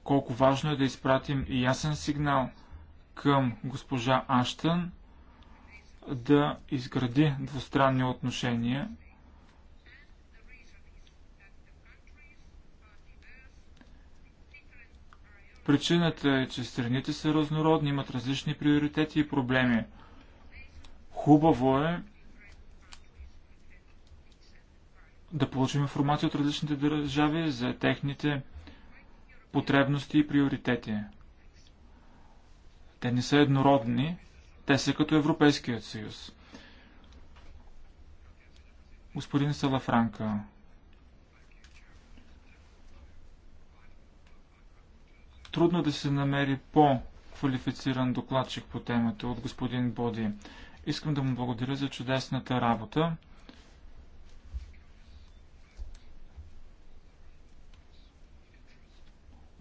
колко важно е да изпратим и ясен сигнал към госпожа Аштън да изгради двустранни отношения Причината е, че страните са разнородни, имат различни приоритети и проблеми. Хубаво е да получим информация от различните държави за техните потребности и приоритети. Те не са еднородни, те са като Европейският съюз. Господин Салафранка, трудно да се намери по-квалифициран докладчик по темата от господин Боди. Искам да му благодаря за чудесната работа.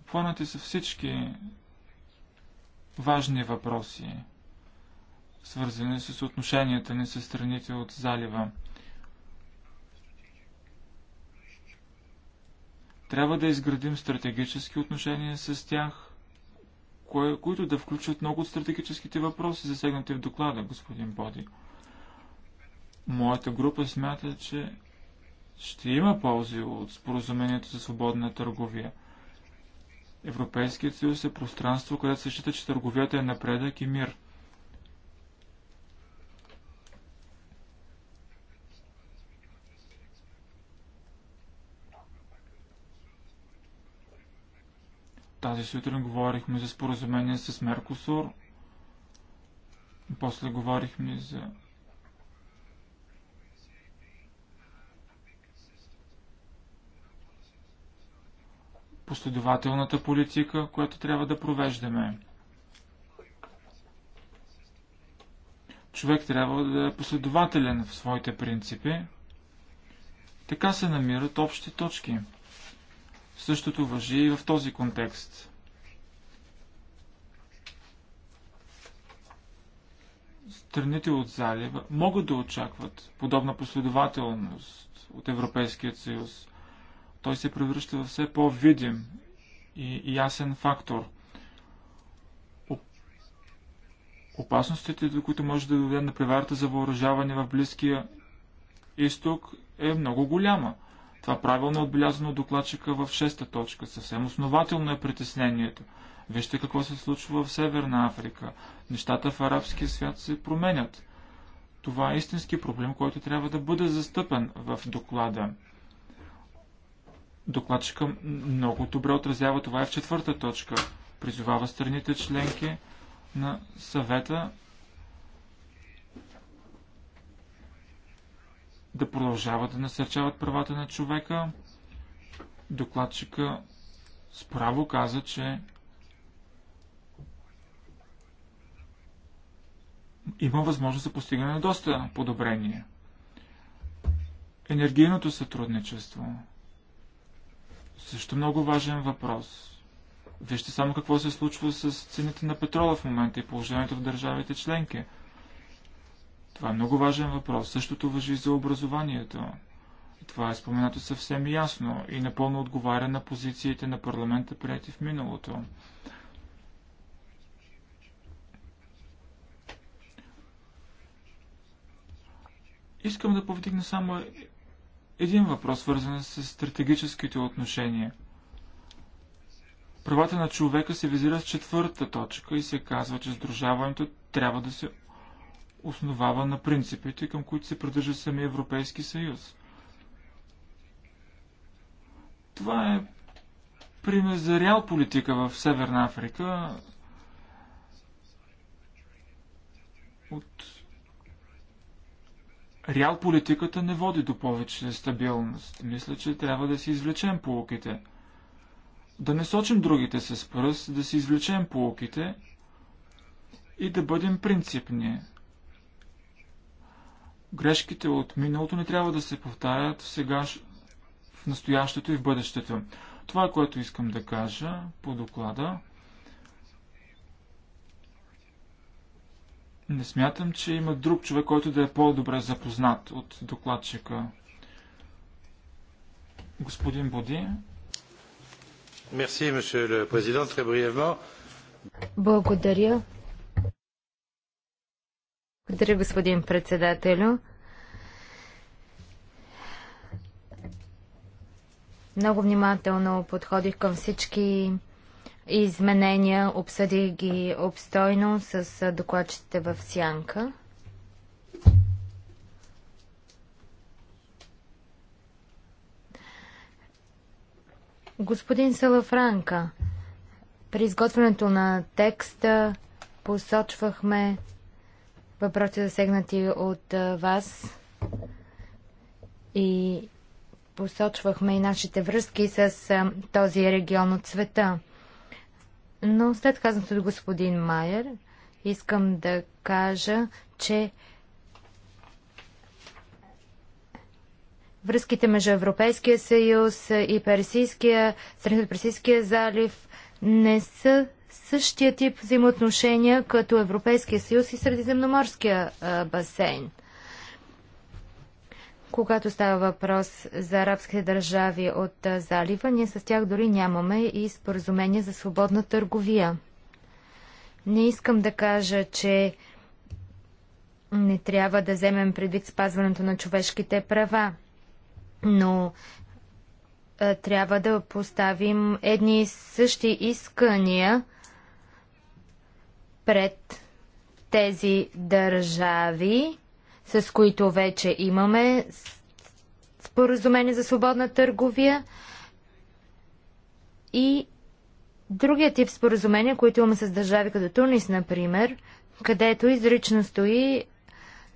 Обхванати са всички важни въпроси, свързани с отношенията ни с страните от залива. Трябва да изградим стратегически отношения с тях, кое, които да включат много от стратегическите въпроси, засегнати в доклада, господин Боди. Моята група смята, че ще има ползи от споразумението за свободна търговия. Европейският съюз е пространство, където се счита, че търговията е напредък и мир – Тази сутрин говорихме за споразумение с Меркосур. После говорихме за последователната политика, която трябва да провеждаме. Човек трябва да е последователен в своите принципи. Така се намират общи точки. Същото въжи и в този контекст. Страните от залива могат да очакват подобна последователност от Европейския съюз. Той се превръща в все по-видим и ясен фактор. Опасностите, до които може да доведе на преварата за въоръжаване в Близкия изток, е много голяма – това правилно е отбелязано от докладчика в шеста точка. Съвсем основателно е притеснението. Вижте какво се случва в Северна Африка. Нещата в арабския свят се променят. Това е истински проблем, който трябва да бъде застъпен в доклада. Докладчика много добре отразява това и в четвърта точка. Призовава страните членки на съвета да продължават да насърчават правата на човека. Докладчика справо каза, че има възможност за постигане на доста подобрение. Енергийното сътрудничество. Също много важен въпрос. Вижте само какво се случва с цените на петрола в момента и положението в държавите членки – това е много важен въпрос. Същото въжи за образованието. Това е споменато съвсем ясно и напълно отговаря на позициите на парламента, прияти в миналото. Искам да повдигна само един въпрос, свързан с стратегическите отношения. Правата на човека се визира с четвърта точка и се казва, че сдружаването трябва да се основава на принципите, към които се придържа самия Европейски съюз. Това е пример за реал политика в Северна Африка от реал политиката не води до повече стабилност. Мисля, че трябва да си извлечем полуките. Да не сочим другите с пръст, да си извлечем полуките и да бъдем принципни. Грешките от миналото не трябва да се повтарят сега, в настоящето и в бъдещето. Това е което искам да кажа по доклада. Не смятам, че има друг човек, който да е по-добре запознат от докладчика. Господин Боди. Благодаря, благодаря, господин председателю. Много внимателно подходих към всички изменения, обсъдих ги обстойно с докладчите в Сянка. Господин Салафранка, при изготвянето на текста посочвахме въпроси засегнати от вас и посочвахме и нашите връзки с този регион от света. Но след казаното от господин Майер, искам да кажа, че връзките между Европейския съюз и Персийския, страните от Персийския залив не са същия тип взаимоотношения като Европейския съюз и Средиземноморския а, басейн. Когато става въпрос за арабските държави от а, залива, ние с тях дори нямаме и споразумение за свободна търговия. Не искам да кажа, че не трябва да вземем предвид спазването на човешките права, но трябва да поставим едни и същи искания пред тези държави, с които вече имаме споразумение за свободна търговия и другия тип споразумения, които имаме с държави като Тунис, например, където изрично стои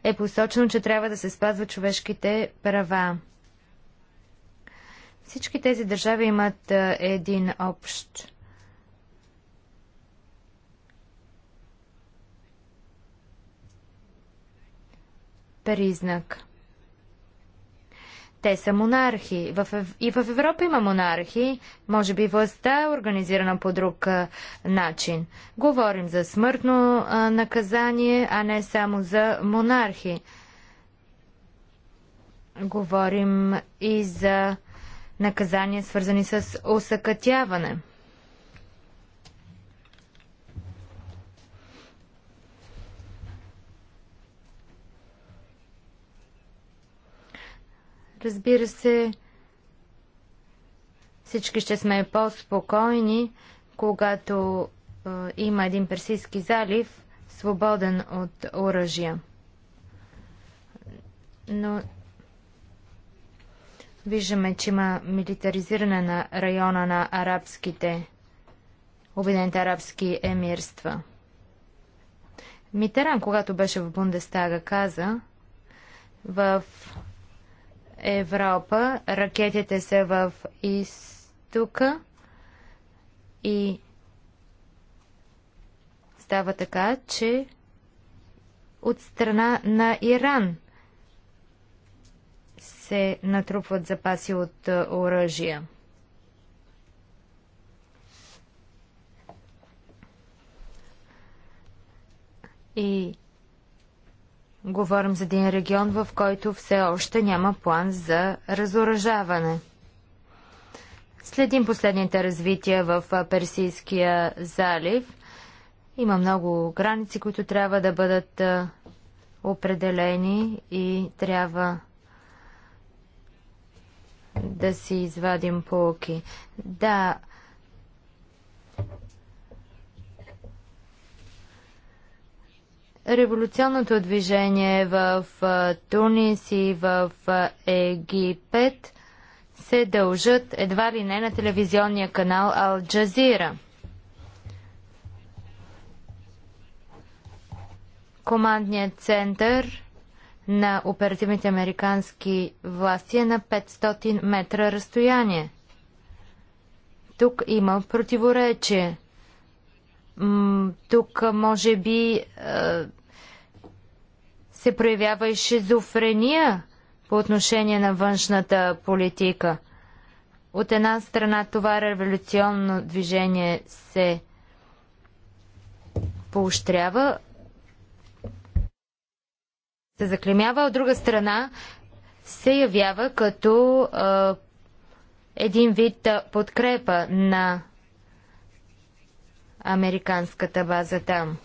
е посочено, че трябва да се спазват човешките права. Всички тези държави имат един общ признак. Те са монархи. И в Европа има монархи. Може би властта е организирана по друг а, начин. Говорим за смъртно а, наказание, а не само за монархи. Говорим и за наказания, свързани с усъкътяване. Разбира се, всички ще сме по-спокойни, когато е, има един Персийски залив, свободен от оръжия. Но виждаме, че има милитаризиране на района на арабските, обидените арабски емирства. Митеран, когато беше в Бундестага, каза в Европа. Ракетите са в изтока и става така, че от страна на Иран се натрупват запаси от е, оръжия. И Говорим за един регион, в който все още няма план за разоръжаване. Следим последните развития в Персийския залив. Има много граници, които трябва да бъдат определени и трябва да си извадим полки. Да, революционното движение в Тунис и в Египет се дължат едва ли не на телевизионния канал Ал Джазира. Командният център на оперативните американски власти е на 500 метра разстояние. Тук има противоречие. Тук може би се проявява и шизофрения по отношение на външната политика. От една страна това революционно движение се поощрява, се заклемява, от друга страна се явява като а, един вид подкрепа на американската база там.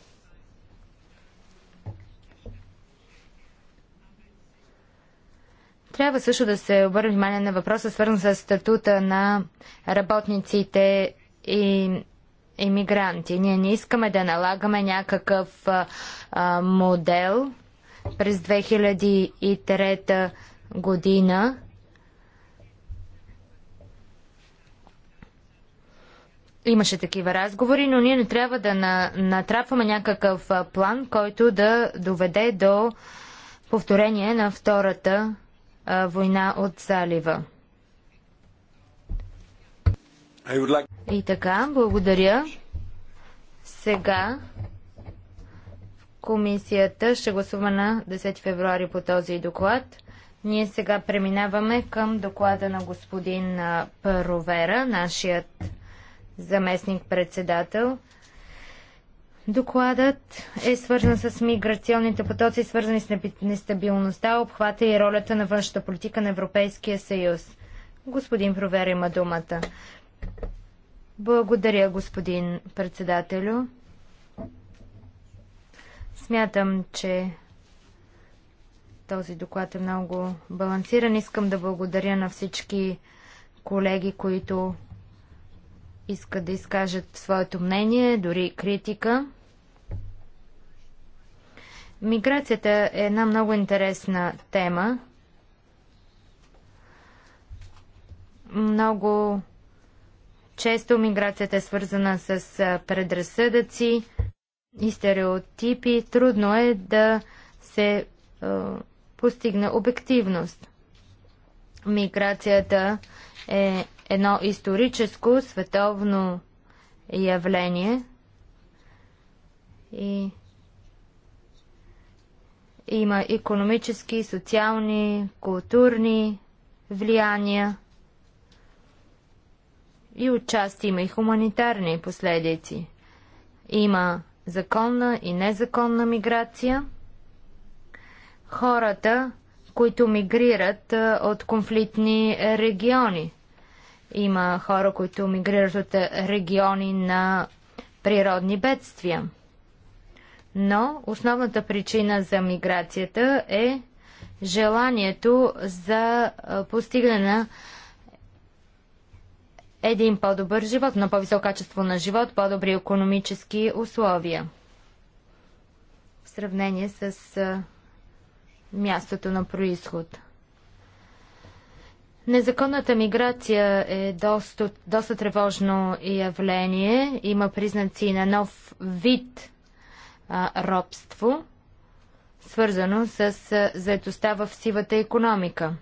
Трябва също да се обърне внимание на въпроса, свързан с статута на работниците и иммигранти. Ние не искаме да налагаме някакъв а, модел през 2003 година. Имаше такива разговори, но ние не трябва да на, натрапваме някакъв план, който да доведе до повторение на Втората война от залива. И така, благодаря. Сега комисията ще гласува на 10 февруари по този доклад. Ние сега преминаваме към доклада на господин Паровера, нашият заместник-председател. Докладът е свързан с миграционните потоци, свързани с нестабилността, обхвата и ролята на външната политика на Европейския съюз. Господин Провер има думата. Благодаря, господин председателю. Смятам, че този доклад е много балансиран. Искам да благодаря на всички колеги, които искат да изкажат своето мнение, дори критика. Миграцията е една много интересна тема. Много често миграцията е свързана с предразсъдъци и стереотипи. Трудно е да се е, постигне обективност. Миграцията е едно историческо световно явление и има економически, социални, културни влияния и отчасти има и хуманитарни последици. Има законна и незаконна миграция. Хората, които мигрират от конфликтни региони. Има хора, които мигрират от региони на природни бедствия но основната причина за миграцията е желанието за постигане на един по-добър живот, на по-високо качество на живот, по-добри економически условия в сравнение с мястото на происход. Незаконната миграция е доста, доста тревожно явление. Има признаци на нов вид а, робство, свързано с а, заедостта в сивата економика.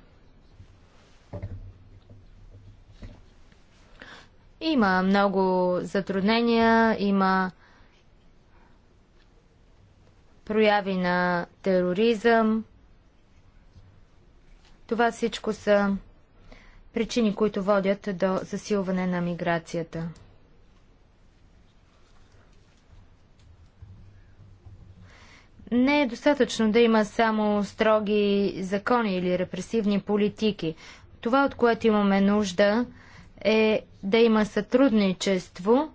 Има много затруднения, има прояви на тероризъм. Това всичко са причини, които водят до засилване на миграцията. Не е достатъчно да има само строги закони или репресивни политики. Това, от което имаме нужда, е да има сътрудничество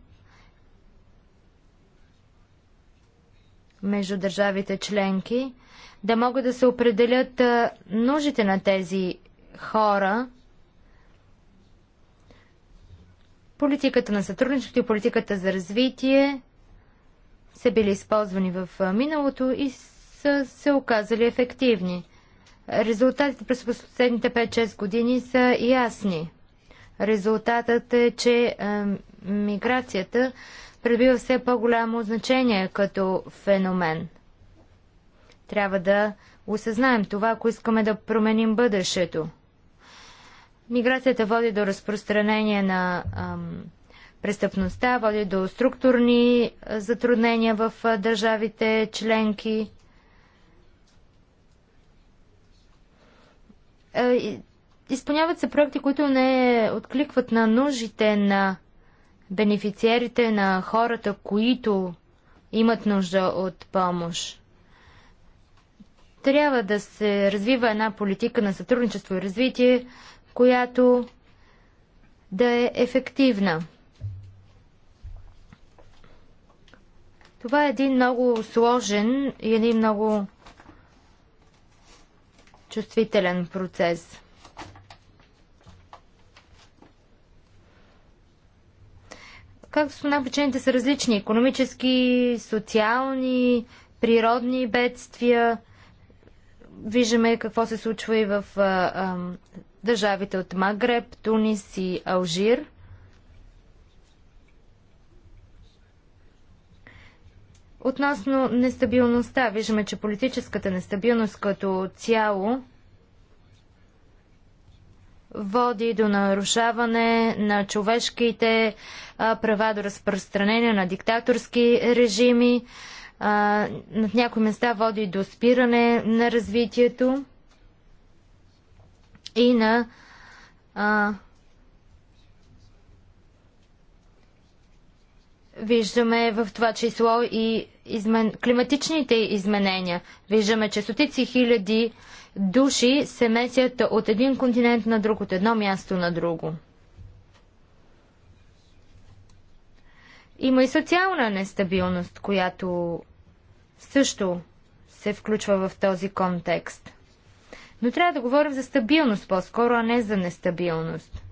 между държавите членки, да могат да се определят нуждите на тези хора, политиката на сътрудничество и политиката за развитие са били използвани в миналото и са се оказали ефективни. Резултатите през последните 5-6 години са ясни. Резултатът е, че е, миграцията придобива все по-голямо значение като феномен. Трябва да осъзнаем това, ако искаме да променим бъдещето. Миграцията води до разпространение на Престъпността води до структурни затруднения в държавите членки. Изпълняват се проекти, които не откликват на нуждите на бенефициерите, на хората, които имат нужда от помощ. Трябва да се развива една политика на сътрудничество и развитие, която да е ефективна. Това е един много сложен и един много чувствителен процес. Както споменах, причините са различни. Економически, социални, природни бедствия. Виждаме какво се случва и в а, а, държавите от Магреб, Тунис и Алжир – Относно нестабилността, виждаме, че политическата нестабилност като цяло води до нарушаване на човешките права, до разпространение на диктаторски режими. на някои места води до спиране на развитието и на а, Виждаме в това число и измен... климатичните изменения. Виждаме, че стотици хиляди души се месят от един континент на друг, от едно място на друго. Има и социална нестабилност, която също се включва в този контекст. Но трябва да говорим за стабилност по-скоро, а не за нестабилност.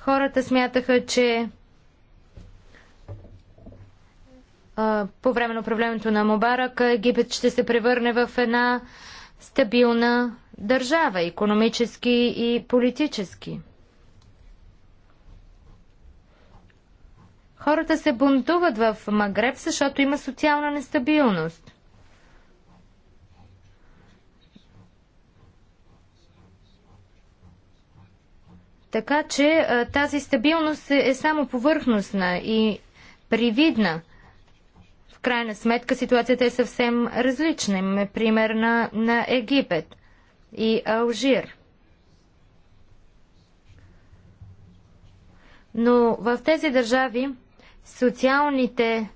Хората смятаха, че по време на управлението на Мубарак Египет ще се превърне в една стабилна държава, економически и политически. Хората се бунтуват в Магреб, защото има социална нестабилност. Така че тази стабилност е, е само повърхностна и привидна. В крайна сметка ситуацията е съвсем различна. Имаме пример на, на Египет и Алжир. Но в тези държави социалните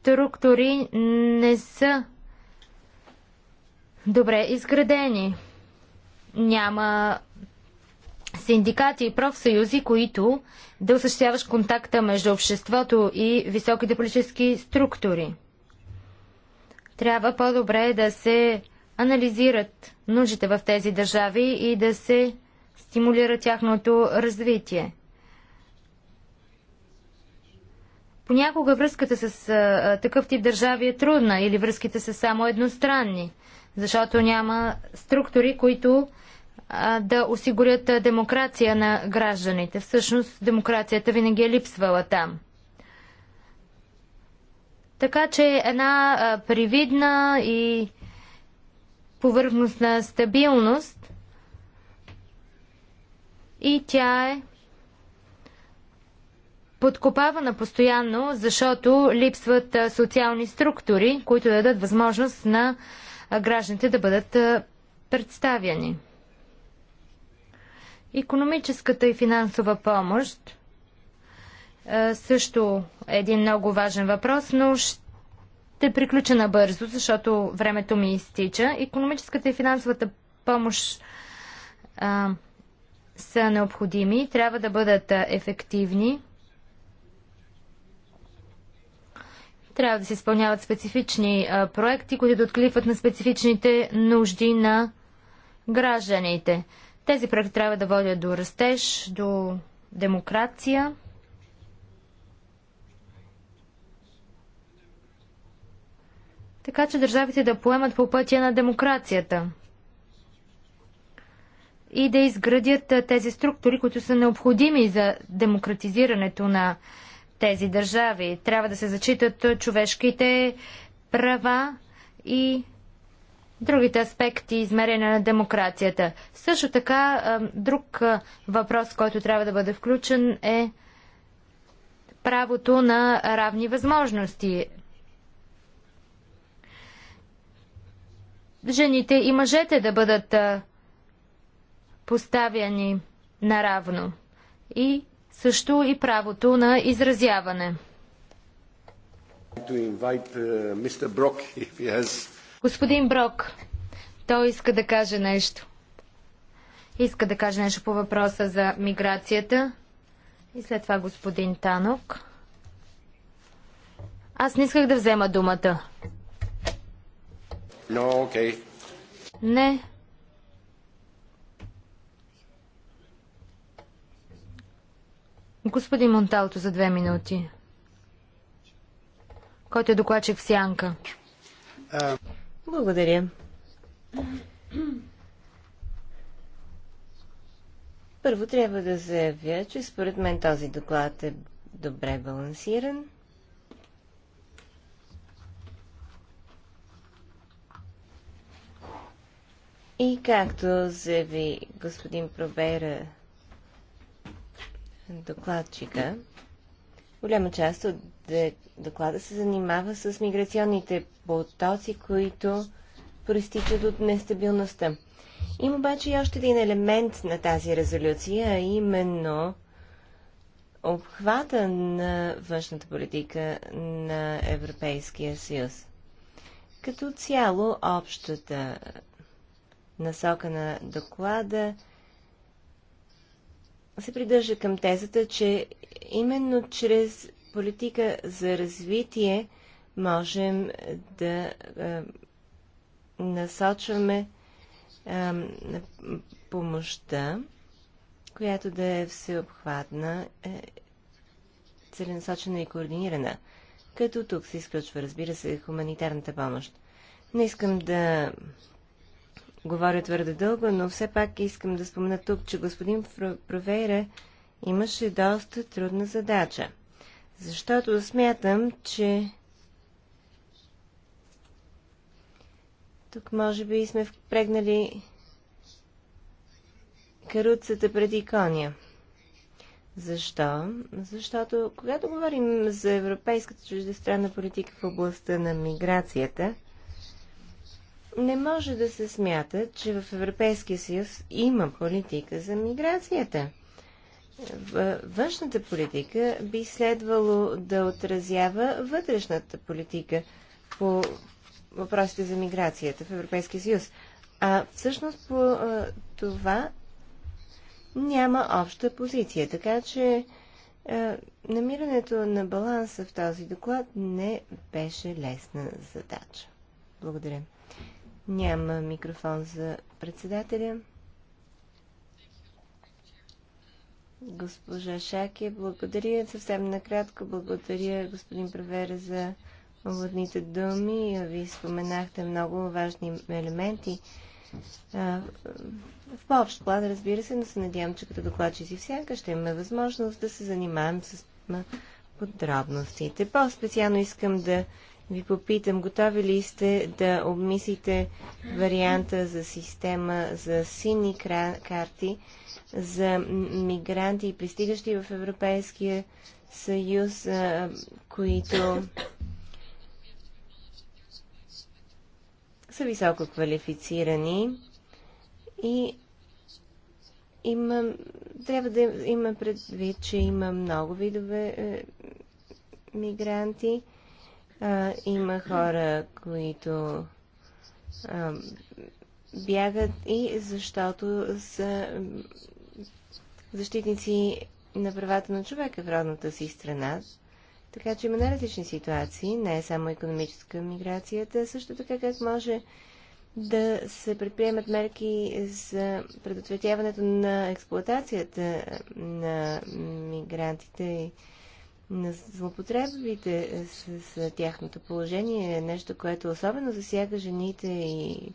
структури не са добре изградени. Няма синдикати и профсъюзи, които да осъществяваш контакта между обществото и високите политически структури. Трябва по-добре да се анализират нуждите в тези държави и да се стимулира тяхното развитие. Понякога връзката с а, такъв тип държави е трудна или връзките са само едностранни защото няма структури, които да осигурят демокрация на гражданите. Всъщност демокрацията винаги е липсвала там. Така че една привидна и повърхностна стабилност и тя е подкопавана постоянно, защото липсват социални структури, които дадат възможност на гражданите да бъдат представяни. Економическата и финансова помощ също е един много важен въпрос, но ще приключа набързо, защото времето ми изтича. Економическата и финансовата помощ са необходими, трябва да бъдат ефективни. Трябва да се изпълняват специфични а, проекти, които да откликват на специфичните нужди на гражданите. Тези проекти трябва да водят до растеж, до демокрация. Така че държавите да поемат по пътя на демокрацията и да изградят тези структури, които са необходими за демократизирането на тези държави. Трябва да се зачитат човешките права и другите аспекти измерения на демокрацията. Също така, друг въпрос, който трябва да бъде включен е правото на равни възможности. Жените и мъжете да бъдат поставяни наравно и също и правото на изразяване. Uh, господин Брок, той иска да каже нещо. Иска да каже нещо по въпроса за миграцията. И след това господин Танок. Аз не исках да взема думата. No, okay. Не. Господин Монталто за две минути, който е докладчик в Сянка. Благодаря. Първо трябва да заявя, че според мен този доклад е добре балансиран. И както заяви господин Пробера докладчика. Голяма част от доклада се занимава с миграционните потоци, които проистичат от нестабилността. Има обаче и още един елемент на тази резолюция, а именно обхвата на външната политика на Европейския съюз. Като цяло общата насока на доклада се придържа към тезата, че именно чрез политика за развитие можем да е, насочваме е, помощта, която да е всеобхватна, е, целенасочена и координирана. Като тук се изключва, разбира се, хуманитарната помощ. Не искам да говоря твърде дълго, но все пак искам да спомена тук, че господин Провейра имаше доста трудна задача. Защото смятам, че тук може би сме впрегнали каруцата преди коня. Защо? Защото когато говорим за европейската чуждестранна политика в областта на миграцията, не може да се смята, че в Европейския съюз има политика за миграцията. Външната политика би следвало да отразява вътрешната политика по въпросите за миграцията в Европейския съюз. А всъщност по това няма обща позиция. Така че намирането на баланса в този доклад не беше лесна задача. Благодаря. Няма микрофон за председателя. Госпожа Шаке, благодаря. Съвсем накратко благодаря господин Правера за уводните думи. Ви споменахте много важни елементи. В по-общ план, разбира се, но се надявам, че като докладчици всяка ще имаме възможност да се занимаем с подробностите. По-специално искам да ви попитам, готови ли сте да обмислите варианта за система за сини карти за мигранти, пристигащи в Европейския съюз, които са високо квалифицирани и има, трябва да има предвид, че има много видове е, мигранти а, има хора, които а, бягат и защото са защитници на правата на човека в родната си страна. Така че има най-различни ситуации, не е само економическа миграцията, също така как може да се предприемат мерки за предотвратяването на експлоатацията на мигрантите и на злопотребите с, с тяхното положение е нещо, което особено засяга жените и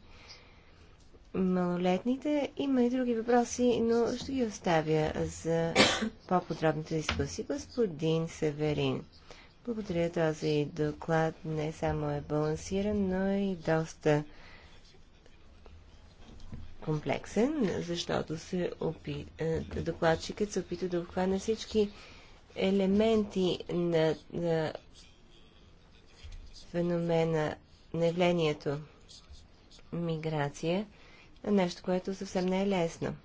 малолетните. Има и други въпроси, но ще ги оставя за по-подробната дискусия. Господин Северин, благодаря този доклад. Не само е балансиран, но е и доста комплексен, защото се опи... Е, докладчикът се опита да обхване всички елементи на, на феномена на явлението миграция, е нещо, което съвсем не е лесно.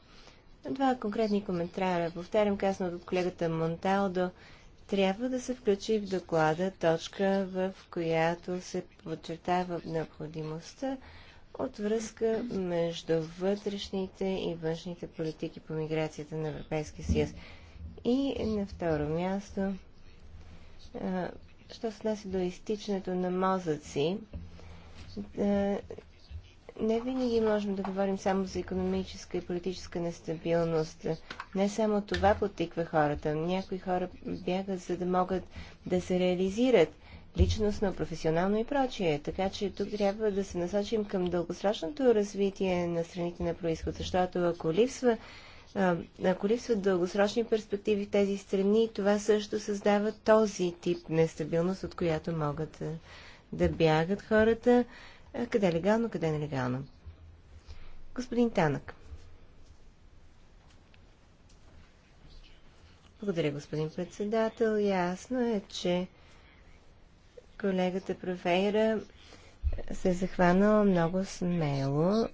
Два конкретни коментара. Повтарям казаното от колегата Монталдо. Трябва да се включи в доклада точка, в която се подчертава необходимостта от връзка между вътрешните и външните политики по миграцията на Европейския съюз. И на второ място, що се нася до изтичането на мозъци, не винаги можем да говорим само за економическа и политическа нестабилност. Не само това потиква хората. Някои хора бягат, за да могат да се реализират личностно, професионално и прочие. Така че тук трябва да се насочим към дългосрочното развитие на страните на происход, защото ако липсва ако липсват дългосрочни перспективи в тези страни, това също създава този тип нестабилност, от която могат да бягат хората, къде легално, къде нелегално. Господин Танък. Благодаря, господин председател. Ясно е, че колегата Профейра се е захванала много смело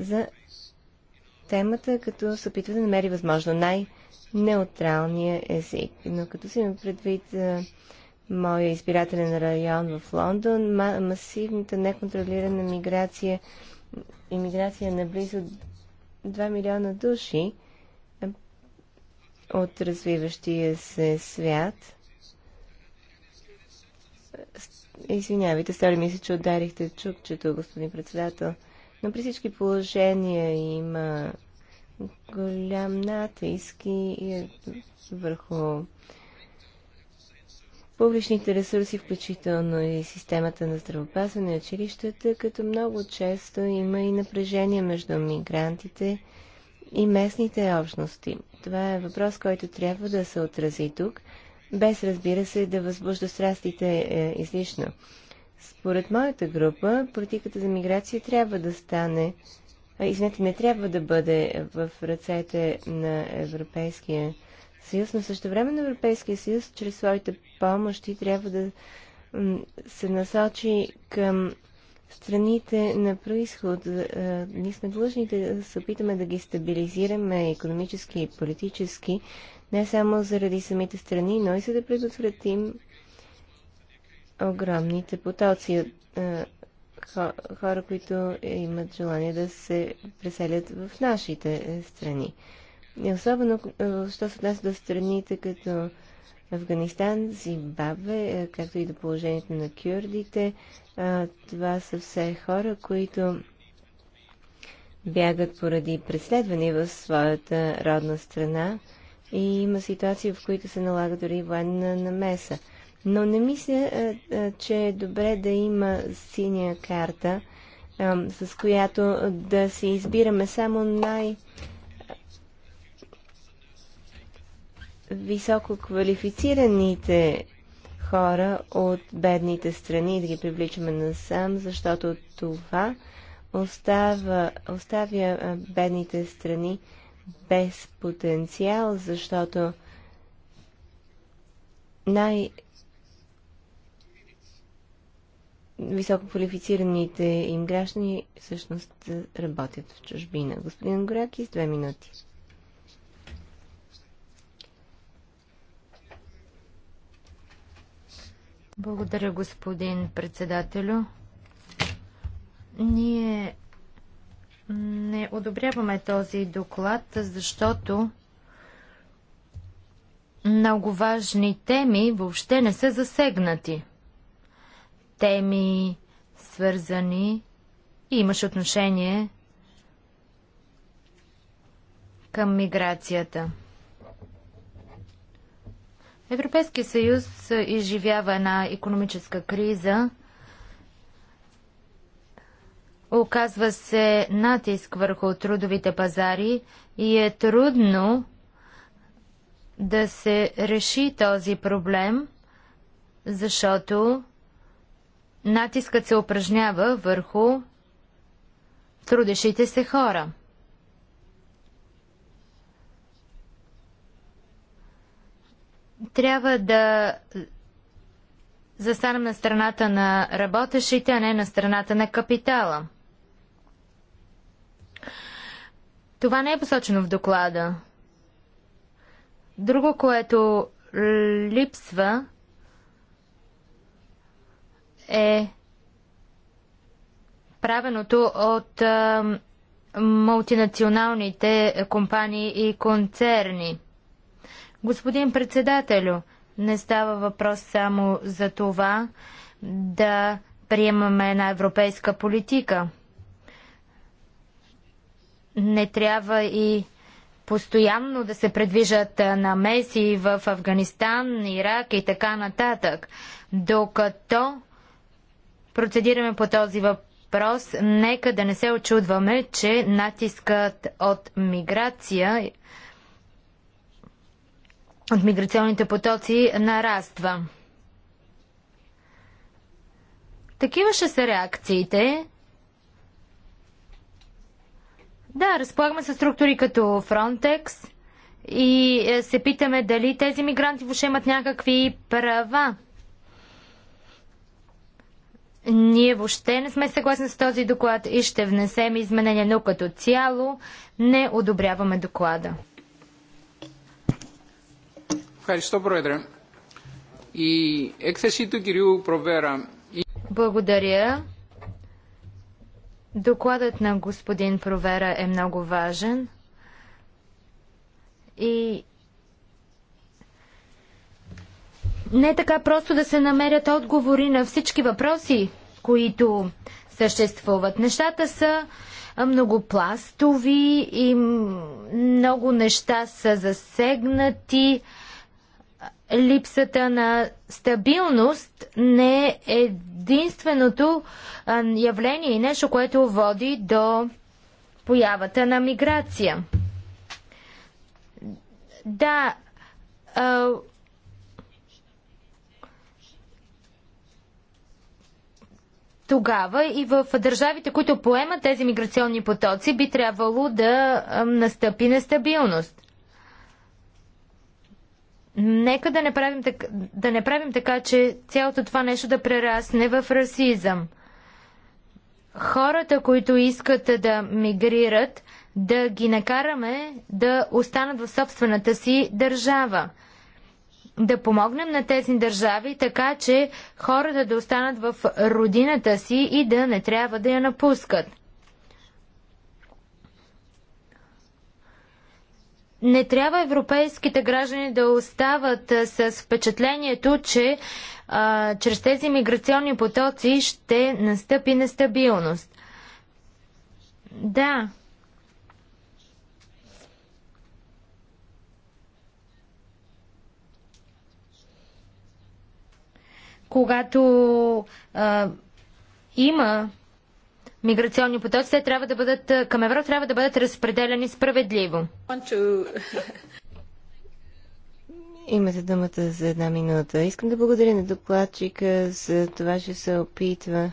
за темата, като се опитва да намери възможно най-неутралния език. Но като си има предвид а, моя избирателен район в Лондон, ма масивната неконтролирана миграция, иммиграция на близо 2 милиона души а, от развиващия се свят. Извинявайте, стори ми се, че ударихте чукчето, господин председател. Но при всички положения има голям натиск и е върху публичните ресурси, включително и системата на здравеопазване и училищата, като много често има и напрежение между мигрантите и местните общности. Това е въпрос, който трябва да се отрази тук, без разбира се да възбужда страстите е, излишно. Според моята група, политиката за миграция трябва да стане, извинете, не трябва да бъде в ръцете на Европейския съюз, но също време на Европейския съюз, чрез своите помощи, трябва да се насочи към страните на происход. Ние сме длъжни да се опитаме да ги стабилизираме економически и политически, не само заради самите страни, но и за да предотвратим огромните потоци от е, хора, които имат желание да се преселят в нашите е, страни. И особено, що се отнася до страните като Афганистан, Зимбабве, както и до положението на кюрдите. Това са все хора, които бягат поради преследване в своята родна страна и има ситуации, в които се налага дори военна намеса. Но не мисля, е, е, че е добре да има синя карта, е, с която да се избираме само най- високо квалифицираните хора от бедните страни да ги привличаме насам, защото това остава, оставя бедните страни без потенциал, защото най- висококвалифицираните им граждани всъщност работят в чужбина. Господин Горяки, с две минути. Благодаря, господин председателю. Ние не одобряваме този доклад, защото много важни теми въобще не са засегнати теми, свързани и имаш отношение към миграцията. Европейския съюз изживява една економическа криза. Оказва се натиск върху трудовите пазари и е трудно да се реши този проблем, защото Натискът се упражнява върху трудещите се хора. Трябва да застанем на страната на работещите, а не на страната на капитала. Това не е посочено в доклада. Друго, което липсва, е правеното от мултинационалните компании и концерни. Господин председателю, не става въпрос само за това да приемаме една европейска политика. Не трябва и постоянно да се предвижат намеси в Афганистан, Ирак и така нататък, докато процедираме по този въпрос, нека да не се очудваме, че натискът от миграция, от миграционните потоци нараства. Такива ще са реакциите. Да, разполагаме се структури като Frontex и е, се питаме дали тези мигранти въобще имат някакви права. Ние въобще не сме съгласни с този доклад и ще внесем изменения, но като цяло не одобряваме доклада. Благодаря. Докладът на господин Провера е много важен и Не е така просто да се намерят отговори на всички въпроси, които съществуват. Нещата са многопластови и много неща са засегнати. Липсата на стабилност не е единственото явление и нещо, което води до появата на миграция. Да, тогава и в държавите, които поемат тези миграционни потоци, би трябвало да настъпи нестабилност. Нека да не правим така, да не правим така че цялото това нещо да прерасне в расизъм. Хората, които искат да мигрират, да ги накараме да останат в собствената си държава да помогнем на тези държави, така че хората да останат в родината си и да не трябва да я напускат. Не трябва европейските граждани да остават с впечатлението, че а, чрез тези миграционни потоци ще настъпи нестабилност. Да, когато а, има миграционни потоци, те трябва да бъдат към Европа, трябва да бъдат разпределени справедливо. Имате думата за една минута. Искам да благодаря на докладчика за това, че се опитва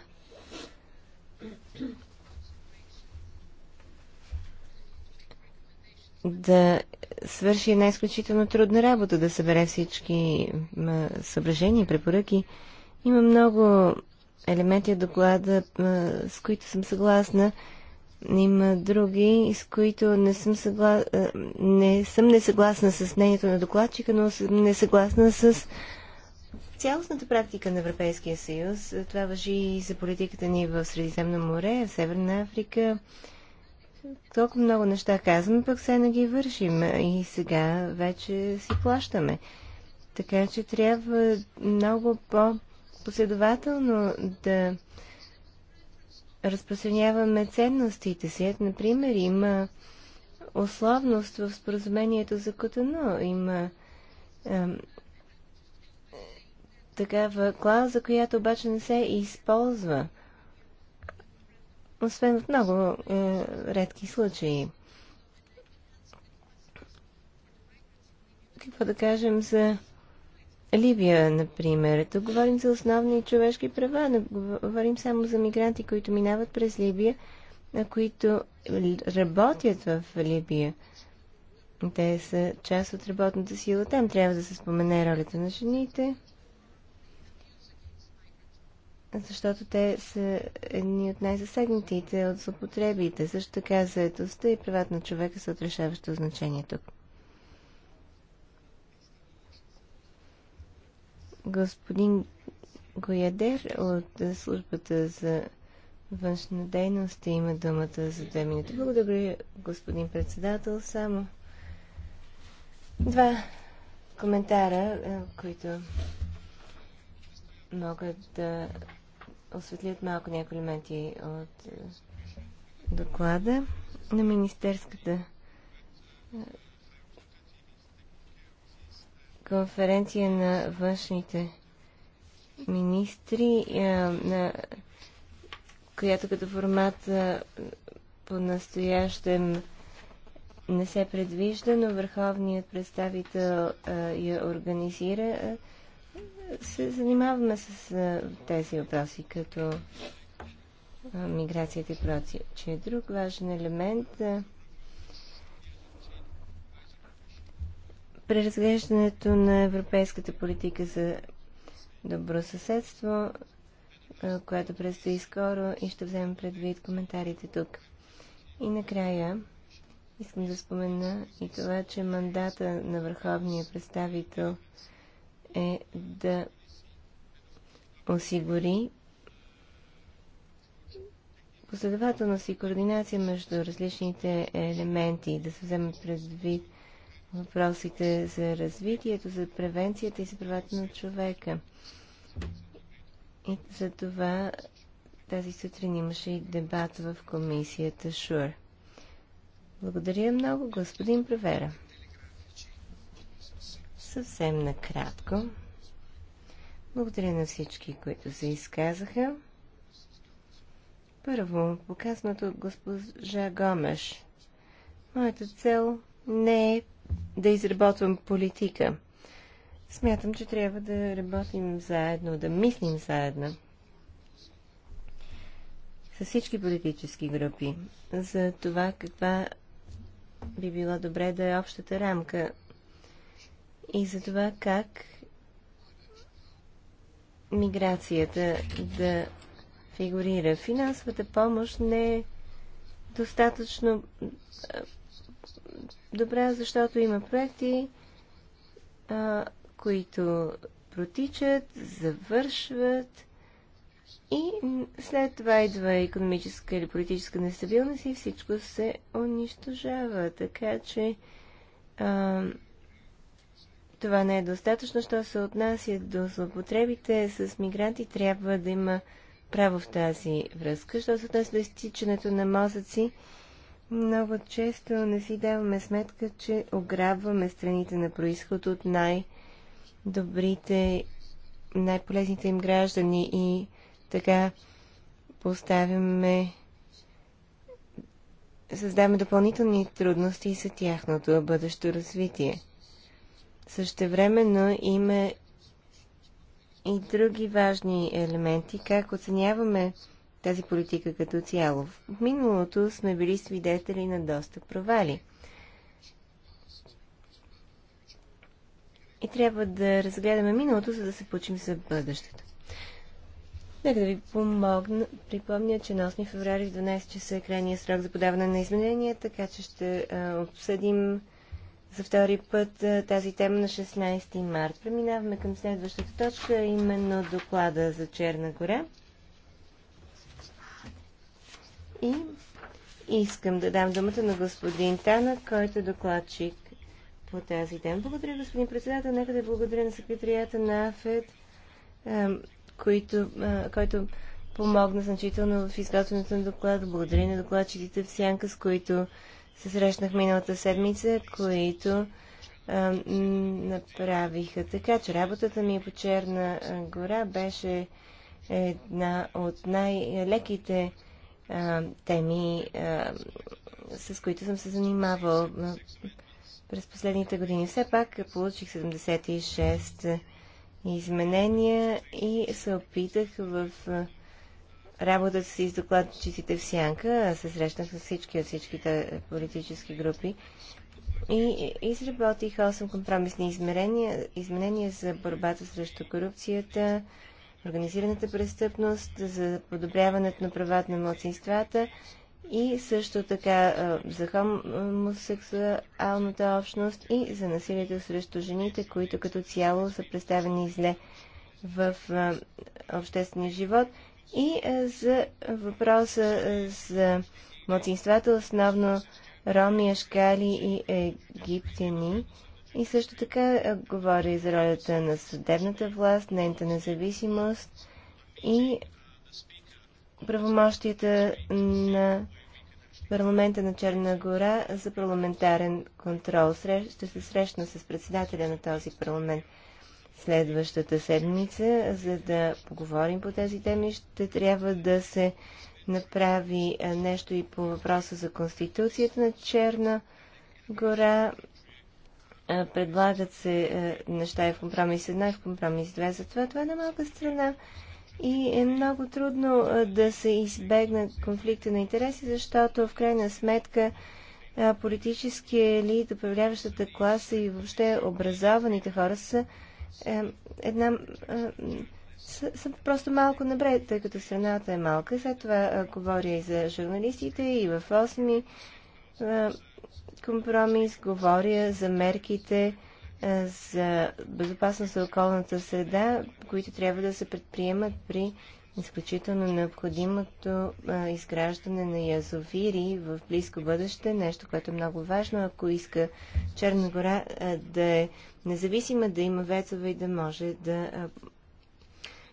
да свърши една изключително трудна работа, да събере всички съображения и препоръки. Има много елементи от доклада, с които съм съгласна. Има други, с които не съм, съгла... Е, не съм несъгласна с мнението на докладчика, но съм несъгласна с цялостната практика на Европейския съюз. Е, това въжи и за политиката ни в Средиземно море, в Северна Африка, толкова много неща казваме, пък се не ги вършим и сега вече си плащаме. Така че трябва много по-последователно да разпространяваме ценностите си. Ето, например, има условност в споразумението за Котано. Има ем, такава клауза, която обаче не се използва освен от много е, редки случаи. Какво да кажем за Либия, например? Тук говорим за основни човешки права, не говорим само за мигранти, които минават през Либия, които работят в Либия. Те са част от работната сила. Там трябва да се спомене ролята на жените защото те са едни от най-засегнатите от злопотребите. Също така заедостта и правата на човека са отрешаващо значение тук. Господин Гоядер от службата за външна дейност има думата за две минути. Благодаря, господин председател. Само два коментара, които могат да осветлят малко някои елементи от е, доклада на Министерската е, конференция на външните министри, е, на която като формат по-настоящем не се предвижда, но върховният представител я организира се занимаваме с тези въпроси, като миграцията и прочие, че е друг важен елемент преразглеждането на европейската политика за добро съседство, която предстои скоро и ще вземем предвид коментарите тук. И накрая искам да спомена и това, че мандата на върховния представител – е да осигури последователност и координация между различните елементи, да се вземат предвид въпросите за развитието, за превенцията и за правата на човека. И за това тази сутрин имаше и дебат в комисията ШУР. Благодаря много, господин Превера. Съвсем накратко. Благодаря на всички, които се изказаха. Първо, показаното от госпожа Гомеш. Моята цел не е да изработвам политика. Смятам, че трябва да работим заедно, да мислим заедно с всички политически групи за това каква би било добре да е общата рамка и за това как миграцията да фигурира. Финансовата помощ не е достатъчно добра, защото има проекти, а, които протичат, завършват и след това идва економическа или политическа нестабилност и всичко се унищожава. Така че а, това не е достатъчно, що се отнася до злоупотребите с мигранти, трябва да има право в тази връзка. Що се отнася до изтичането на мозъци, много често не си даваме сметка, че ограбваме страните на происход от най-добрите, най-полезните им граждани и така поставяме създаваме допълнителни трудности за тяхното бъдещо развитие. Същевременно има и други важни елементи, как оценяваме тази политика като цяло. В миналото сме били свидетели на доста провали. И трябва да разгледаме миналото, за да се получим за бъдещето. Нека да ви помогна. Припомня, че на 8 феврари в 12 часа е крайния срок за подаване на изменения, така че ще а, обсъдим за втори път е, тази тема на 16 март. Преминаваме към следващата точка, именно доклада за Черна гора. И искам да дам думата на господин Тана, който е докладчик по тази тема. Благодаря, господин председател. Нека да благодаря на секретарията на АФЕД, е, който, е, който помогна значително в изготвянето на доклада. Благодаря на докладчиците в Сянка, с които се срещнах миналата седмица, които а, направиха така, че работата ми по Черна гора беше една от най-леките теми, а, с които съм се занимавал през последните години. Все пак получих 76 изменения и се опитах в а, работата си с докладчиците в Сянка, се срещнах с всички от всичките политически групи и изработих 8 компромисни измерения, изменения за борбата срещу корупцията, организираната престъпност, за подобряването на правата на младсинствата и също така за хомосексуалната общност и за насилието срещу жените, които като цяло са представени зле в обществения живот и е, за въпроса е, за младсинствата, основно роми, ашкали и египтяни. И също така е, говори за ролята на съдебната власт, нейната независимост и правомощията на парламента на Черна гора за парламентарен контрол. Ще се срещна с председателя на този парламент следващата седмица, за да поговорим по тези теми. Ще трябва да се направи нещо и по въпроса за Конституцията на Черна гора. Предлагат се неща и в компромис една и в компромис две. Затова това е една малка страна и е много трудно да се избегна конфликта на интереси, защото в крайна сметка политическия елит, управляващата класа и въобще образованите хора са е, една... Е, Съм просто малко набре, тъй като страната е малка. След това е, говоря и за журналистите и в 8 компромис, говоря за мерките за безопасност за околната среда, които трябва да се предприемат при изключително необходимото а, изграждане на язовири в близко бъдеще, нещо, което е много важно, ако иска Черна гора а, да е независима, да има вецове и да може да а,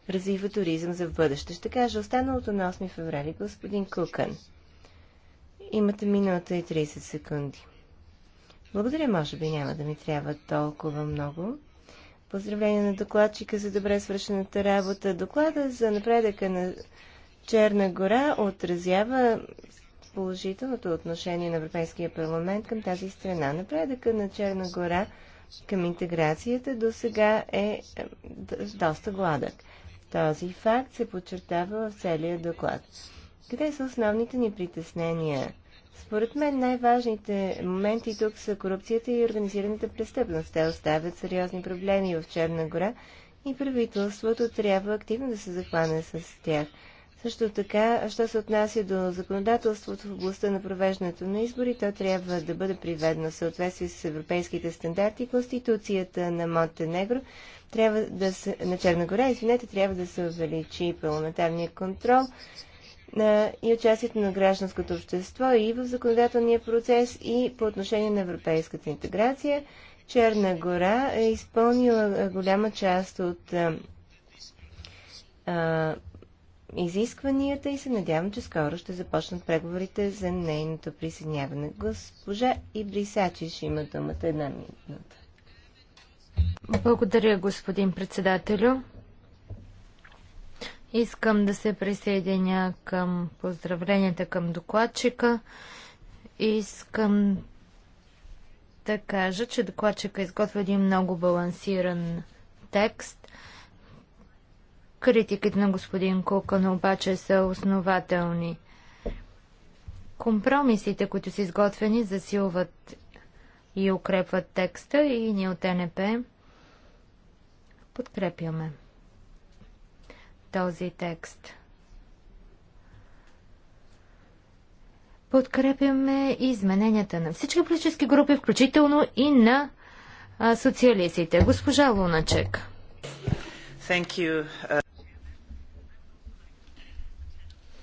развива туризъм за бъдеще. Ще кажа останалото на 8 феврали, господин Кукън. Имате минута и 30 секунди. Благодаря, може би няма да ми трябва толкова много. Поздравление на докладчика за добре свършената работа. Доклада за напредъка на Черна гора отразява положителното отношение на Европейския парламент към тази страна. Напредъка на Черна гора към интеграцията до сега е, е доста гладък. Този факт се подчертава в целия доклад. Къде са основните ни притеснения? Според мен най-важните моменти тук са корупцията и организираната престъпност. Те оставят сериозни проблеми в Черна гора и правителството трябва активно да се захване с тях. Също така, що се отнася до законодателството в областта на провеждането на избори, то трябва да бъде приведено в съответствие с европейските стандарти. Конституцията на Монтенегро трябва да се, на Черна гора, извинете, трябва да се увеличи парламентарния контрол и участието на гражданското общество и в законодателния процес, и по отношение на европейската интеграция. Черна гора е изпълнила голяма част от а, а, изискванията и се надявам, че скоро ще започнат преговорите за нейното присъединяване. Госпожа Ибрисачиш има думата една минута. Благодаря, господин председателю. Искам да се присъединя към поздравленията към докладчика. Искам да кажа, че докладчика изготвя един много балансиран текст. Критиките на господин Кукан обаче са основателни. Компромисите, които са изготвени, засилват и укрепват текста и ние от НП подкрепяме този текст. Подкрепяме измененията на всички политически групи, включително и на а, социалистите. Госпожа Луначек.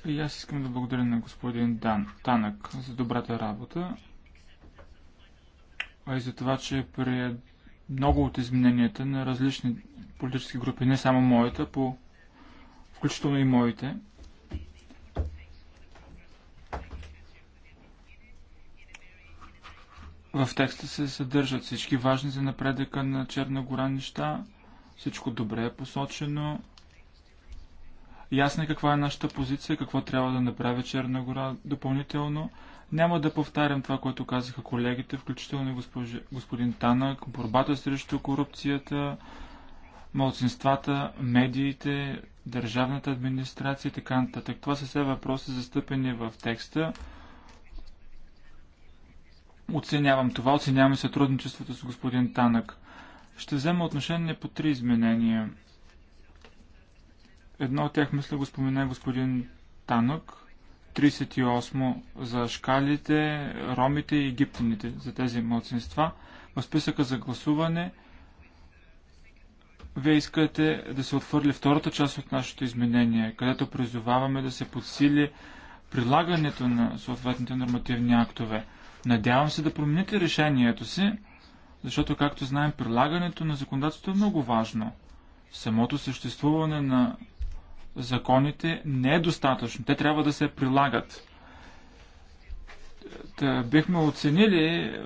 И аз искам да благодаря на господин Дан, Танък за добрата работа, а и за това, че при много от измененията на различни политически групи, не само моята, по включително и моите. В текста се съдържат всички важни за напредъка на Черна гора неща. Всичко добре е посочено. Ясно е каква е нашата позиция, какво трябва да направи Черна гора допълнително. Няма да повтарям това, което казаха колегите, включително и госпожи, господин Танък, борбата срещу корупцията, младсинствата, медиите, държавната администрация и така нататък. Това са все въпроси застъпени в текста. Оценявам това, оценявам и сътрудничеството с господин Танък. Ще взема отношение по три изменения. Едно от тях, мисля, го спомена господин Танък. 38 за шкалите, ромите и египтяните, за тези младсинства. В списъка за гласуване – вие искате да се отвърли втората част от нашето изменение, където призоваваме да се подсили прилагането на съответните нормативни актове. Надявам се да промените решението си, защото, както знаем, прилагането на законодателството е много важно. Самото съществуване на законите не е достатъчно. Те трябва да се прилагат. Та, бихме оценили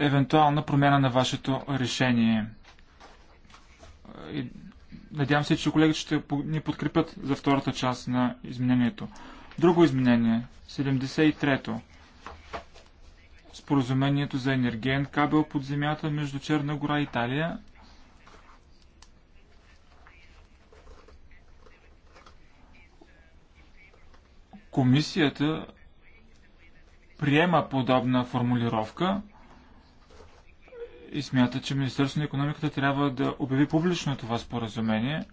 евентуална промяна на вашето решение. И надявам се, че колегите ще ни подкрепят за втората част на изменението. Друго изменение, 73-то. Споразумението за енергиен кабел под земята между Черна гора и Италия. Комисията приема подобна формулировка – и смята, че Министерството на економиката трябва да обяви публично това споразумение.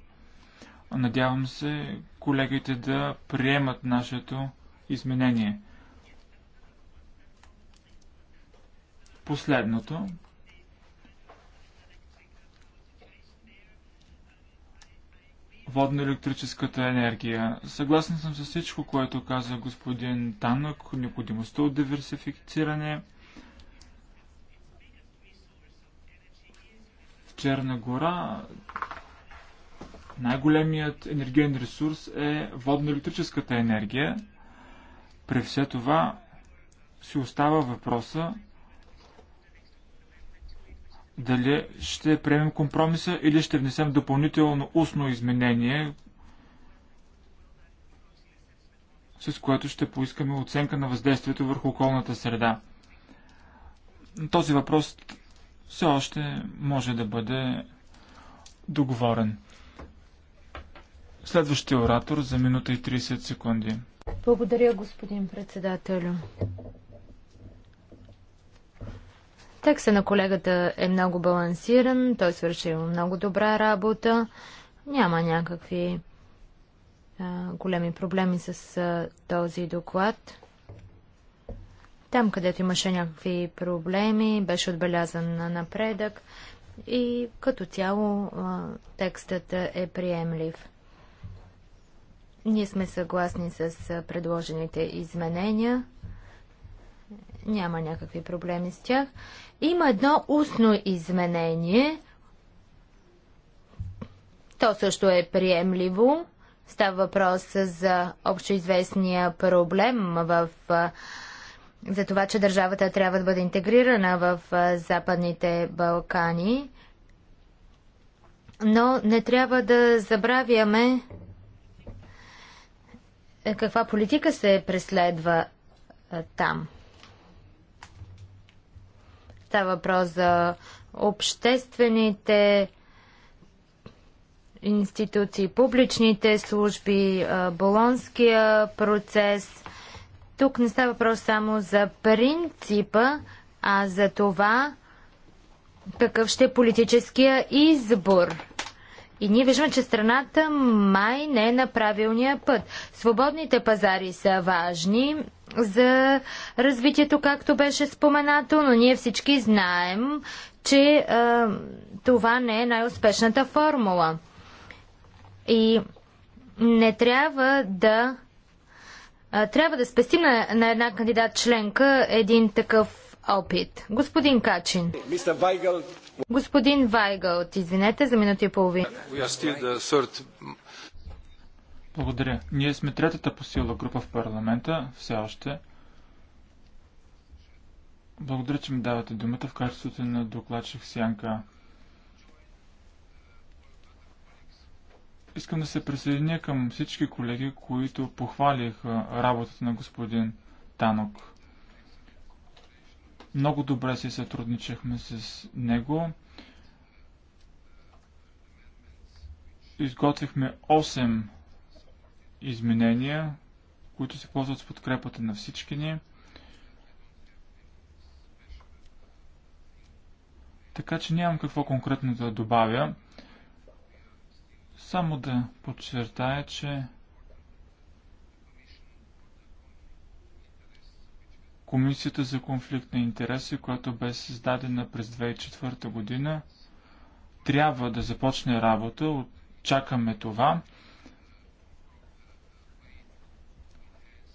Надявам се колегите да приемат нашето изменение. Последното. Водно-електрическата енергия. Съгласен съм с всичко, което каза господин Танък, необходимостта от диверсифициране – Черна гора най-големият енергиен ресурс е водно-електрическата енергия. При все това си остава въпроса дали ще приемем компромиса или ще внесем допълнително устно изменение, с което ще поискаме оценка на въздействието върху околната среда. Този въпрос все още може да бъде договорен. Следващия оратор за минута и 30 секунди. Благодаря, господин председателю. Текстът на колегата е много балансиран, той свърши много добра работа, няма някакви а, големи проблеми с а, този доклад. Там, където имаше някакви проблеми, беше отбелязан на напредък и като цяло текстът е приемлив. Ние сме съгласни с предложените изменения. Няма някакви проблеми с тях. Има едно устно изменение. То също е приемливо. Става въпрос за общоизвестния проблем в за това, че държавата трябва да бъде интегрирана в Западните Балкани. Но не трябва да забравяме е, каква политика се преследва там. Става въпрос за обществените институции, публичните служби, болонския процес – тук не става въпрос само за принципа, а за това какъв ще е политическия избор. И ние виждаме, че страната май не е на правилния път. Свободните пазари са важни за развитието, както беше споменато, но ние всички знаем, че е, това не е най-успешната формула. И не трябва да трябва да спестим на, на една кандидат членка един такъв опит. Господин Качин. Господин Вайгъл, извинете за минута и половина. Благодаря. Ние сме третата по сила група в парламента, все още. Благодаря, че ми давате думата в качеството на докладчик Сянка. Искам да се присъединя към всички колеги, които похвалиха работата на господин Танок. Много добре си сътрудничахме с него. Изготвихме 8 изменения, които се ползват с подкрепата на всички ни. Така че нямам какво конкретно да добавя. Само да подчертая, че Комисията за конфликт на интереси, която бе създадена през 2004 година, трябва да започне работа. Чакаме това.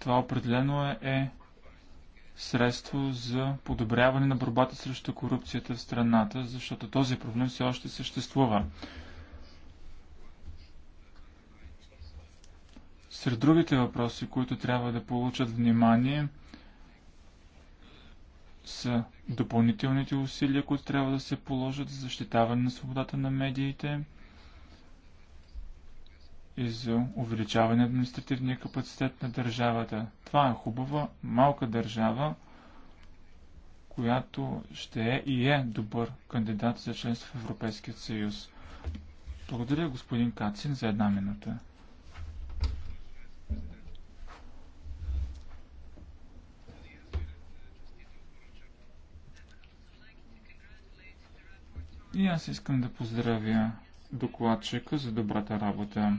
Това определено е, е средство за подобряване на борбата срещу корупцията в страната, защото този проблем все още съществува. Сред другите въпроси, които трябва да получат внимание, са допълнителните усилия, които трябва да се положат за защитаване на свободата на медиите и за увеличаване на административния капацитет на държавата. Това е хубава, малка държава, която ще е и е добър кандидат за членство в Европейския съюз. Благодаря господин Кацин за една минута. И аз искам да поздравя докладчика за добрата работа.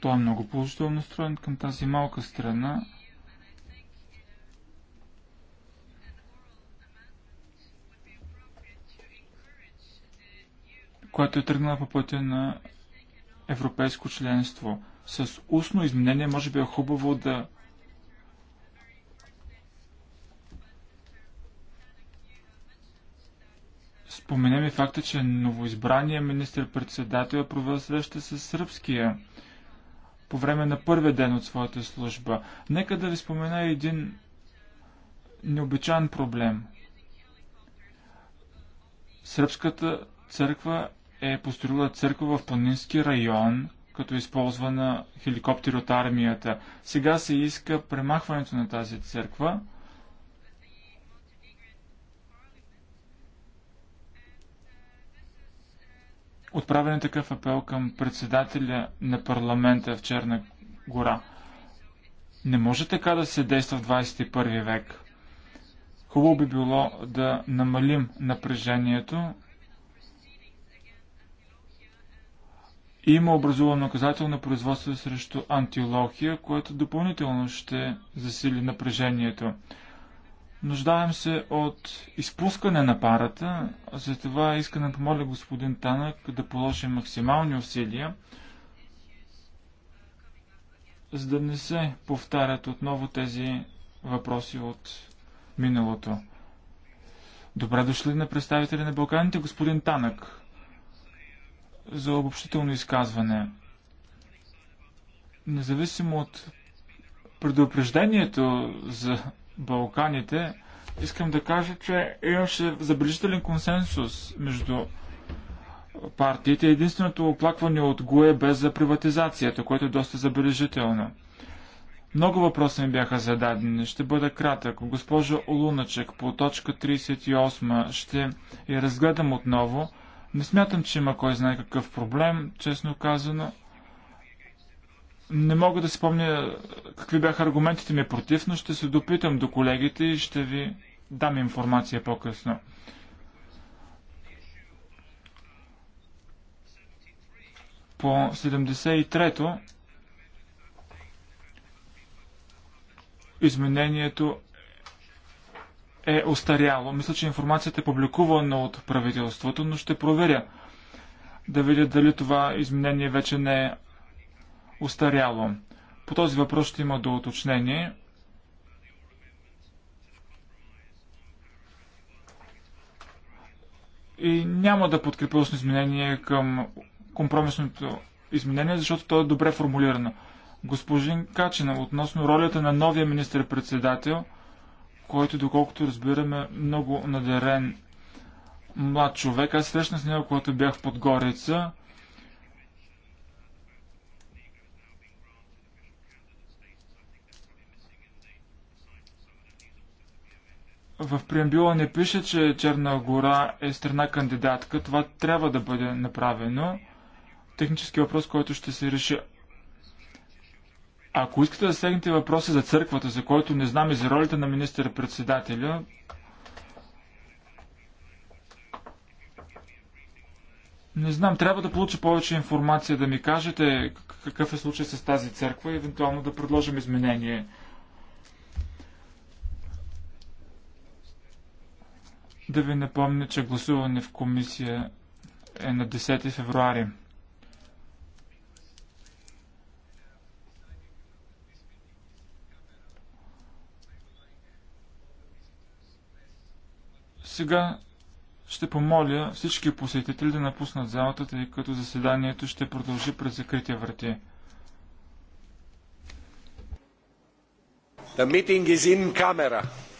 Той е много положително настроен към тази малка страна. която е тръгнала по пътя на европейско членство. С устно изменение може би е хубаво да споменем и факта, че новоизбрания министр-председател е провел среща с сръбския по време на първия ден от своята служба. Нека да ви спомена един необичайен проблем. Сръбската църква е построила църква в планински район, като използвана на хеликоптери от армията. Сега се иска премахването на тази църква – Отправен е такъв апел към председателя на парламента в Черна гора. Не може така да се действа в 21 век. Хубаво би било да намалим напрежението. Има образувано наказателно производство срещу антилохия, което допълнително ще засили напрежението. Нуждаем се от изпускане на парата, затова искам да помоля господин Танък да положи максимални усилия, за да не се повтарят отново тези въпроси от миналото. Добре дошли на представители на Балканите, господин Танък, за обобщително изказване. Независимо от предупреждението за Балканите, искам да кажа, че имаше забележителен консенсус между партиите. Единственото оплакване от ГУЕ бе за приватизацията, което е доста забележително. Много въпроси ми бяха зададени. Ще бъда кратък. Госпожо Луначек, по точка 38 ще я разгледам отново. Не смятам, че има кой знае какъв проблем, честно казано. Не мога да спомня какви бяха аргументите ми против, но ще се допитам до колегите и ще ви дам информация по-късно. По 73-то изменението е остаряло. Мисля, че информацията е публикувана от правителството, но ще проверя да видя дали това изменение вече не е устаряло. По този въпрос ще има до уточнение. И няма да подкрепя устно изменение към компромисното изменение, защото то е добре формулирано. Госпожин Качина, относно ролята на новия министр-председател, който, доколкото разбираме, много надарен млад човек. Аз срещнах с него, когато бях в Подгорица. В преамбюла не пише, че Черна гора е страна кандидатка. Това трябва да бъде направено. Технически въпрос, който ще се реши. Ако искате да сегнете въпроса за църквата, за който не знам и за ролята на министър-председателя, не знам, трябва да получа повече информация, да ми кажете какъв е случай с тази църква и евентуално да предложим изменение. Да ви напомня, че гласуване в комисия е на 10 февруари. Сега ще помоля всички посетители да напуснат залата, тъй като заседанието ще продължи през закрития врати. The meeting is in camera.